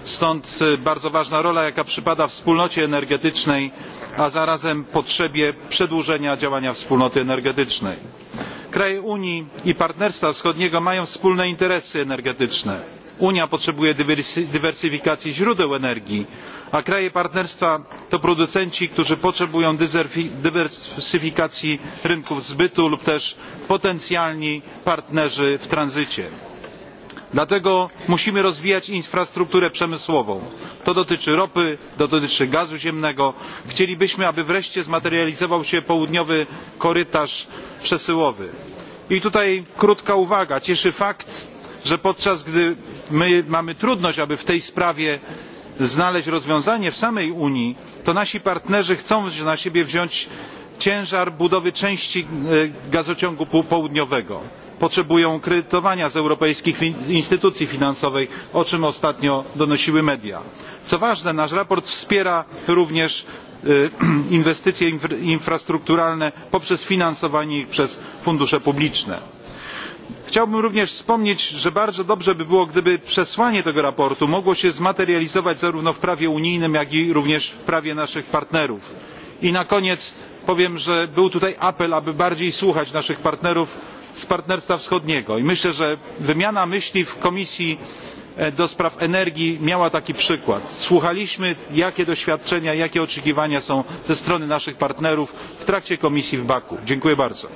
stąd bardzo ważna rola jaka przypada wspólnocie energetycznej a zarazem potrzebie przedłużenia działania wspólnoty energetycznej. kraje unii i partnerstwa wschodniego mają wspólne interesy energetyczne. unia potrzebuje dywersyfikacji źródeł energii a kraje partnerstwa to producenci którzy potrzebują dywersyfikacji rynków zbytu lub też potencjalni partnerzy w tranzycie. Dlatego musimy rozwijać infrastrukturę przemysłową. To dotyczy ropy, to dotyczy gazu ziemnego. Chcielibyśmy, aby wreszcie zmaterializował się południowy korytarz przesyłowy. I tutaj krótka uwaga. Cieszy fakt, że podczas gdy my mamy trudność, aby w tej sprawie znaleźć rozwiązanie w samej unii to nasi partnerzy chcą na siebie wziąć ciężar budowy części e, gazociągu południowego potrzebują kredytowania z europejskich instytucji finansowych o czym ostatnio donosiły media. co ważne nasze sprawozdanie wspiera również e, inwestycje infrastrukturalne poprzez finansowanie ich przez fundusze publiczne chciałbym również wspomnieć że bardzo dobrze by było gdyby przesłanie tego sprawozdania mogło się zmaterializować zarówno w prawie unijnym jak i również w prawie naszych partnerów. i na koniec powiem że był tutaj apel aby bardziej słuchać naszych partnerów z partnerstwa wschodniego i myślę że wymiana myśli w komisji e, do spraw energii miała taki przykład słuchaliśmy jakie doświadczenia jakie oczekiwania są ze strony naszych partnerów w trakcie komisji w baku. dziękuję bardzo.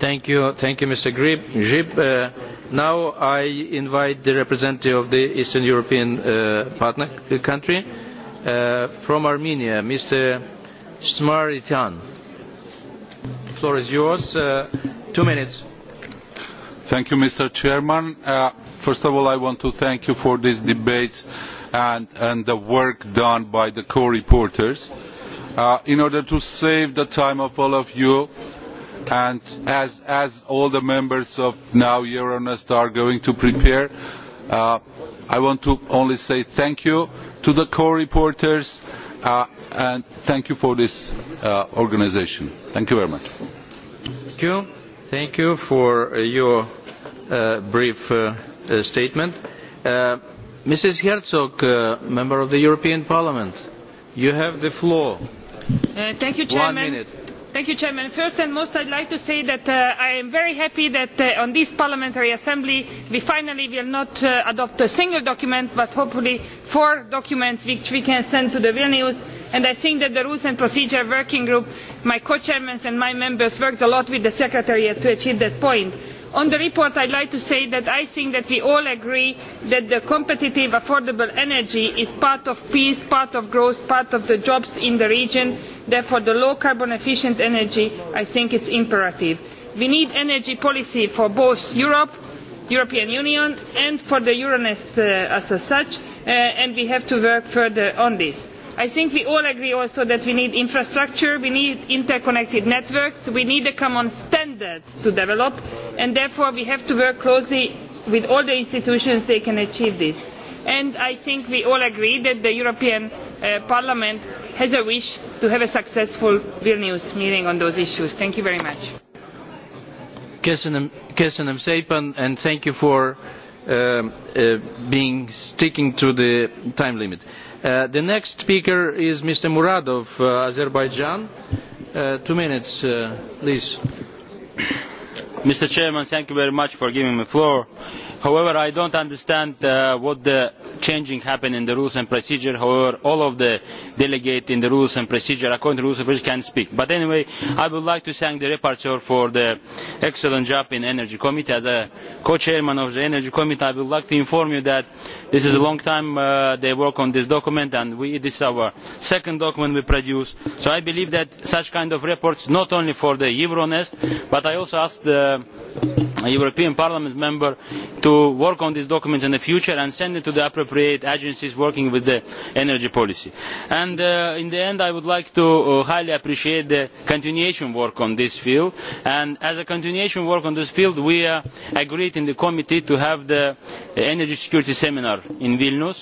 Thank you, thank you Mr. Grib. Uh, now I invite the representative of the Eastern European uh, partner country uh, from Armenia, Mr. Smaritan. The floor is yours. Uh, two minutes. Thank you, Mr. Chairman. Uh, first of all, I want to thank you for these debates and, and the work done by the co-reporters. Uh, in order to save the time of all of you, and as, as all the members of now Euronest are going to prepare, uh, I want to only say thank you to the co-reporters uh, and thank you for this uh, organization. Thank you very much. Thank you. Thank you for uh, your uh, brief uh, uh, statement. Uh, Mrs. Herzog, uh, member of the European Parliament, you have the floor. Uh, thank you, Chairman. One minute. Thank you, Chairman. First and most, I'd like to say that uh, I am very happy that uh, on this Parliamentary Assembly we finally will not uh, adopt a single document, but hopefully four documents which we can send to the Vilnius. And I think that the Rules and Procedure Working Group, my co-chairmen and my members worked a lot with the Secretariat to achieve that point On the report, I would like to say that I think that we all agree that competitive, affordable energy is part of peace, part of growth, part of the jobs in the region. Therefore, the low carbon efficient energy, I think is imperative. We need energy policy for both Europe, the European Union, and for the Euronest uh, as such, uh, and we have to work further on this. I think we all agree also that we need infrastructure, we need interconnected networks, we need a common standard to develop, and therefore we have to work closely with all the institutions that can achieve this. And I think we all agree that the European uh, Parliament has a wish to have a successful Vilnius meeting on those issues. Thank you very much. Kesenem köszönöm and thank you for um, uh, being sticking to the time limit. Uh, the next speaker is Mr. Muradov, uh, Azerbaijan. Uh, two minutes, uh, please. Mr. Chairman, thank you very much for giving me the floor. Uh, However, I don't understand uh, what the changing happened in the rules and procedure. However, all of the delegates in the rules and procedure, according to rules and procedure, can speak. But anyway, I would like to thank the rapporteur for the excellent job in Energy Committee. As a co-chairman of the Energy Committee, I would like to inform you that this is a long time uh, they work on this document, and we, it is our second document we produce. So I believe that such kind of reports, not only for the Euronest, but I also asked the European Parliament member to to work on this document in the future and send it to the appropriate agencies working with the energy policy. And uh, in the end, I would like to uh, highly appreciate the continuation work on this field. And as a continuation work on this field, we uh, agreed in the committee to have the energy security seminar in Vilnius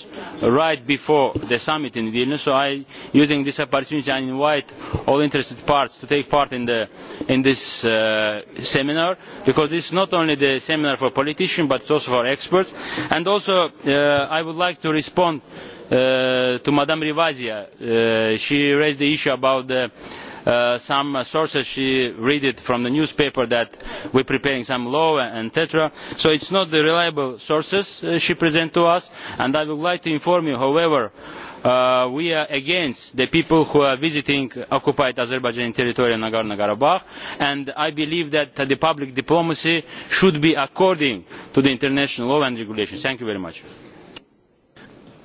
right before the summit in Vilnius. So I, using this opportunity, I invite all interested parts to take part in, the, in this uh, seminar because this is not only the seminar for politicians but it's those of our experts. And also, uh, I would like to respond uh, to Madame Rivazia. Uh, she raised the issue about the uh, some uh, sources she read it from the newspaper that we're preparing some law and etc. So it's not the reliable sources uh, she presents to us and I would like to inform you however Uh, we are against the people who are visiting occupied Azerbaijani territory in Nagorno-Karabakh and I believe that the public diplomacy should be according to the international law and regulations. Thank you very much.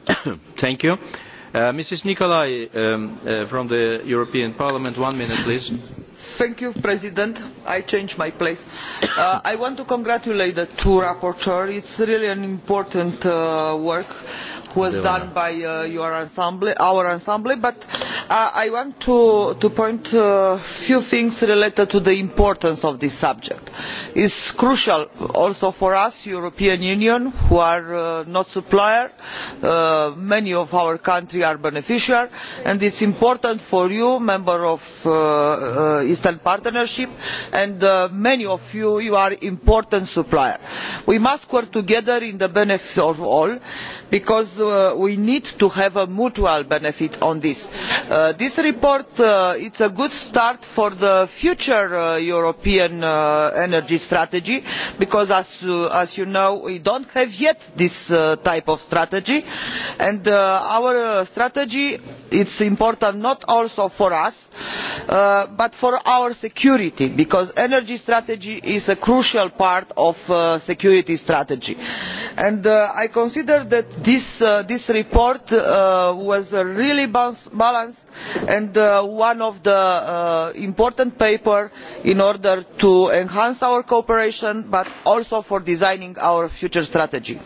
Thank you. Uh, Mrs. Nikolai um, uh, from the European Parliament, one minute please. Thank you, President. I changed my place. Uh, I want to congratulate the two rapporteurs. It's really an important uh, work was done by uh, your ensemble, our ensemble, but uh, I want to, to point a uh, few things related to the importance of this subject. It is crucial also for us, European Union, who are uh, not supplier. Uh, many of our countries are beneficiaries, and it is important for you, member of uh, uh, Eastern Partnership, and uh, many of you, you are important supplier. We must work together in the benefit of all because Uh, we need to have a mutual benefit on this. Uh, this report uh, is a good start for the future uh, european energy strategy because as, as you know we do not have yet this type of strategy and our strategy is important not also for us but for our security because energy strategy is a crucial part of security strategy. And, i consider that this uh, this report uh, was uh, really balanced and uh, one of the uh, important papers in order to enhance our cooperation but also for designing our future strategy.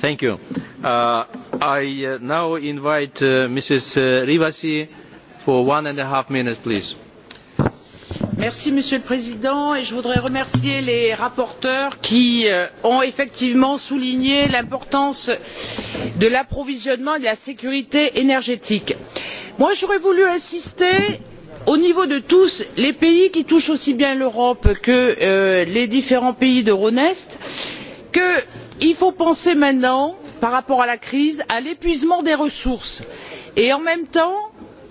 Thank you. Uh, I now invite Mrs. Rivasi for one and a half minutes, please. Merci, Monsieur le Président, et je voudrais remercier les rapporteurs qui euh, ont effectivement souligné l'importance de l'approvisionnement et de la sécurité énergétique. j'aurais voulu insister au niveau de tous les pays qui touchent aussi bien l'europe que euh, les différents pays d'euronest qu'il faut penser maintenant par rapport à la crise à l'épuisement des ressources et en même temps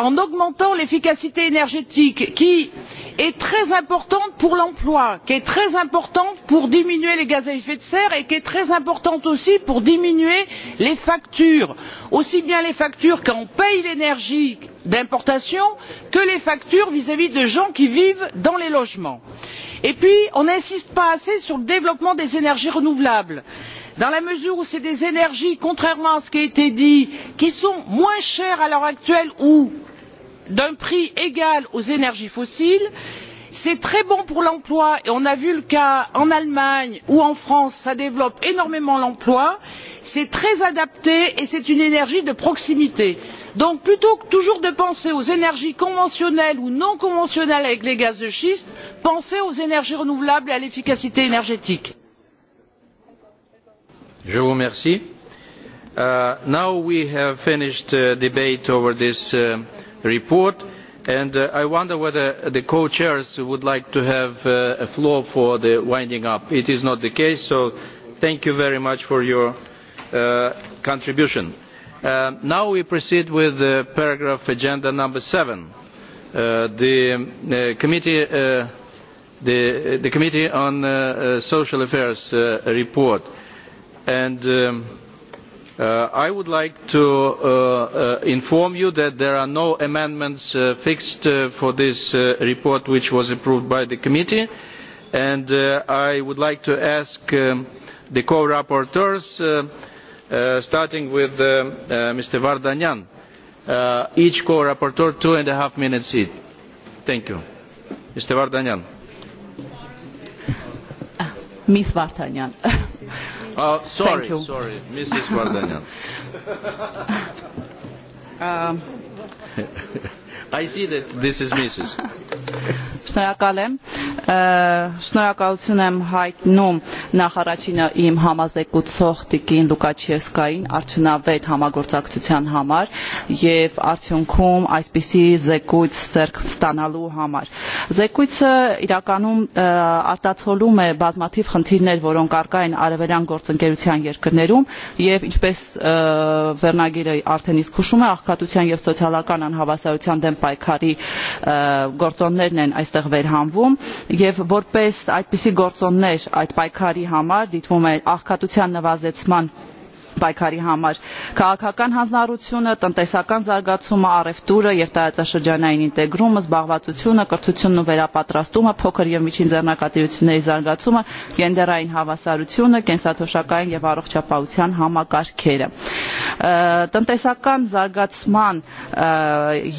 en augmentant l'efficacité énergétique qui est très importante pour l'emploi qui est très importante pour diminuer les gaz à effet de serre et qui est très importante aussi pour diminuer les factures aussi bien les factures quand on paie l'énergie d'importation que les factures vis à vis de gens qui vivent dans les logements. et puis on n'insiste pas assez sur le développement des énergies renouvelables. il dans la mesure où ce sont des énergies contrairement à ce qui a été dit qui sont moins chères à l'heure actuelle ou d'un prix égal aux énergies fossiles c'est très bon pour l'emploi et on a vu le cas en allemagne ou en france ça développe énormément l'emploi c'est très adapté et c'est une énergie de proximité. donc plutôt que toujours de penser aux énergies conventionnelles ou non conventionnelles avec les gaz de schiste pensez aux énergies renouvelables et à l'efficacité énergétique. Je vous remercie. Uh, now we have finished uh, debate over this uh, report and uh, I wonder whether the co-chairs would like to have uh, a floor for the winding up. It is not the case, so thank you very much for your uh, contribution. Uh, now we proceed with uh, paragraph agenda number seven. Uh, the, uh, committee, uh, the, the Committee on uh, uh, Social Affairs uh, report and um, Uh, I would like to uh, uh, inform you that there are no amendments uh, fixed uh, for this uh, report which was approved by the committee and I would like to ask um, the co-rapporteurs starting with Mr. Vardanyan each co-rapporteur two and a half minutes each. Thank you. Mr. Vardanyan. Ah, Ms. Vardanyan. Uh, sorry, Thank you. sorry, Mrs. Vardanyan. um, I see that this is Mrs. Շնորհակալ եմ։ Շնորհակալություն եմ հայտնում նախարարինը իմ համազեկուցող Տիկին Լուկաչևսկային արդյունավետ համագործակցության համար եւ արդյունքում այսպիսի զեկույց սերկ ստանալու համար։ Զեկույցը իրականում արտացոլում է բազմաթիվ խնդիրներ, որոնք առկա են արևելյան գործընկերության երկրներում եւ ինչպես վերնագիրը արդեն իսկ հուշում է աղքատության եւ սոցիալական անհավասարության դեմ պայքարի գործոններն են այստեղ վերհանվում եւ որպես այդպիսի գործոններ այդ պայքարի համար դիտվում է աղքատության նվազեցման պայքարի համար քաղաքական հանձնառությունը տնտեսական զարգացումը առևտուրը երթայածաշրջանային ինտեգրումը զբաղվածությունը կրթությունն ու վերապատրաստումը փոքր եւ միջին ձեռնարկատիրությունների զարգացումը գենդերային հավասարությունը կենսաթոշակային եւ առողջապահության համակարգերը տնտեսական զարգացման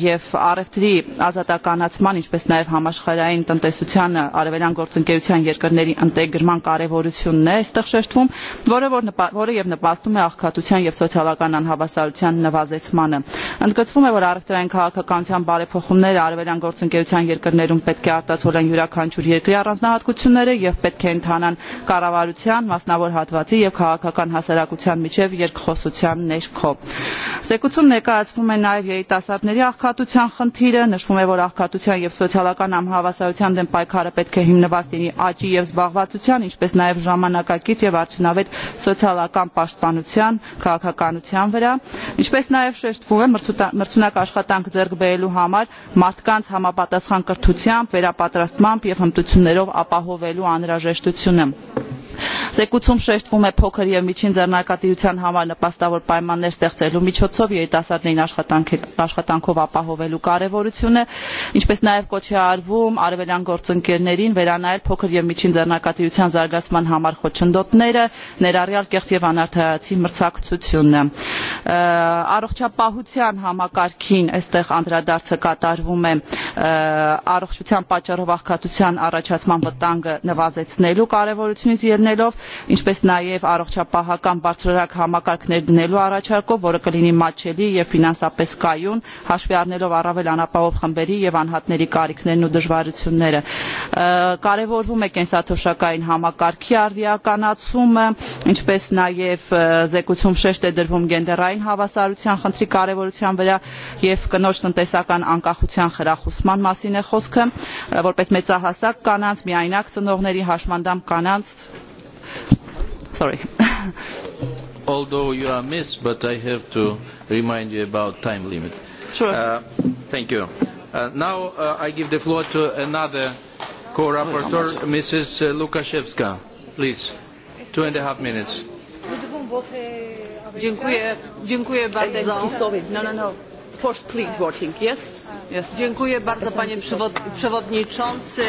եւ առևտրի ազատականացման ինչպես նաեւ համաշխարհային տնտեսության արևելյան գործընկերության երկրների ինտեգրման կարեւորությունն է այստեղ շեշտվում որը որ որը եւ նպաստում է աղքատության և սոցիալական անհավասարության նվազեցմանը։ Ընդգծվում է, որ առևտրային քաղաքականության բարեփոխումները արևելյան գործընկերության երկրներում պետք է արտացոլեն յուրաքանչյուր երկրի առանձնահատկությունները և պետք է ընդհանան կառավարության, մասնավոր հատվածի և քաղաքական հասարակության միջև երկխոսության ներքո։ Զեկուցում ներկայացվում է նաև երիտասարդների աղքատության խնդիրը, նշվում է, որ աղքատության և սոցիալական անհավասարության դեմ պայքարը պետք է հիմնված լինի աճի և զբաղվածության, ինչպես նաև ժամանակակից և արդյունավետ սոցիալական պաշտպանության ազգայնության քաղաքականության վրա ինչպես նաև շեշտվում է մրցունակ աշխատանք ձեռք բերելու համար մարդկանց համապատասխան կրթությամբ վերապատրաստմամբ և հմտություններով ապահովելու անհրաժեշտությունը Զեկուցում շեշտվում է փոքր եւ միջին ձեռնարկատիրության համար նպաստավոր պայմաններ ստեղծելու միջոցով երիտասարդներին աշխատանքով ապահովելու կարեւորությունը, ինչպես նաեւ կոչի արվում արևելյան գործընկերներին վերանայել փոքր եւ միջին ձեռնարկատիրության զարգացման համար խոչընդոտները, ներառյալ կեղծ եւ անարթայացի մրցակցությունը առողջապահության համակարգին այստեղ անդրադարձը կատարվում է առողջության պատճառով աղքատության առաջացման վտանգը նվազեցնելու կարևորությունից ելնելով ինչպես նաև առողջապահական բարձրորակ համակարգներ դնելու առաջարկով որը կլինի մատչելի եւ ֆինանսապես կայուն հաշվի առնելով առավել անապահով խմբերի եւ անհատների կարիքներն ու դժվարությունները կարևորվում է կենսաթոշակային համակարգի արդիականացումը ինչպես նաեւ իրազեկություն շեշտ է դրվում գենդերային հավասարության խնդրի կարևորության վրա եւ կնոջ տնտեսական անկախության խրախուսման մասին է խոսքը որպես մեծահասակ կանանց միայնակ ծնողների հաշմանդամ կանանց sorry although you are missed but i have to remind you about time limit sure uh, thank you uh, now uh, i give the floor to another co-rapporteur mrs uh, lukashevska please two and a half minutes Dziękuję, bardzo. No, no, no. First, please, voting, yes? yes. Dziękuję bardzo panie przewod przewodniczący.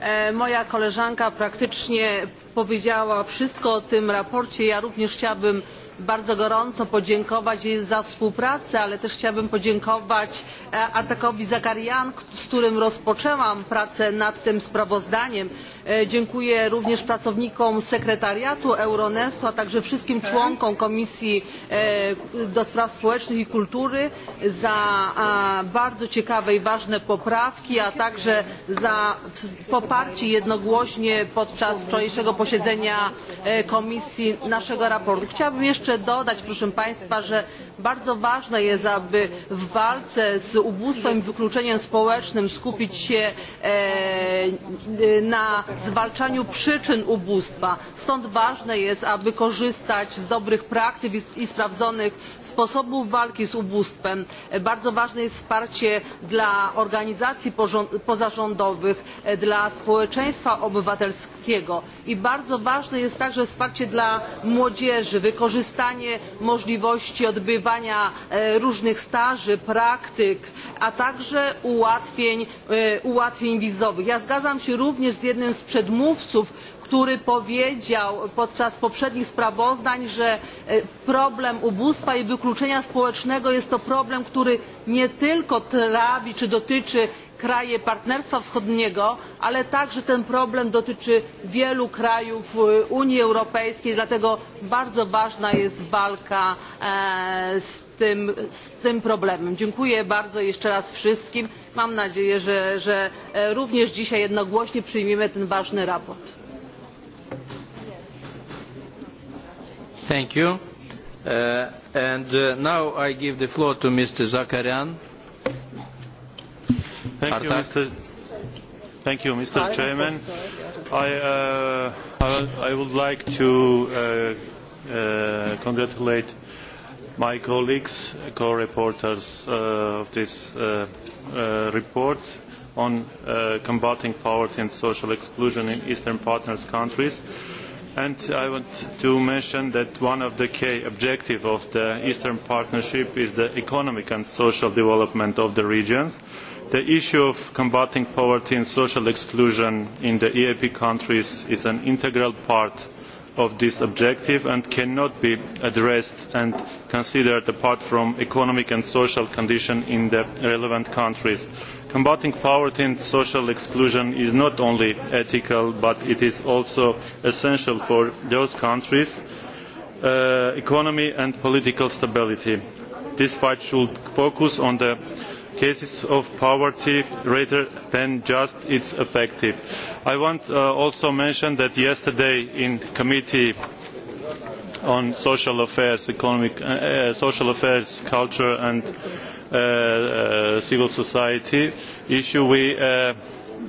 E, moja koleżanka praktycznie powiedziała wszystko o tym raporcie. Ja również chciałabym bardzo gorąco podziękować jej za współpracę, ale też chciałabym podziękować e, Atakowi Zakarian, z którym rozpoczęłam pracę nad tym sprawozdaniem. E, dziękuję również pracownikom sekretariatu Euronestu, a także wszystkim członkom Komisji e, do Spraw Społecznych i Kultury za bardzo ciekawe i ważne poprawki, a także za poparcie jednogłośnie podczas wczorajszego posiedzenia e, Komisji naszego raportu. Chciałabym jeszcze dodać, proszę Państwa, że bardzo ważne jest, aby w walce z ubóstwem i wykluczeniem społecznym skupić się na zwalczaniu przyczyn ubóstwa. Stąd ważne jest, aby korzystać z dobrych praktyk i sprawdzonych sposobów walki z ubóstwem. Bardzo ważne jest wsparcie dla organizacji pozarządowych, dla społeczeństwa obywatelskiego Europejskiego i bardzo ważne jest także wsparcie dla młodzieży wykorzystanie możliwości odbywania e, różnych staży praktyk a także ułatwień, e, ułatwień wizowych. ja zgadzam się również z jednym z przedmówców który powiedział podczas poprzednich sprawozdań, że e, problem ubóstwa i wykluczenia społecznego jest to problem, który nie tylko trawi czy dotyczy kraje partnerstwa wschodniego ale także ten problem dotyczy wielu krajów e, unii europejskiej dlatego bardzo ważna jest walka e, z tym, problemem. dziękuję bardzo jeszcze raz wszystkim mam nadzieję że, e, również dzisiaj jednogłośnie przyjmiemy uh, uh, to ważne sprawozdanie. Thank you, Mr. Chairman. I, uh, I would like to uh, uh, congratulate my colleagues, co-reporters uh, of this uh, uh, report on uh, combating poverty and social exclusion in Eastern Partners countries. And I want to mention that one of the key objectives of the Eastern Partnership is the economic and social development of the regions the issue of combating poverty and social exclusion in the eap countries is an integral part of this objective and cannot be addressed and considered apart from economic and social conditions in the relevant countries. combating poverty and social exclusion is not only ethical but it is also essential for those countries' uh, economy and political stability. this fight should focus on the cases of poverty rather than just its effective. I want to uh, also mention that yesterday in committee on social affairs, economic, uh, uh, social affairs, culture and uh, uh, civil society issue, we uh, uh,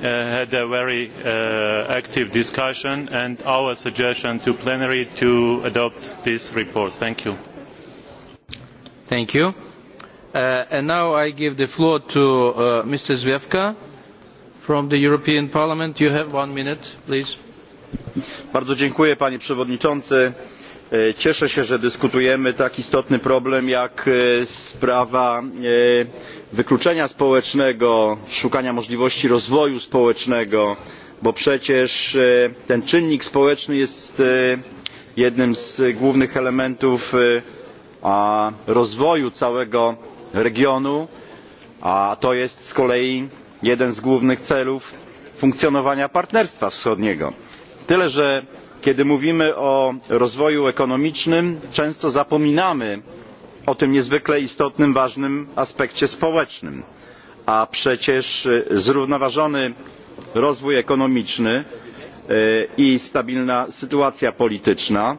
had a very uh, active discussion and our suggestion to plenary to adopt this report. Thank you. Thank you. Uh, and now I give the floor to uh, Mr. Zwiefka from the European Parliament. You have one minute, please. Bardzo dziękuję, panie przewodniczący. E, cieszę się, że dyskutujemy tak istotny problem jak e, sprawa e, wykluczenia społecznego, szukania możliwości rozwoju społecznego, bo przecież ten czynnik społeczny jest jednym z głównych elementów rozwoju całego regionu, a to jest z kolei jeden z głównych celów funkcjonowania Partnerstwa Wschodniego. Tyle, że kiedy mówimy o rozwoju ekonomicznym, często zapominamy o tym niezwykle istotnym, ważnym aspekcie społecznym. A przecież zrównoważony rozwój ekonomiczny i stabilna sytuacja polityczna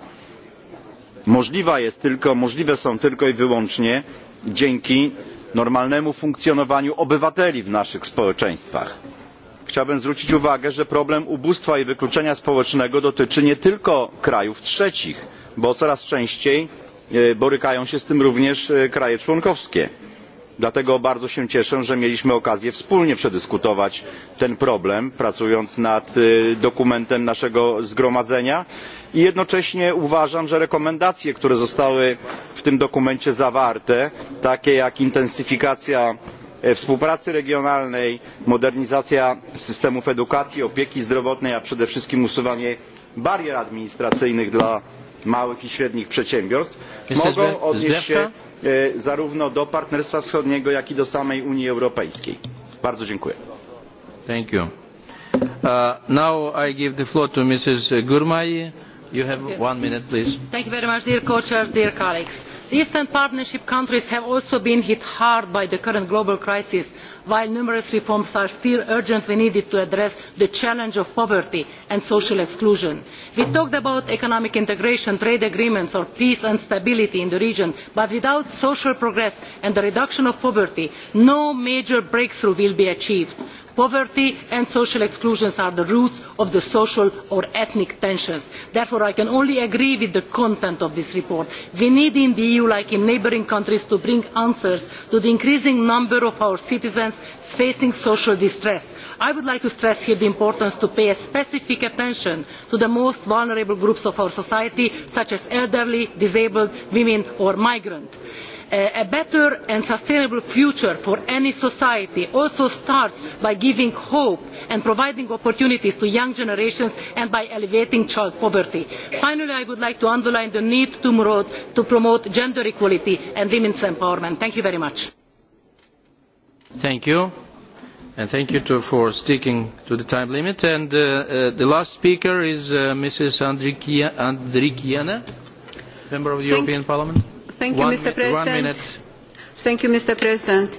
możliwa jest tylko, możliwe są tylko i wyłącznie dzięki normalnemu funkcjonowaniu obywateli w naszych społeczeństwach. Chciałbym zwrócić uwagę, że problem ubóstwa i wykluczenia społecznego dotyczy nie tylko krajów trzecich, bo coraz częściej e, borykają się z tym również e, kraje członkowskie dlatego bardzo się cieszę że mieliśmy okazję wspólnie przedyskutować ten problem pracując nad dokumentem naszego zgromadzenia i jednocześnie uważam że rekomendacje które zostały w tym dokumencie zawarte takie jak intensyfikacja e, współpracy regionalnej modernizacja systemów edukacji opieki zdrowotnej a przede wszystkim usuwanie barier administracyjnych dla małych i średnich przedsiębiorstw mogą odnieść się e, zarówno do partnerstwa wschodniego jak i do samej unii europejskiej. bardzo dziękuję. Thank you. Uh, now I give the floor to Mrs. Gurmai. You have one minute, please. Thank you very much, dear co-chairs, dear colleagues. Eastern Partnership countries have also been hit hard by the current global crisis, while numerous reforms are still urgently needed to address the challenge of poverty and social exclusion. We talked about economic integration, trade agreements or peace and stability in the region, but without social progress and the reduction of poverty, no major breakthrough will be achieved Poverty and social exclusions are the roots of the social or ethnic tensions. Therefore, I can only agree with the content of this report. We need in the EU, like in neighbouring countries, to bring answers to the increasing number of our citizens facing social distress. I would like to stress here the importance to pay specific attention to the most vulnerable groups of our society, such as elderly, disabled, women or migrants a better and sustainable future for any society also starts by giving hope and providing opportunities to young generations and by alleviating child poverty. Finally, I would like to underline the need to promote gender equality and women's empowerment. Thank you very much. Thank you. And thank you too for sticking to the time limit. And uh, uh, the last speaker is uh, Mrs. Andrikiana, member of the thank European Parliament. Thank you, Mr. President. Thank you, Mr. President.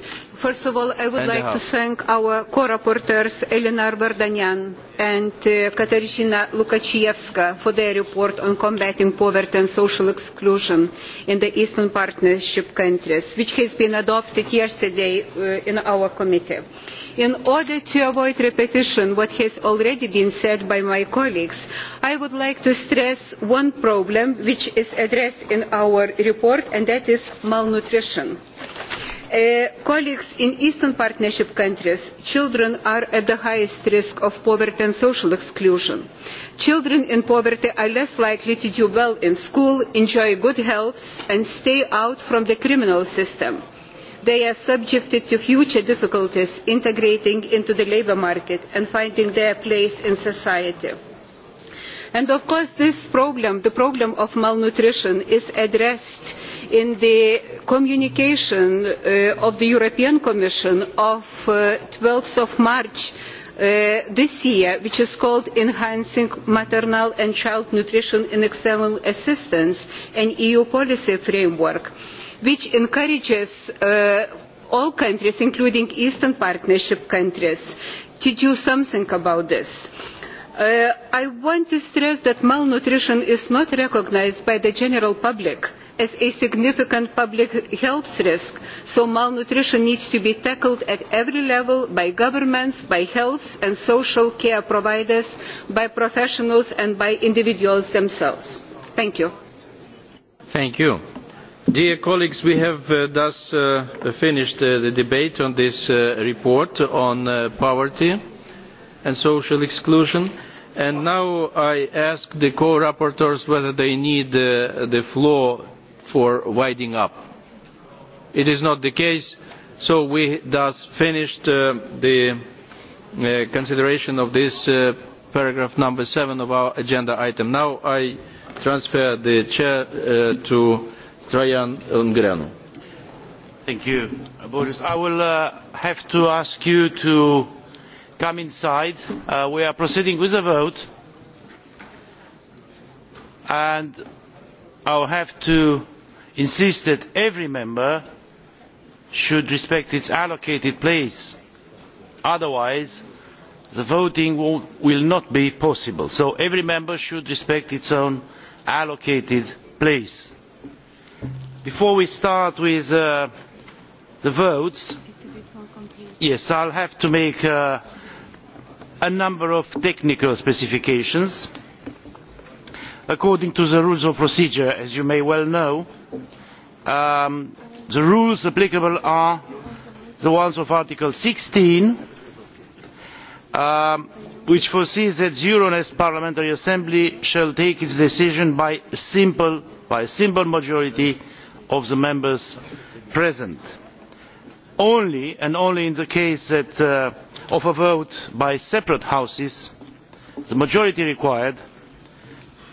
First of all, I would and like to thank our co-rapporteurs Elinar Bardanyan and uh, Katarzyna Lukachievska for their report on combating poverty and social exclusion in the Eastern Partnership countries, which has been adopted yesterday uh, in our committee. In order to avoid repetition what has already been said by my colleagues, I would like to stress one problem which is addressed in our report and that is malnutrition. Uh, colleagues in Eastern Partnership countries, children are at the highest risk of poverty and social exclusion. Children in poverty are less likely to do well in school, enjoy good health and stay out from the criminal system they are subjected to future difficulties integrating into the labour market and finding their place in society. And of course this problem, the problem of malnutrition, is addressed in the communication uh, of the European Commission of uh, 12th of March Uh, this year, which is called Enhancing Maternal and Child Nutrition in External Assistance, an EU policy framework which encourages uh, all countries, including Eastern Partnership countries, to do something about this. Uh, I want to stress that malnutrition is not recognised by the general public as a significant public health risk, so malnutrition needs to be tackled at every level by governments, by health and social care providers, by professionals and by individuals themselves. Thank you. Thank you. Dear colleagues, we have uh, thus uh, finished uh, the debate on this uh, report on uh, poverty and social exclusion. And now I ask the co-rapporteurs whether they need uh, the floor for winding up. It is not the case, so we thus finished uh, the uh, consideration of this uh, paragraph number seven of our agenda item. Now I transfer the chair uh, to Trajan Ungrenu. Thank you, Boris. I will uh, have to ask you to come inside. Uh, we are proceeding with a vote. And I will have to insist that every member should respect its allocated place. Otherwise, the voting will not be possible. So every member should respect its own allocated place. Before we start with uh, the votes, yes, I'll have to make uh, a number of technical specifications. According to the rules of procedure, as you may well know, um, the rules applicable are the ones of Article 16, um, which foresees that the Euronest Parliamentary Assembly shall take its decision by, simple, by a simple majority of the members present only and only in the case uh, of a vote by separate houses the majority required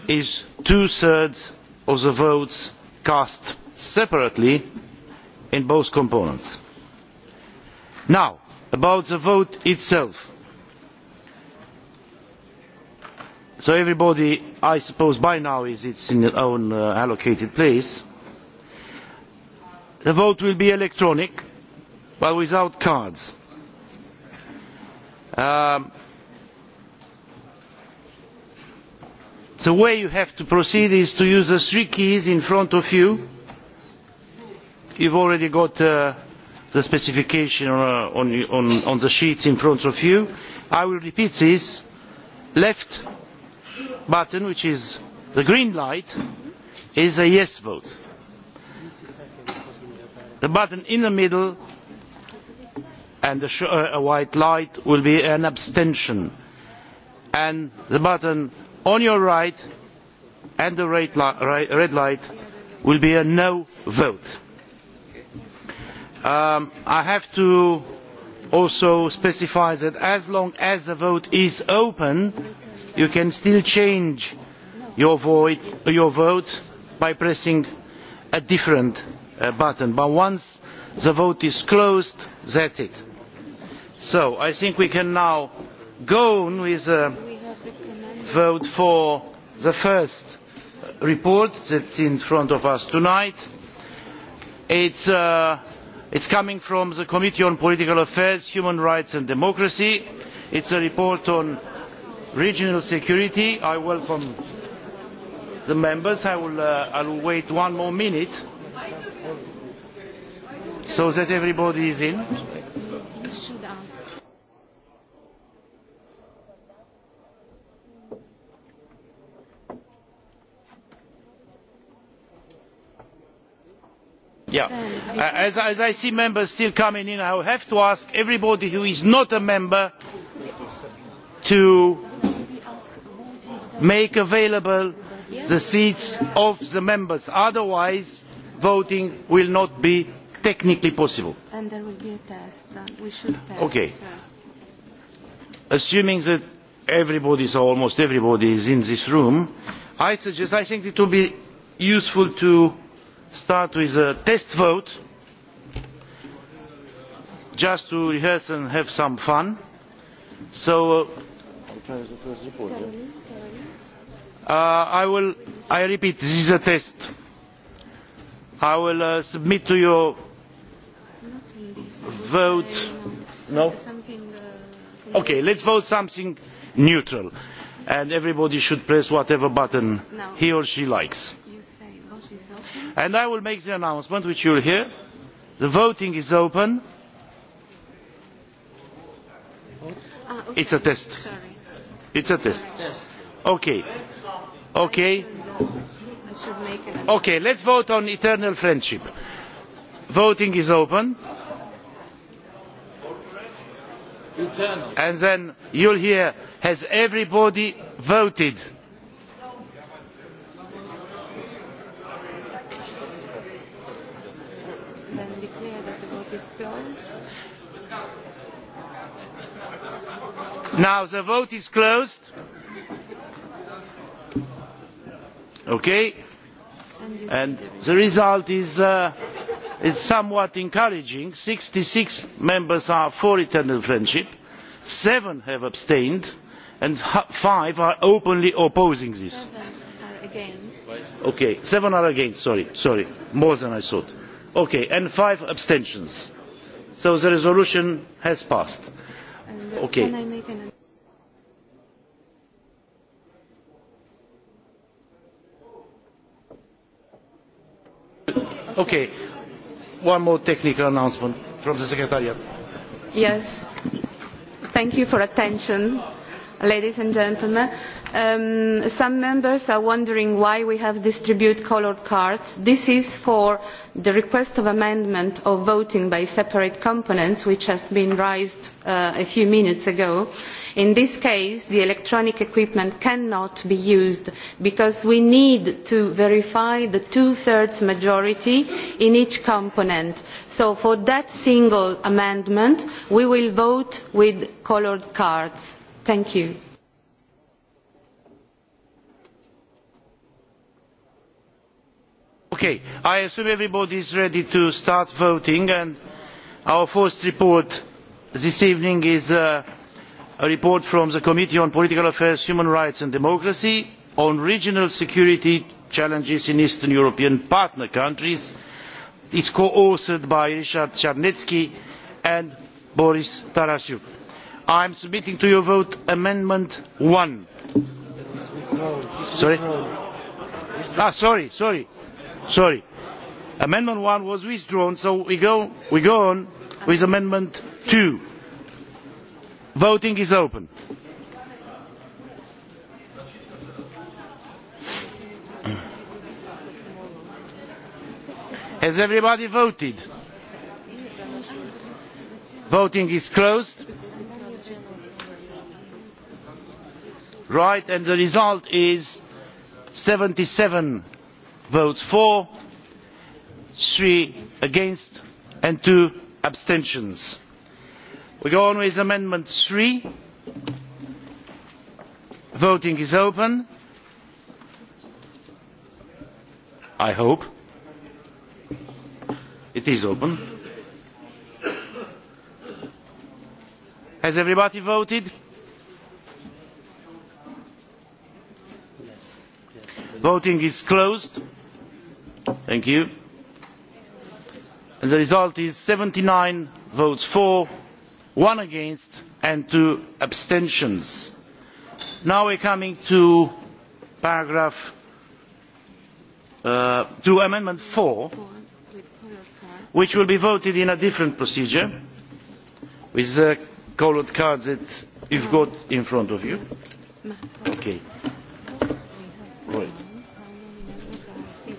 is two thirds of the votes cast separately in both components. now about the vote itself so everybody i suppose by now is in its own uh, allocated place The vote will be electronic, but without cards. Um, the way you have to proceed is to use the three keys in front of you. You've already got uh, the specification on, uh, on, on, on the sheets in front of you. I will repeat this. Left button, which is the green light, is a yes vote the button in the middle and the uh, a white light will be an abstention and the button on your right and the red, li red light will be a no vote. Um, I have to also specify that as long as the vote is open, you can still change your, void, your vote by pressing a different Uh, button but once the vote is closed that is it. so i think we can now go on with the vote for the first report that is in front of us tonight. It uh, is coming from the Committee on Political Affairs, Human Rights and Democracy. It is a report on regional security. I welcome the members. I will, uh, I will wait one more minute so that everybody is in. Yeah. Uh, as, as I see members still coming in, I have to ask everybody who is not a member to make available the seats of the members. Otherwise, voting will not be technically possible. And there will be a test. Uh, we should test okay. first. Assuming that everybody, so almost everybody is in this room, I suggest, I think it would be useful to start with a test vote just to rehearse and have some fun. So, uh, uh I will, I repeat, this is a test. I will uh, submit to your vote no okay let's vote something neutral and everybody should press whatever button he or she likes and i will make the announcement which you'll hear the voting is open ah, it's a test it's a test okay okay okay let's vote on eternal friendship voting is open and then you'll hear, has everybody voted? Now the vote is closed. Okay. And the result is uh, is somewhat encouraging sixty six members are for eternal friendship seven have abstained and five are openly opposing this. Okay, seven are against, sorry, sorry, more than I thought. Okay, and five abstentions. So the resolution has passed. Okay. okay one more technical announcement from the Secretariat. Yes. Thank you for attention, ladies and gentlemen. Um, some members are wondering why we have distributed coloured cards. This is for the request of amendment of voting by separate components, which has been raised uh, a few minutes ago. In this case, the electronic equipment cannot be used because we need to verify the two-thirds majority in each component. So for that single amendment, we will vote with coloured cards. Thank you. Okay, I assume everybody is ready to start voting and our first report this evening is uh, a report from the Committee on Political Affairs, Human Rights and Democracy on regional security challenges in Eastern European partner countries. is co-authored by Richard Czarnecki and Boris Tarasiuk. I am submitting to your vote Amendment one. sorry? Ah, sorry, sorry, sorry. Amendment one was withdrawn, so we go on with Amendment two. Voting is open. Has everybody voted? Voting is closed. Right, and the result is 77 votes for, three against, and two abstentions. We go on with Amendment 3. Voting is open. I hope. It is open. Has everybody voted? Voting is closed. Thank you. And the result is 79 votes for, one against and two abstentions. Now we are coming to paragraph uh, to amendment four, which will be voted in a different procedure with the colored cards that you've got in front of you. Okay. Right.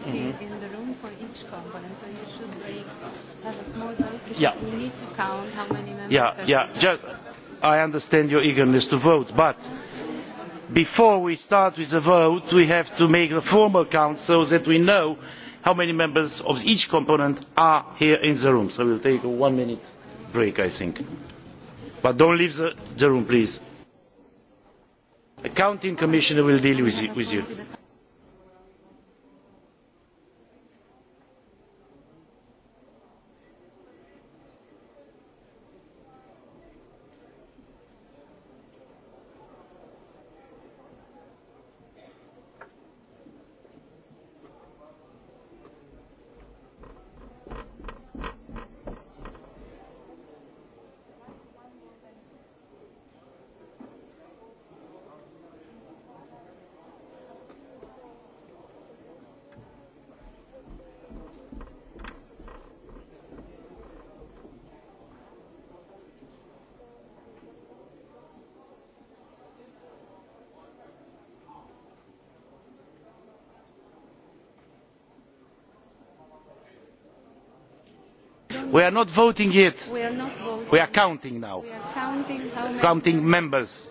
Mm -hmm yeah. we need to count how many yeah, yeah, just, I understand your eagerness to vote, but before we start with the vote, we have to make the formal count so that we know how many members of each component are here in the room. So we'll take a one minute break, I think. But don't leave the, the room, please. The counting commissioner will deal with you. With you. are not voting yet. We are not voting. We are counting now. We are counting, how many counting members.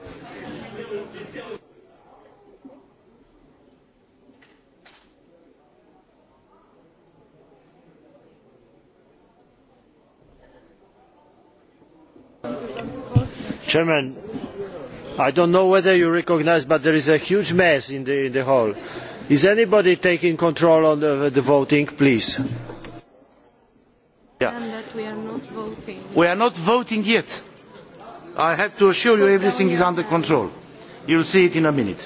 Chairman, I don't know whether you recognize, but there is a huge mess in the, in the hall. Is anybody taking control of the, the voting, please? voting. We are not voting yet. I have to assure you everything is under control. You'll see it in a minute.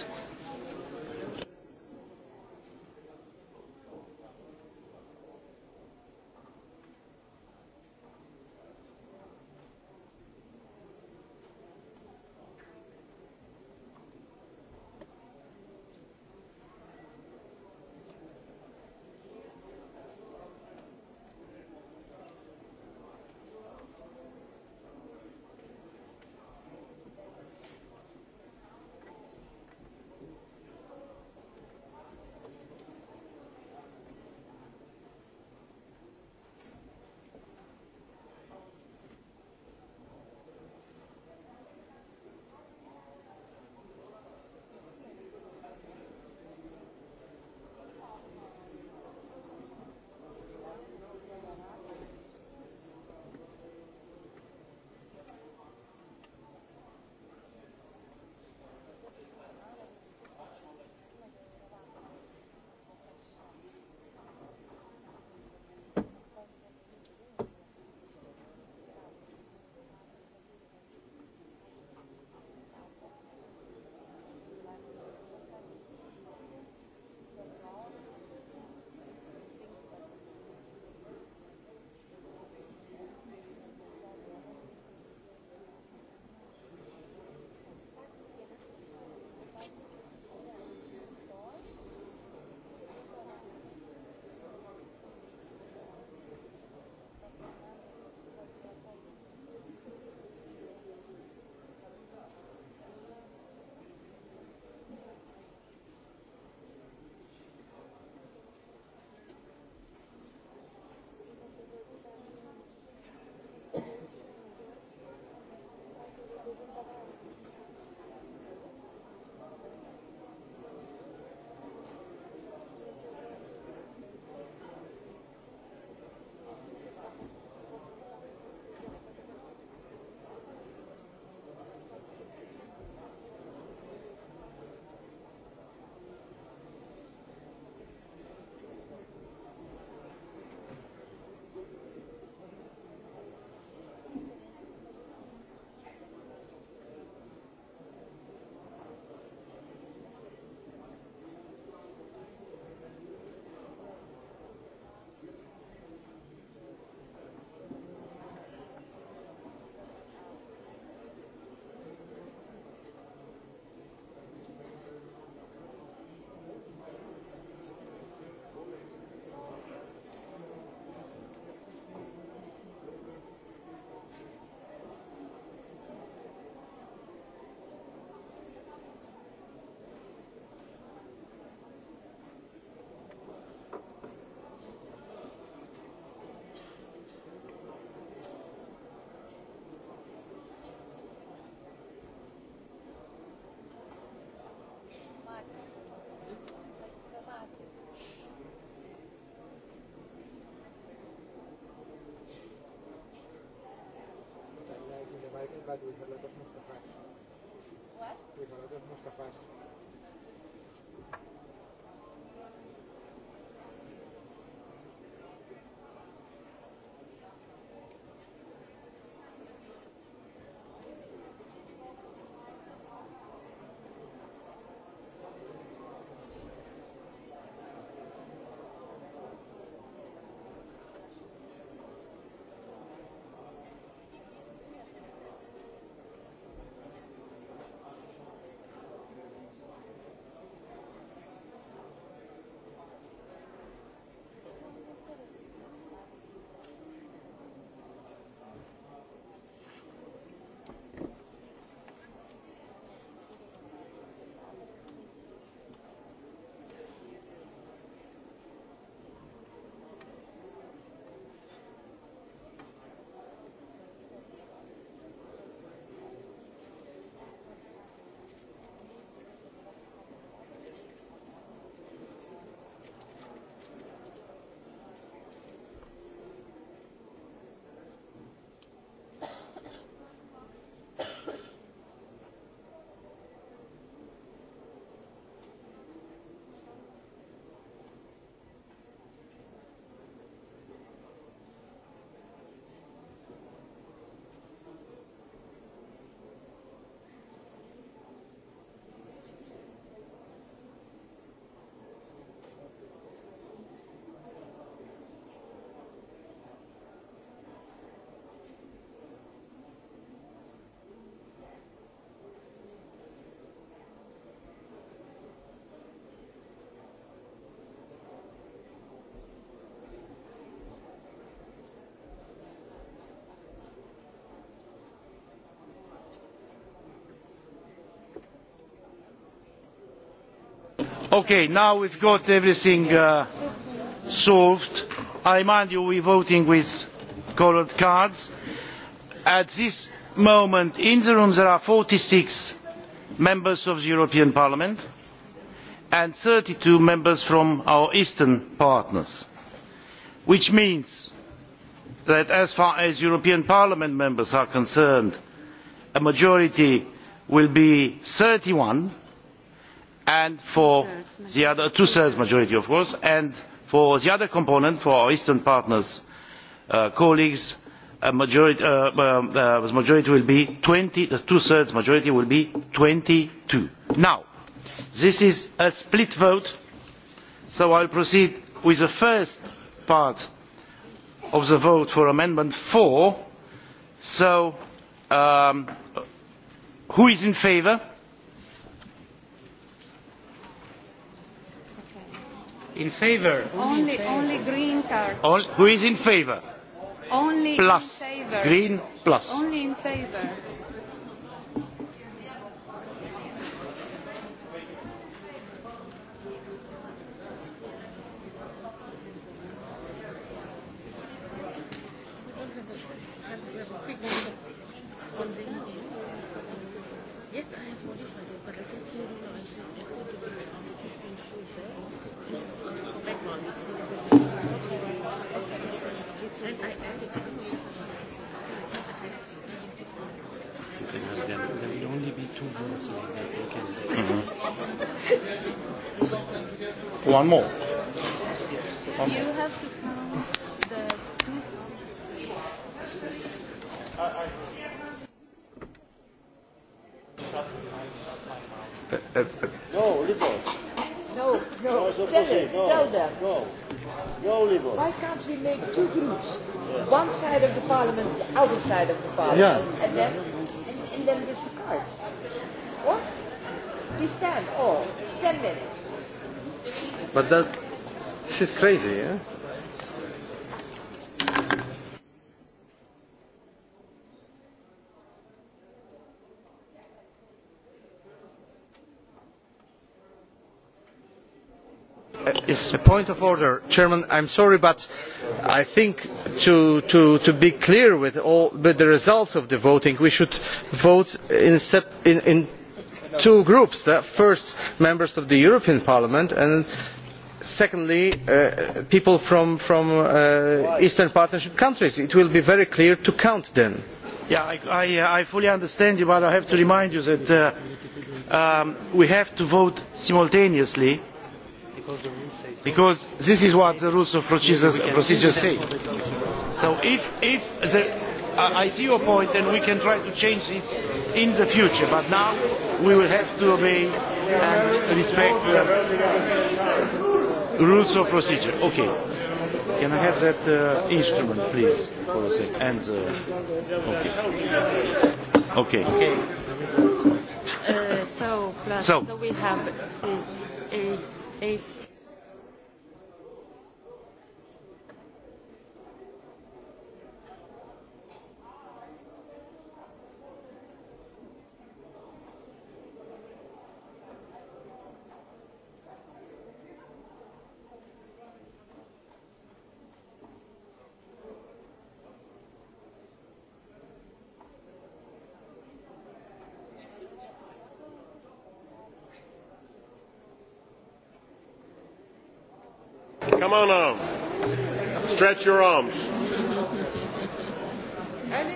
Mustafa. What? We had a lot Mustafa. Okay, now we've got everything uh, solved. I remind you we're voting with colored cards. At this moment in the room there are 46 members of the European Parliament and 32 members from our eastern partners, which means that as far as European Parliament members are concerned, a majority will be 31 and for the other two thirds majority of course and for the other component for our eastern partners uh, colleagues a uh, um, uh, majority, will be twenty the two thirds majority will be twenty two. now this is a split vote so I will proceed with the first part of the vote for amendment four. so um, who is in favour? In favor? Only, in favor. only green card. All, who is in favor? Only plus. in favor. Green plus. Only in favor. one more. One more. You have to count the two. I, I... Uh, uh, uh. No, Libor. No, no, no tell him, no, tell them. No, no Libor. Why can't we make two groups? Yes. One side of the parliament, the other side of the parliament. Yeah. And then, and, and then the But that, this is crazy, yeah? Uh, it's a point of order. Chairman, I'm sorry, but I think to, to, to be clear with, all, with the results of the voting, we should vote in, in, in two groups. The first, members of the European Parliament, and secondly uh, people from, from uh, eastern partnership countries it will be very clear to count them yeah, I, I, uh, I fully understand you but I have to remind you that uh, um, we have to vote simultaneously because this is what the rules of procedures, procedures say so if, if the I see your point and we can try to change this in the future but now we will have to obey and respect uh, Rules of procedure. Okay. Can I have that uh, instrument, please, for a second? And uh, okay. Okay. okay. Uh, so plus so. so we have six, uh, eight, eight Stretch your arms.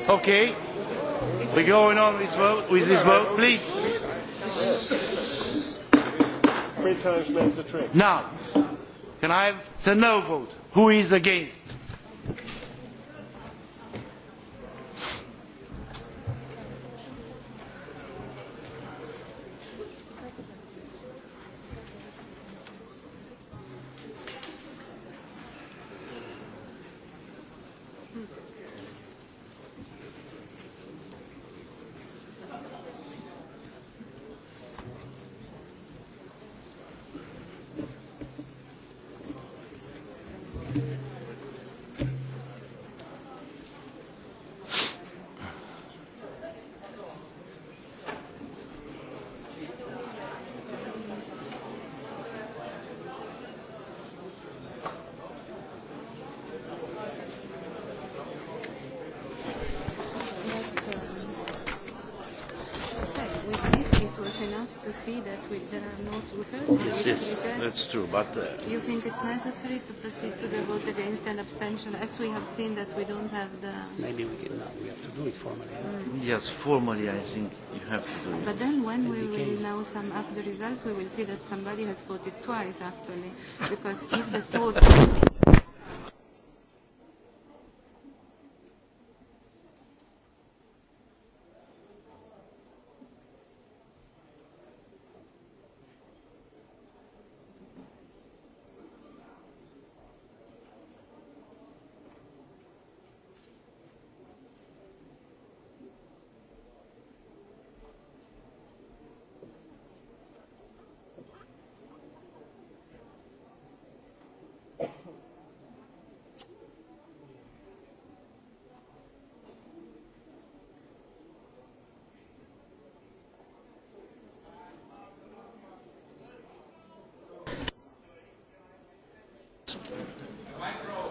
Okay. We're going on this vote, with this vote, please. Three times makes the trick. Now, can I have the no vote? Who is against? yes, that's true. But uh, you think it's necessary to proceed to the vote against an abstention, as we have seen that we don't have the. Maybe we can, we have to do it formally. Mm. Yes, formally, I think you have to do it. But then, when we will case... now sum up the results, we will see that somebody has voted twice, actually, because if the vote.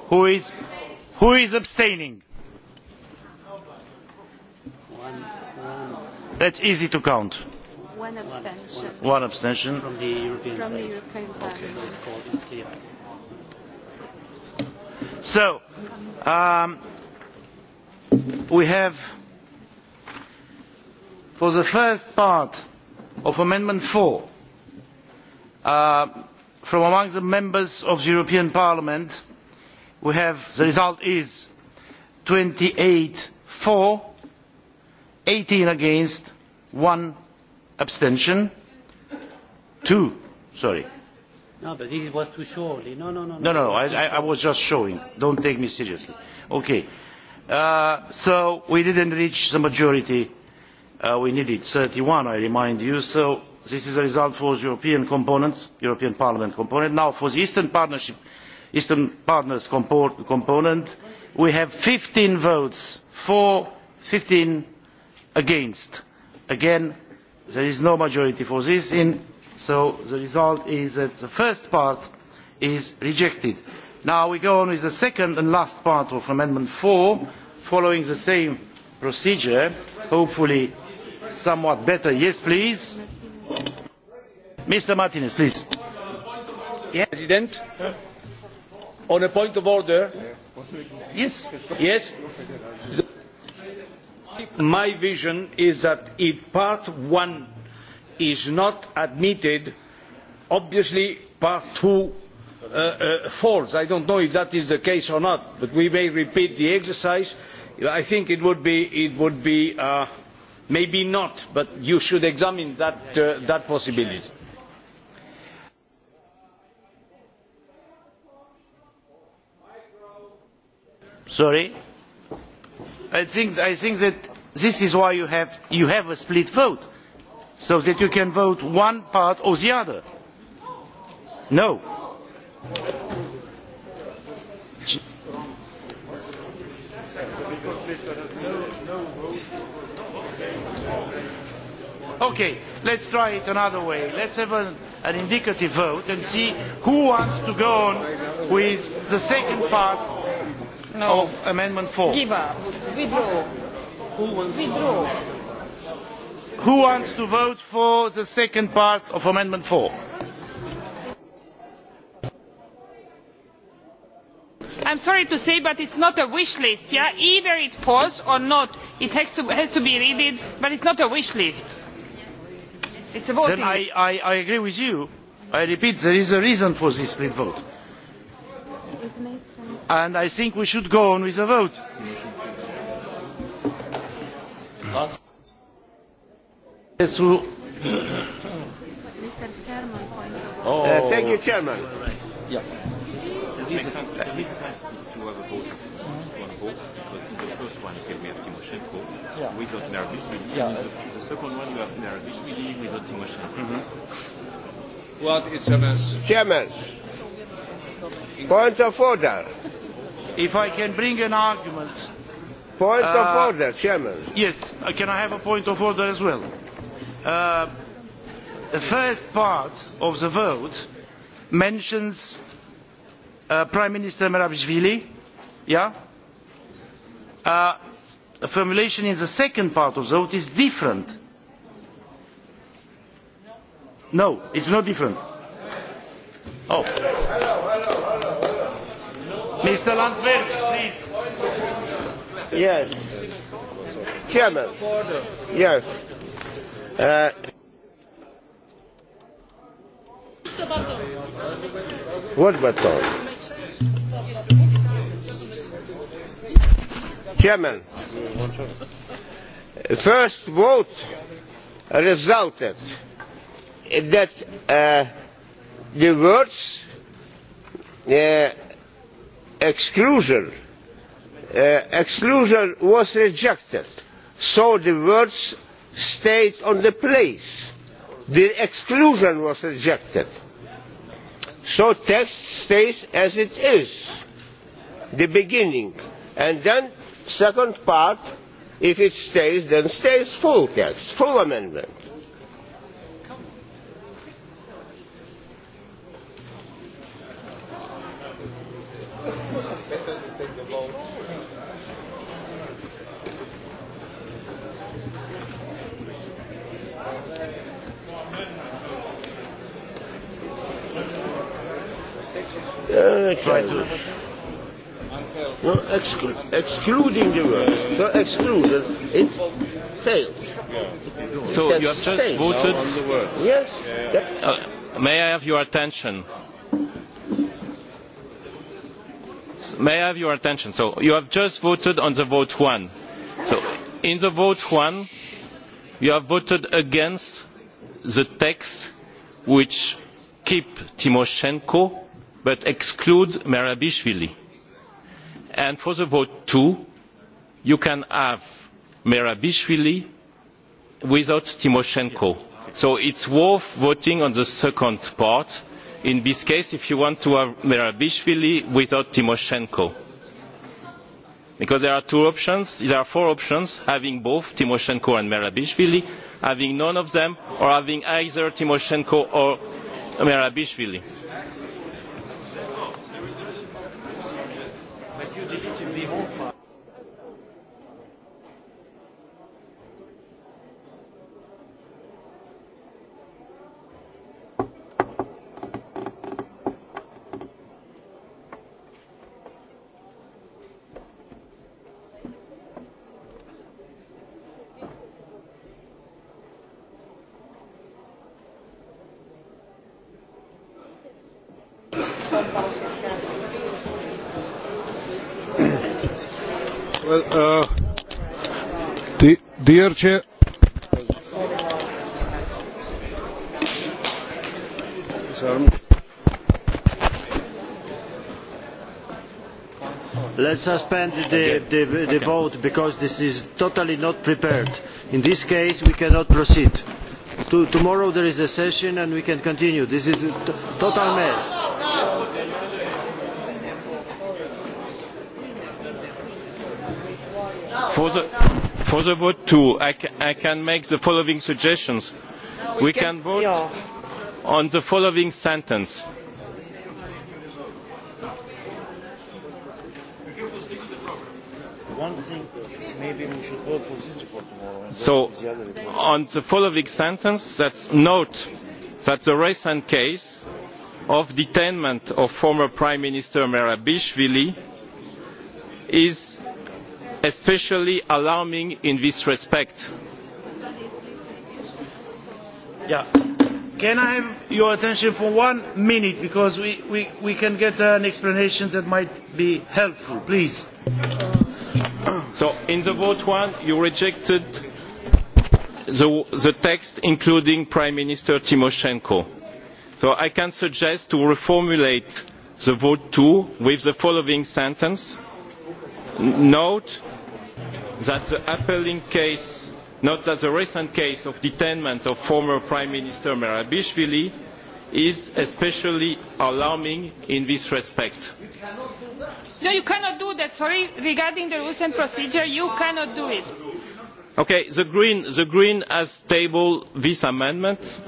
Who is, who is abstaining? That's easy to count. One abstention. One abstention. From the European, From the European Okay. So, um, we have for the first part of Amendment 4 uh, from among the members of the European Parliament we have the result is 28 for 18 against one abstention two sorry no but it was too surely no no no no no, no I, I, I was just showing don't take me seriously okay uh, so we didn't reach the majority uh, we needed 31 I remind you so this is a result for the European component European Parliament component now for the Eastern Partnership eastern partners component we have fifteen votes for fifteen against. again there is no majority for this so the result is that the first part is rejected. now we go on with the second and last part of amendment four following the same procedure hopefully somewhat better. yes please. mr martinez please. president on a point of order. Yes, yes. My vision is that if part one is not admitted, obviously part two uh, uh, falls. I don't know if that is the case or not, but we may repeat the exercise. I think it would be, it would be uh, maybe not, but you should examine that, uh, that possibility. Sorry? I think, I think that this is why you have, you have a split vote, so that you can vote one part or the other. No. Okay, let's try it another way. Let's have an, an indicative vote and see who wants to go on with the second part no. of Amendment 4? Give up. Withdraw. Who wants Withdraw. To Who wants to vote for the second part of Amendment 4? I'm sorry to say, but it's not a wish list. Yeah? Either it falls or not. It has to, has to be read, but it's not a wish list. It's a voting Then I, I, I agree with you. I repeat, there is a reason for this split vote. It and I think we should go on with the vote. oh. uh, thank you, Chairman. Yeah. is, to have a vote. the first one Timoshenko yeah. without Nervishvili, yeah. and the second one you have Nervishvili without Timoshenko. Mm-hmm. What is a mess? Chairman, point of order if I can bring an argument. Point uh, of order, Chairman. Yes, uh, can I have a point of order as well? Uh, the first part of the vote mentions uh, Prime Minister Merabishvili, yeah? Uh, the formulation in the second part of the vote is different. No, it's not different. Oh. Hello, hello, hello. Mr. Landwehr, please. Yes. Chairman. Yes. Uh, what button? Chairman. First vote resulted that uh, the words uh, exclusion, uh, exclusion was rejected. So the words stayed on the place. The exclusion was rejected. So text stays as it is, the beginning. And then second part, if it stays, then stays full text, full amendment. better to take the vote. Uh, try to. No, exclu excluding the word. So exclude it failed. Yeah. So you have just failed. voted? on the words. Yes. Yeah. Uh, may I have your attention? May I have your attention? So you have just voted on the vote one. So in the vote one, you have voted against the text which keep Timoshenko but exclude Merabishvili. And for the vote two, you can have Merabishvili without Timoshenko. So it's worth voting on the second part in this case if you want to have Merabishvili without Timoshenko. Because there are two options, there are four options, having both Timoshenko and Merabishvili, having none of them, or having either Timoshenko or Mirabishvili. Grazie. Let's suspend the, the, the okay. vote because this is totally not prepared. In this case, we cannot proceed. To, tomorrow there is a session and we can continue. This is a total mess. Voorzitter. For the vote too, I, ca I can make the following suggestions. No, we, we can, can vote on the following sentence. maybe we should vote for this report tomorrow. So, on the following sentence, that's note that the recent case of detainment of former Prime Minister Merabishvili is especially alarming in this respect. Yeah. Can I have your attention for one minute because we, we, we can get an explanation that might be helpful, please. So in the vote one, you rejected the, the text including Prime Minister Timoshenko. So I can suggest to reformulate the vote two with the following sentence. Note that the appalling case, not that the recent case of detainment of former Prime Minister Merabishvili is especially alarming in this respect. No, you cannot do that. Sorry, regarding the rules and procedure, you cannot do it. Okay, the Green, the Green has tabled this amendment,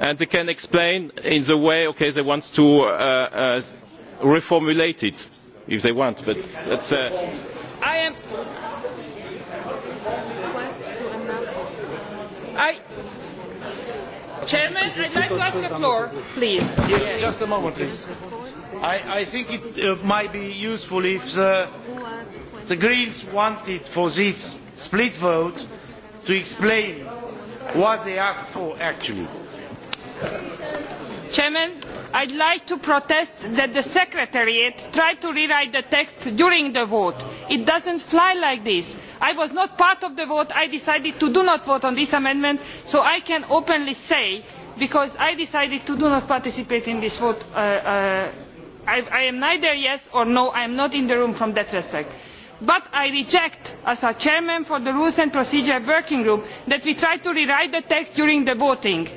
and they can explain in the way okay, they want to uh, uh, reformulate it, if they want. But that's, uh, I am I, Chairman, I'd like to ask the floor, please. Yes, just a moment, please. I, I think it uh, might be useful if the, the Greens wanted for this split vote to explain what they asked for actually. Chairman, I'd like to protest that the Secretariat tried to rewrite the text during the vote. It doesn't fly like this I was not part of the vote. I decided to do not vote on this amendment, so I can openly say, because I decided to do not participate in this vote, uh, uh, I, am neither yes or no. I am not in the room from that respect but I reject, as a chairman for the Rules and Procedure Working Group, that we try to rewrite the text during the voting.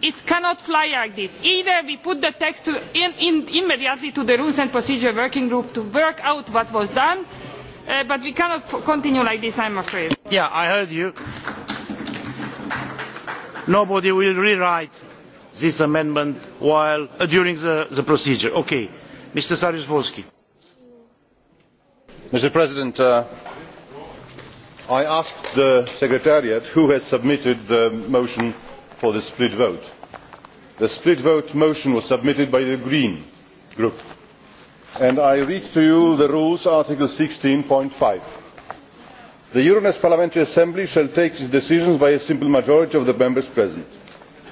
It cannot fly like this. Either we put the text immediately to the Rules and Procedure Working Group to work out what was done, Uh, but we cannot continue like this, I'm afraid. Yeah, I heard you. Nobody will rewrite this amendment while uh, during the, the procedure. Okay. Mr. Sarjusvolski. Mr. President, uh, I asked the Secretariat who has submitted the motion for the split vote. The split vote motion was submitted by the Green Group and I read to you the rules, Article 16.5. The Euronest Parliamentary Assembly shall take its decisions by a simple majority of the members present.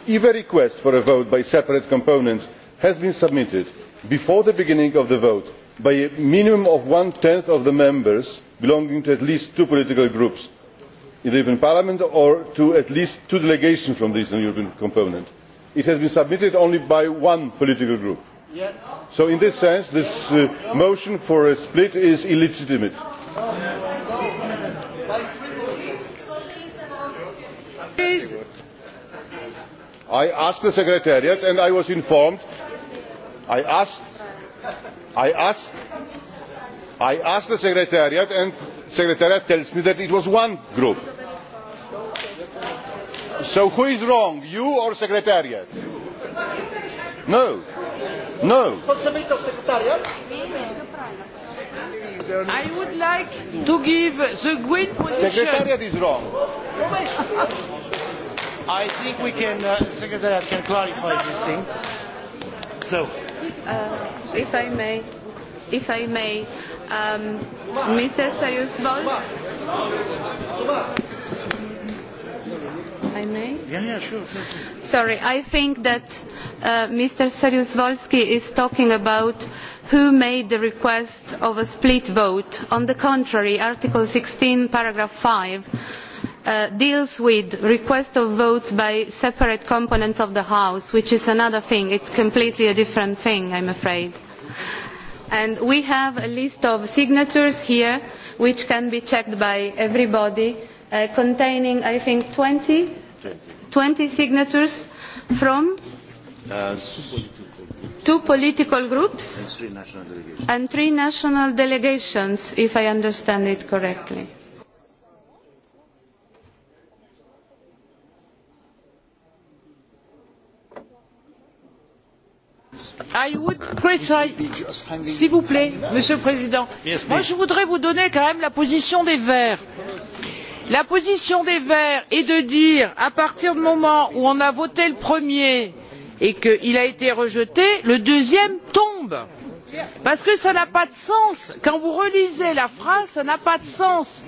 If a request for a vote by separate components has been submitted before the beginning of the vote by a minimum of one tenth of the members belonging to at least two political groups in the European Parliament or to at least two delegations from the Eastern European component, it has been submitted only by one political group So in this sense, this uh, motion for a split is illegitimate. I asked the Secretariat and I was informed. I asked, I asked, I asked the Secretariat and the Secretariat tells me that it was one group. So who is wrong, you or Secretariat? No. No. I would like to give the green position. Secretariat is wrong. I think we can, uh, Secretariat can clarify this thing. So. Uh, if I may, if I may, um, Mr. sayus Volk. I may? Yeah, yeah, sure, sure, sure. Sorry, I think that uh, Mr. Seriusvolski is talking about who made the request of a split vote. On the contrary, Article 16, paragraph 5, Uh, deals with request of votes by separate components of the House, which is another thing. It's completely a different thing, I'm afraid. And we have a list of signatures here, which can be checked by everybody, uh, containing, I think, 20 20 signatures from two political groups and three, national delegations, if I understand it correctly. I would s'il vous plaît, Monsieur le Président. Moi, je voudrais vous donner quand même la position des Verts la position des verts est de dire à partir du moment où on a voté le premier et qu'il a été rejeté le deuxième tombe parce que cela n'a pas de sens quand vous relisez la phrase cela n'a pas de sens.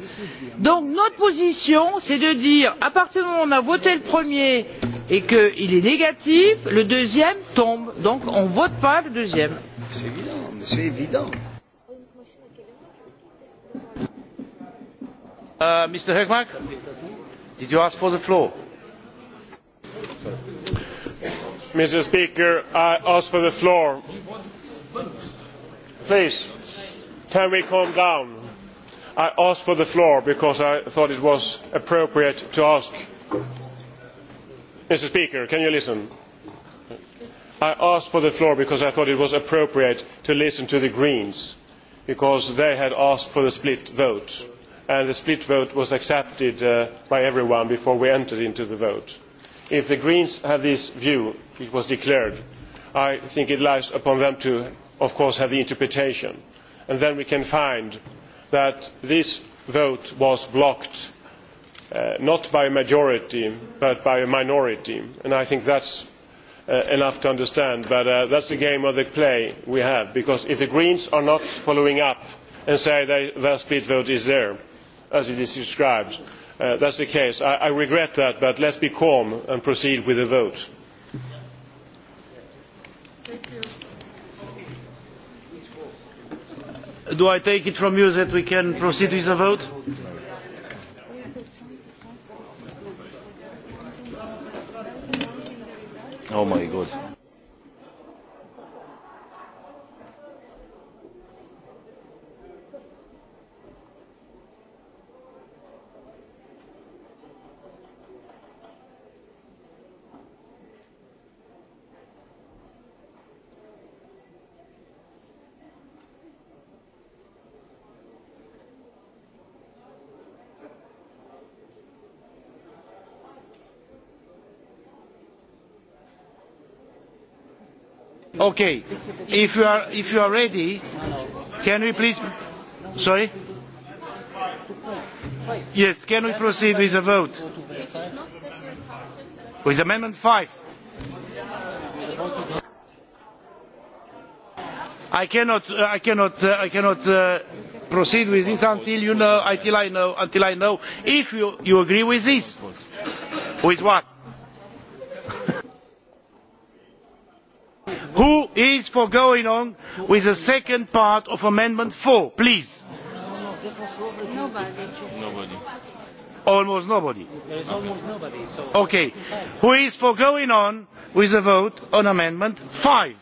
donc notre position c'est de dire à partir du moment où on a voté le premier et qu'il est négatif le deuxième tombe donc on ne vote pas le deuxième. c'est évident c'est évident. Uh, Mr. Hegmark, did you ask for the floor? Mr. Speaker, I ask for the floor. Please, can we calm down? I asked for the floor because I thought it was appropriate to ask. Mr. Speaker, can you listen? I asked for the floor because I thought it was appropriate to listen to the Greens because they had asked for the split vote and the split vote was accepted uh, by everyone before we entered into the vote. If the Greens have this view, it was declared, I think it lies upon them to, of course, have the interpretation. And then we can find that this vote was blocked uh, not by a majority but by a minority. And I think that's uh, enough to understand, but uh, that's the game of the play we have, because if the Greens are not following up and say that their split vote is there, as it is described. Uh, that is the case. I, I regret that, but let us be calm and proceed with the vote. Do I take it from you that we can proceed with the vote? Oh my God. Okay, if you are if you are ready, can we please? Sorry. Yes, can we proceed with the vote? With Amendment five. I cannot, uh, I cannot, uh, I cannot uh, proceed with this until you know, until I know, until I know if you, you agree with this. With what? case for going on with the second part of Amendment 4, please? Nobody. Almost nobody. There is almost nobody. So okay. Who is for going on with the vote on Amendment 5?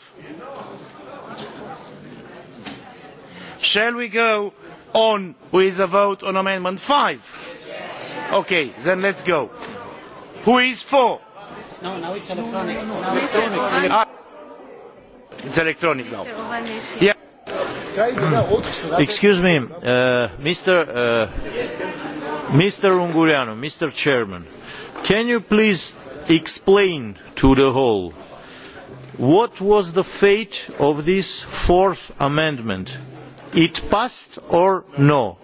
Shall we go on with the vote on Amendment 5? Okay, then let's go. Who is for? No, now it's electronic. No, no, no. Now it's electronic. Ah, It's electronic now. Yeah. Excuse me, uh, Mr. Uh, Mr. Uh, Unguriano, Mr. Chairman, can you please explain to the whole what was the fate of this fourth amendment? It passed or no?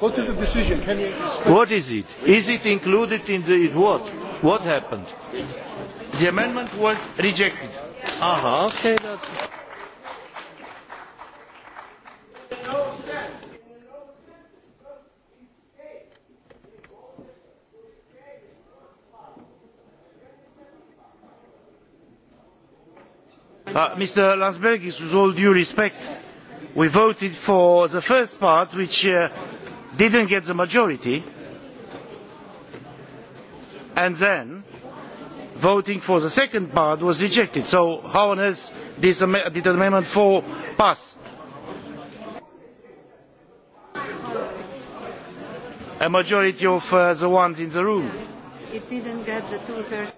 What is the decision? Can you explain? What is it? Is it included in the in what? What happened? The amendment was rejected. Aha, okay, that's... Uh, Mr. Landsbergis, with all due respect, we voted for the first part, which uh, didn't get the majority. And then voting for the second part was rejected. So how on earth this, am did Amendment 4 pass? A majority of uh, the ones in the room. Yes, It didn't get the two-thirds.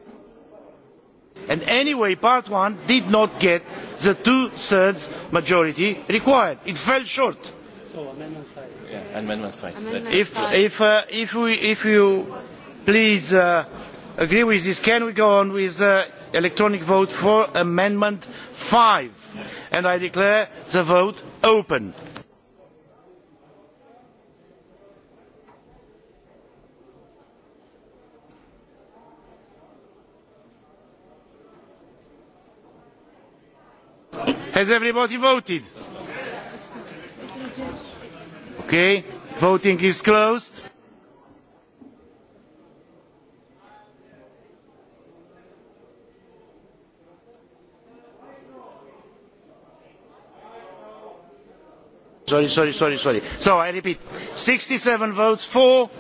And anyway, part one did not get the two-thirds majority required. It fell short. So amendment five. Yeah, amendment five. Amendment if, five. If, uh, if, we, if you please... Uh, agree with this can we go on with the uh, electronic vote for amendment five and i declare the vote open has everybody voted okay voting is closed Sorry, sorry, sorry, sorry. So I repeat, 67 votes for,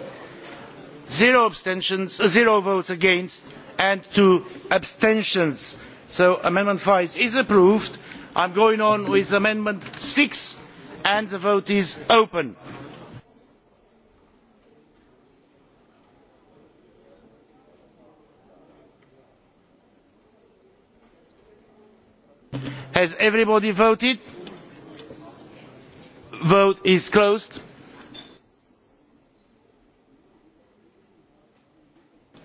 zero abstentions, uh, zero votes against, and two abstentions. So Amendment 5 is approved. I'm going on with Amendment 6, and the vote is open. Has everybody voted? vote is closed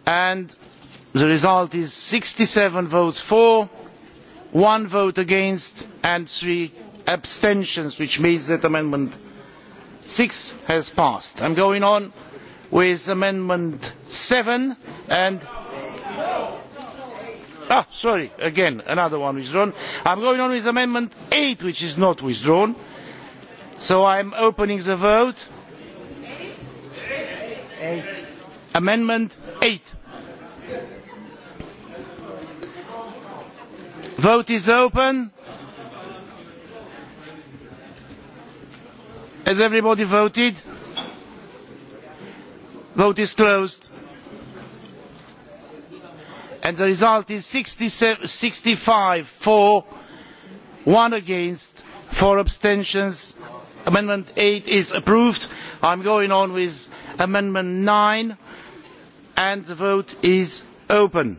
and the result is sixty seven votes for one vote against and three abstentions which means that amendment six has passed. i am going on with amendment seven and ah sorry again another one withdrawn. i am going on with amendment eight which is not withdrawn So I'm opening the vote. Eight. Amendment 8. Vote is open. Has everybody voted? Vote is closed. And the result is 65 for, one against, four abstentions amendment eight is approved. i am going on with amendment nine and the vote is open.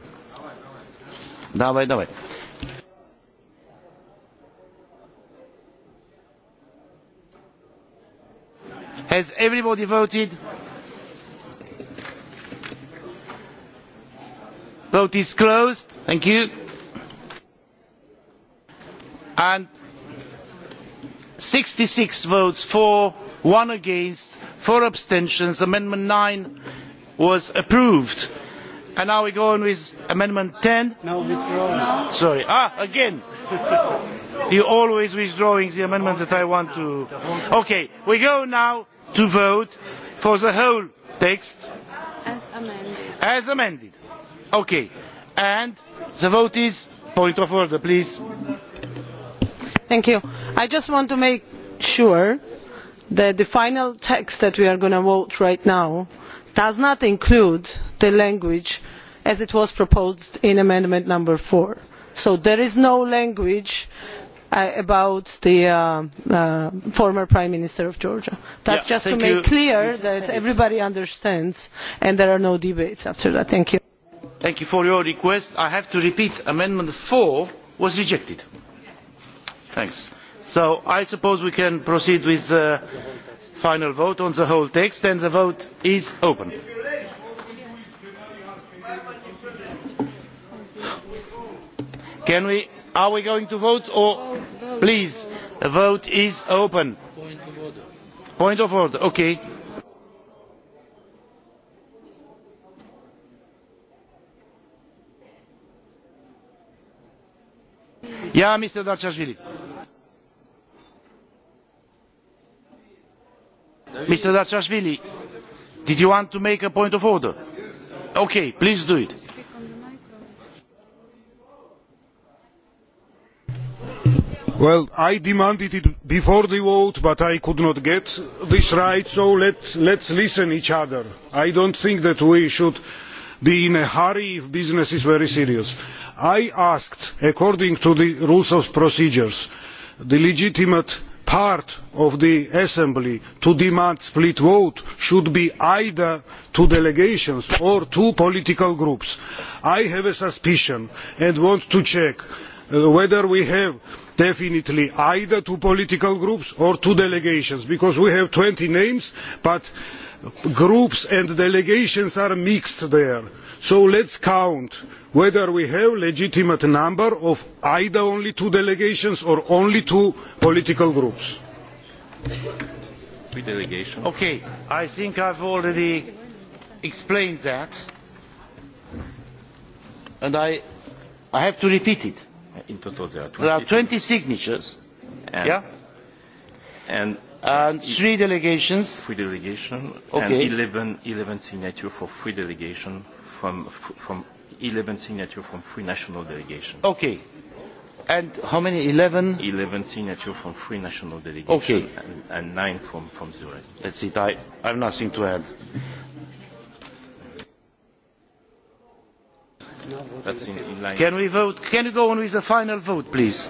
Has everybody voted? Vote is closed. Thank you. And sixty six votes for one against four abstentions amendment nine was approved and now we go on with amendment ten no withdrawn sorry ah again you always withdrawing the amendments that i want to okay we go now to vote for the whole text as amended as amended okay and the vote is point of order please Thank you. I just want to make sure that the final text that we are going to vote right now does not include the language as it was proposed in amendment number four. So there is no language uh, about the uh, uh, former Prime Minister of Georgia. That's yeah, just to make you. clear that everybody understands and there are no debates after that. Thank you. Thank you for your request. I have to repeat, Amendment four was rejected. Thanks. So I suppose we can proceed with the final vote on the whole text and the vote is open. Can we, are we going to vote or vote, vote, please, vote. the vote is open. Point of order. Point of order, okay. Yeah, Mr. Darchashvili. Mr. Darchashvili, did you want to make a point of order? Okay, please do it. Well, I demanded it before the vote, but I could not get this right, so let, let's listen each other. I don't think that we should be in a hurry if business is very serious. I asked, according to the rules of procedures, the legitimate part of the assembly to demand split vote should be either two delegations or two political groups. I have a suspicion and want to check uh, whether we have definitely either two political groups or two delegations because we have 20 names but groups and delegations are mixed there. So let's count whether we have a legitimate number of either only two delegations or only two political groups. Okay, I think I've already explained that. And I, I have to repeat it. In total, there are 20, there are 20 signatures. And, yeah? And and e- three delegations. Three delegation okay. and 11, 11 signatures for three delegations from, from 11 signatures from three national delegations. Okay. And how many? 11? 11 signatures from three national delegations. Okay. And, and nine from, from the rest. That's it. I, I have nothing to add. That's in, in line. Can we vote? Can you go on with the final vote, please?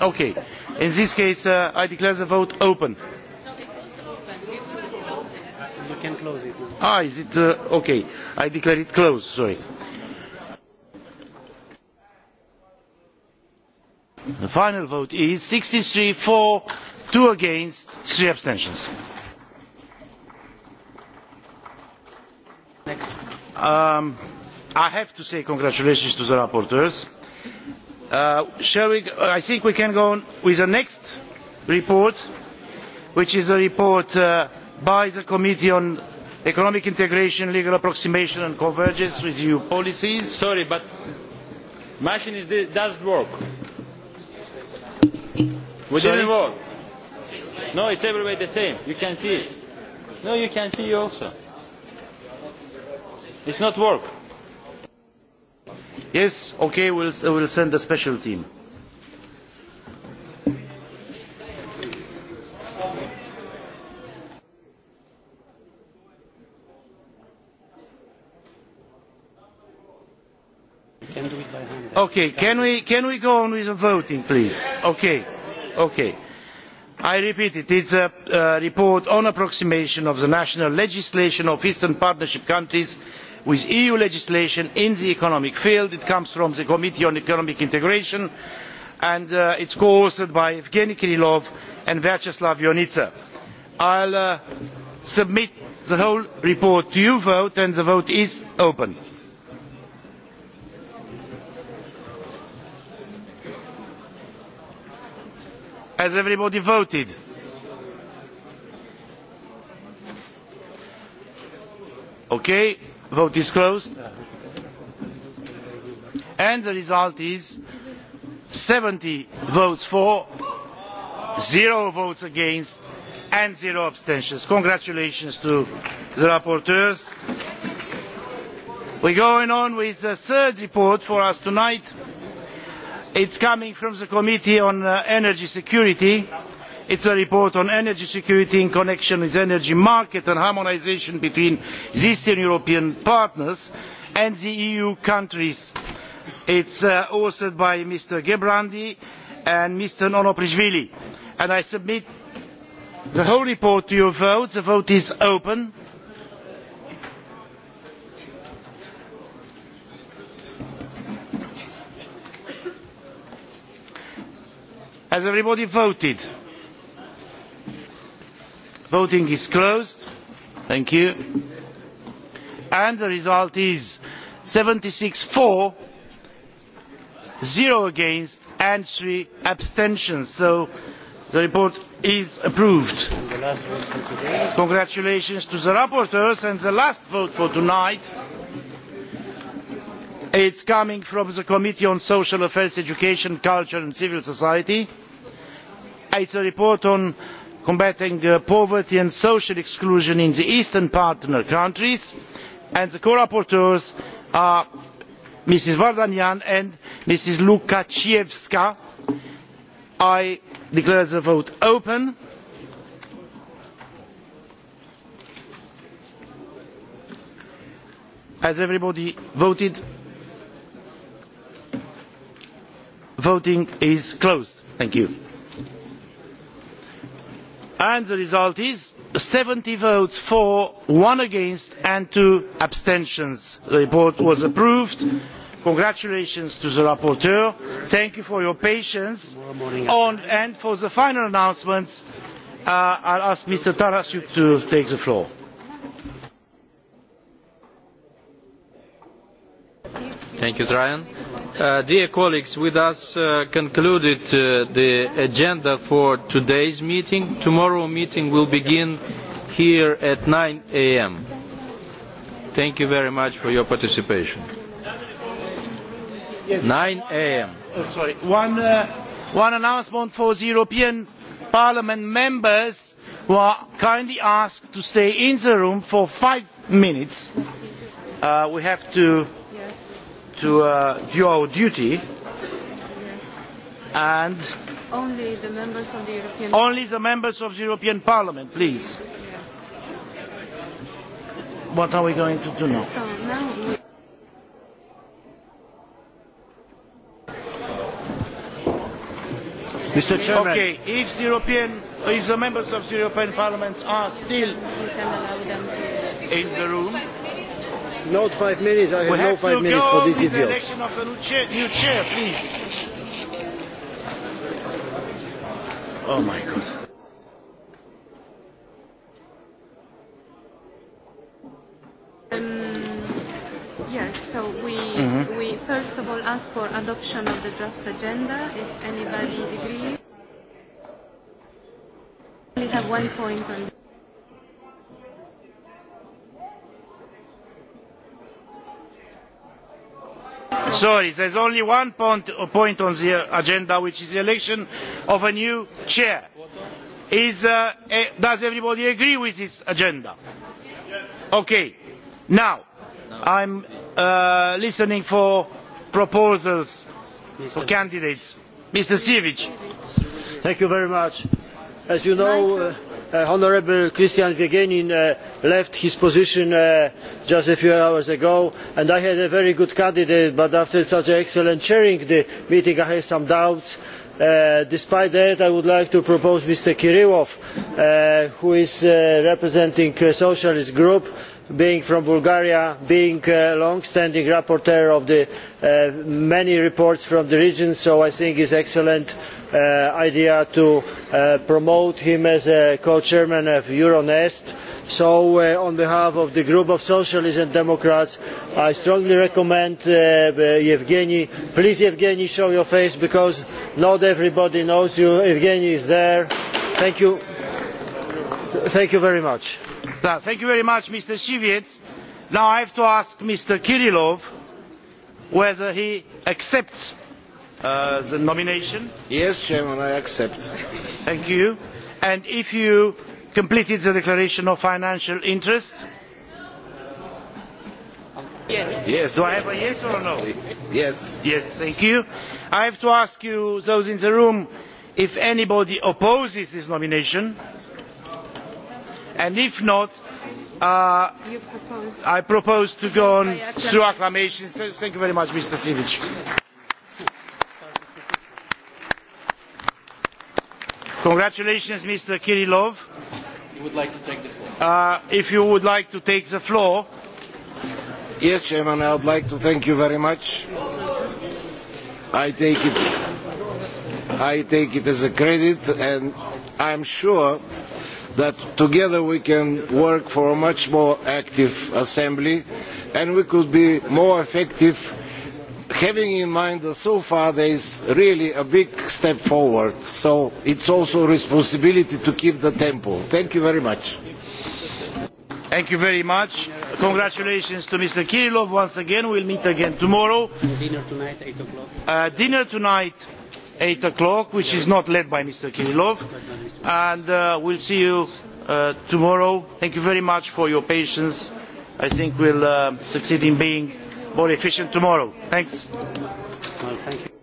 Okay. In this case, uh, I declare the vote open. You can close it. Ah, is it? Uh, okay. I declare it closed, sorry. The final vote is 63 for, 2 against, 3 abstentions. Next. Um, I have to say congratulations to the rapporteurs. Uh, shall we, I think we can go on with the next report, which is a report uh, by the Committee on Economic Integration, Legal Approximation and Convergence with EU Policies. Sorry, but machine is, does work. Within Sorry? the wall. No, it's everywhere the same. You can see it. No, you can see also. It's not work. Yes, okay, we'll, we'll send a special team. Okay, can we, can we go on with the voting, please? Okay. Okay. I repeat it, is a uh, report on approximation of the national legislation of Eastern Partnership countries with EU legislation in the economic field. It comes from the Committee on Economic Integration and uh, it's co authored by Evgeny Kirilov and Vyacheslav Yonitsa. I'll uh, submit the whole report to you vote and the vote is open. Has everybody voted? Okay, vote is closed. And the result is 70 votes for, zero votes against, and zero abstentions. Congratulations to the rapporteurs. We're going on with the third report for us tonight it is coming from the committee on uh, energy security it is a report on energy security in connection with the energy market and harmonisation between eastern european partners and the eu countries. it is uh, authored by mr gerbrandy and mr onoprishvili and i submit the whole report to your vote. the vote is open. Has everybody voted? Voting is closed. Thank you. And the result is 76 for, 0 against, and 3 abstentions. So the report is approved. Congratulations to the rapporteurs. And the last vote for tonight it's is coming from the committee on social affairs education culture and civil society is a report on combating uh, poverty and social exclusion in the eastern partner countries and the co rapporteurs are mrs vardanyan and mrs lukaevica. i declare the vote open. has everybody voted? voting is closed. thank you and the result is 70 votes for one against and two abstentions. the report was approved. congratulations to the rapporteur. thank you for your patience On, and for the final announcements uh, I'll ask mr Tarasuk to take the floor. Thank you, Ryan. Uh, dear colleagues, we thus uh, concluded uh, the agenda for today's meeting. Tomorrow meeting will begin here at 9 a.m. Thank you very much for your participation. Yes. 9 a.m. Oh, sorry. One, uh, one announcement for the European Parliament members who are kindly asked to stay in the room for five minutes. Uh, we have to to uh, do our duty and only the members of the European only the members of the European Parliament, please. Yes. What are we going to do now? So now we Mr. Chairman. Okay, if the, European, if the members of the European Parliament are still in the room, Not five minutes, I have, have no five minutes for this idiot. election of the new chair, new chair, please. Oh my God. Um, yes, so we, mm -hmm. we first of all ask for adoption of the draft agenda, if anybody agrees. We have one point on this. Sorry, there's only one point, point on the agenda, which is the election of a new chair. Is, uh, a, eh, does everybody agree with this agenda? Yes. Okay. Now, I'm uh, listening for proposals for candidates. Mr. Sivic. Thank you very much. As you know, uh, uh, Honorable Christian Vigenin uh, left his position uh, just a few hours ago, and I had a very good candidate, but after such an excellent chairing the meeting, I have some doubts. Uh, despite that, I would like to propose Mr. Kirillov, uh, who is uh, representing the uh, Socialist Group, being from Bulgaria, being a uh, long-standing rapporteur of the uh, many reports from the region, so I think is excellent uh, idea to uh, promote him as a co-chairman of Euronest. So uh, on behalf of the group of Socialists and Democrats, I strongly recommend uh, uh Evgeny, please Evgeny, show your face because not everybody knows you. Evgeny is there. Thank you. Thank you very much. Thank you very much, Mr. Shivets. Now I have to ask Mr. Kirillov whether he accepts Uh, the nomination? Yes, Chairman, I accept. Thank you. And if you completed the declaration of financial interest? Yes. yes. Do I have a yes or a no? Yes. Yes, thank you. I have to ask you, those in the room, if anybody opposes this nomination. And if not, uh, propose. I propose to go on through acclamation. So, thank you very much, Mr. Sivic. Congratulations, Mr. Kirillov. You would like to take the floor. Uh, if you would like to take the floor. Yes, Chairman, I would like to thank you very much. I take it, I take it as a credit, and I'm sure that together we can work for a much more active assembly, and we could be more effective having in mind that so far there is really a big step forward, so it's also a responsibility to keep the tempo. Thank you very much. Thank you very much. Congratulations to Mr. Kirillov once again. We'll meet again tomorrow. Dinner tonight, 8 o'clock. Uh, dinner tonight, 8 o'clock, which is not led by Mr. Kirillov. And uh, we'll see you uh, tomorrow. Thank you very much for your patience. I think we'll uh, succeed in being more efficient tomorrow. Thanks. Well, thank you.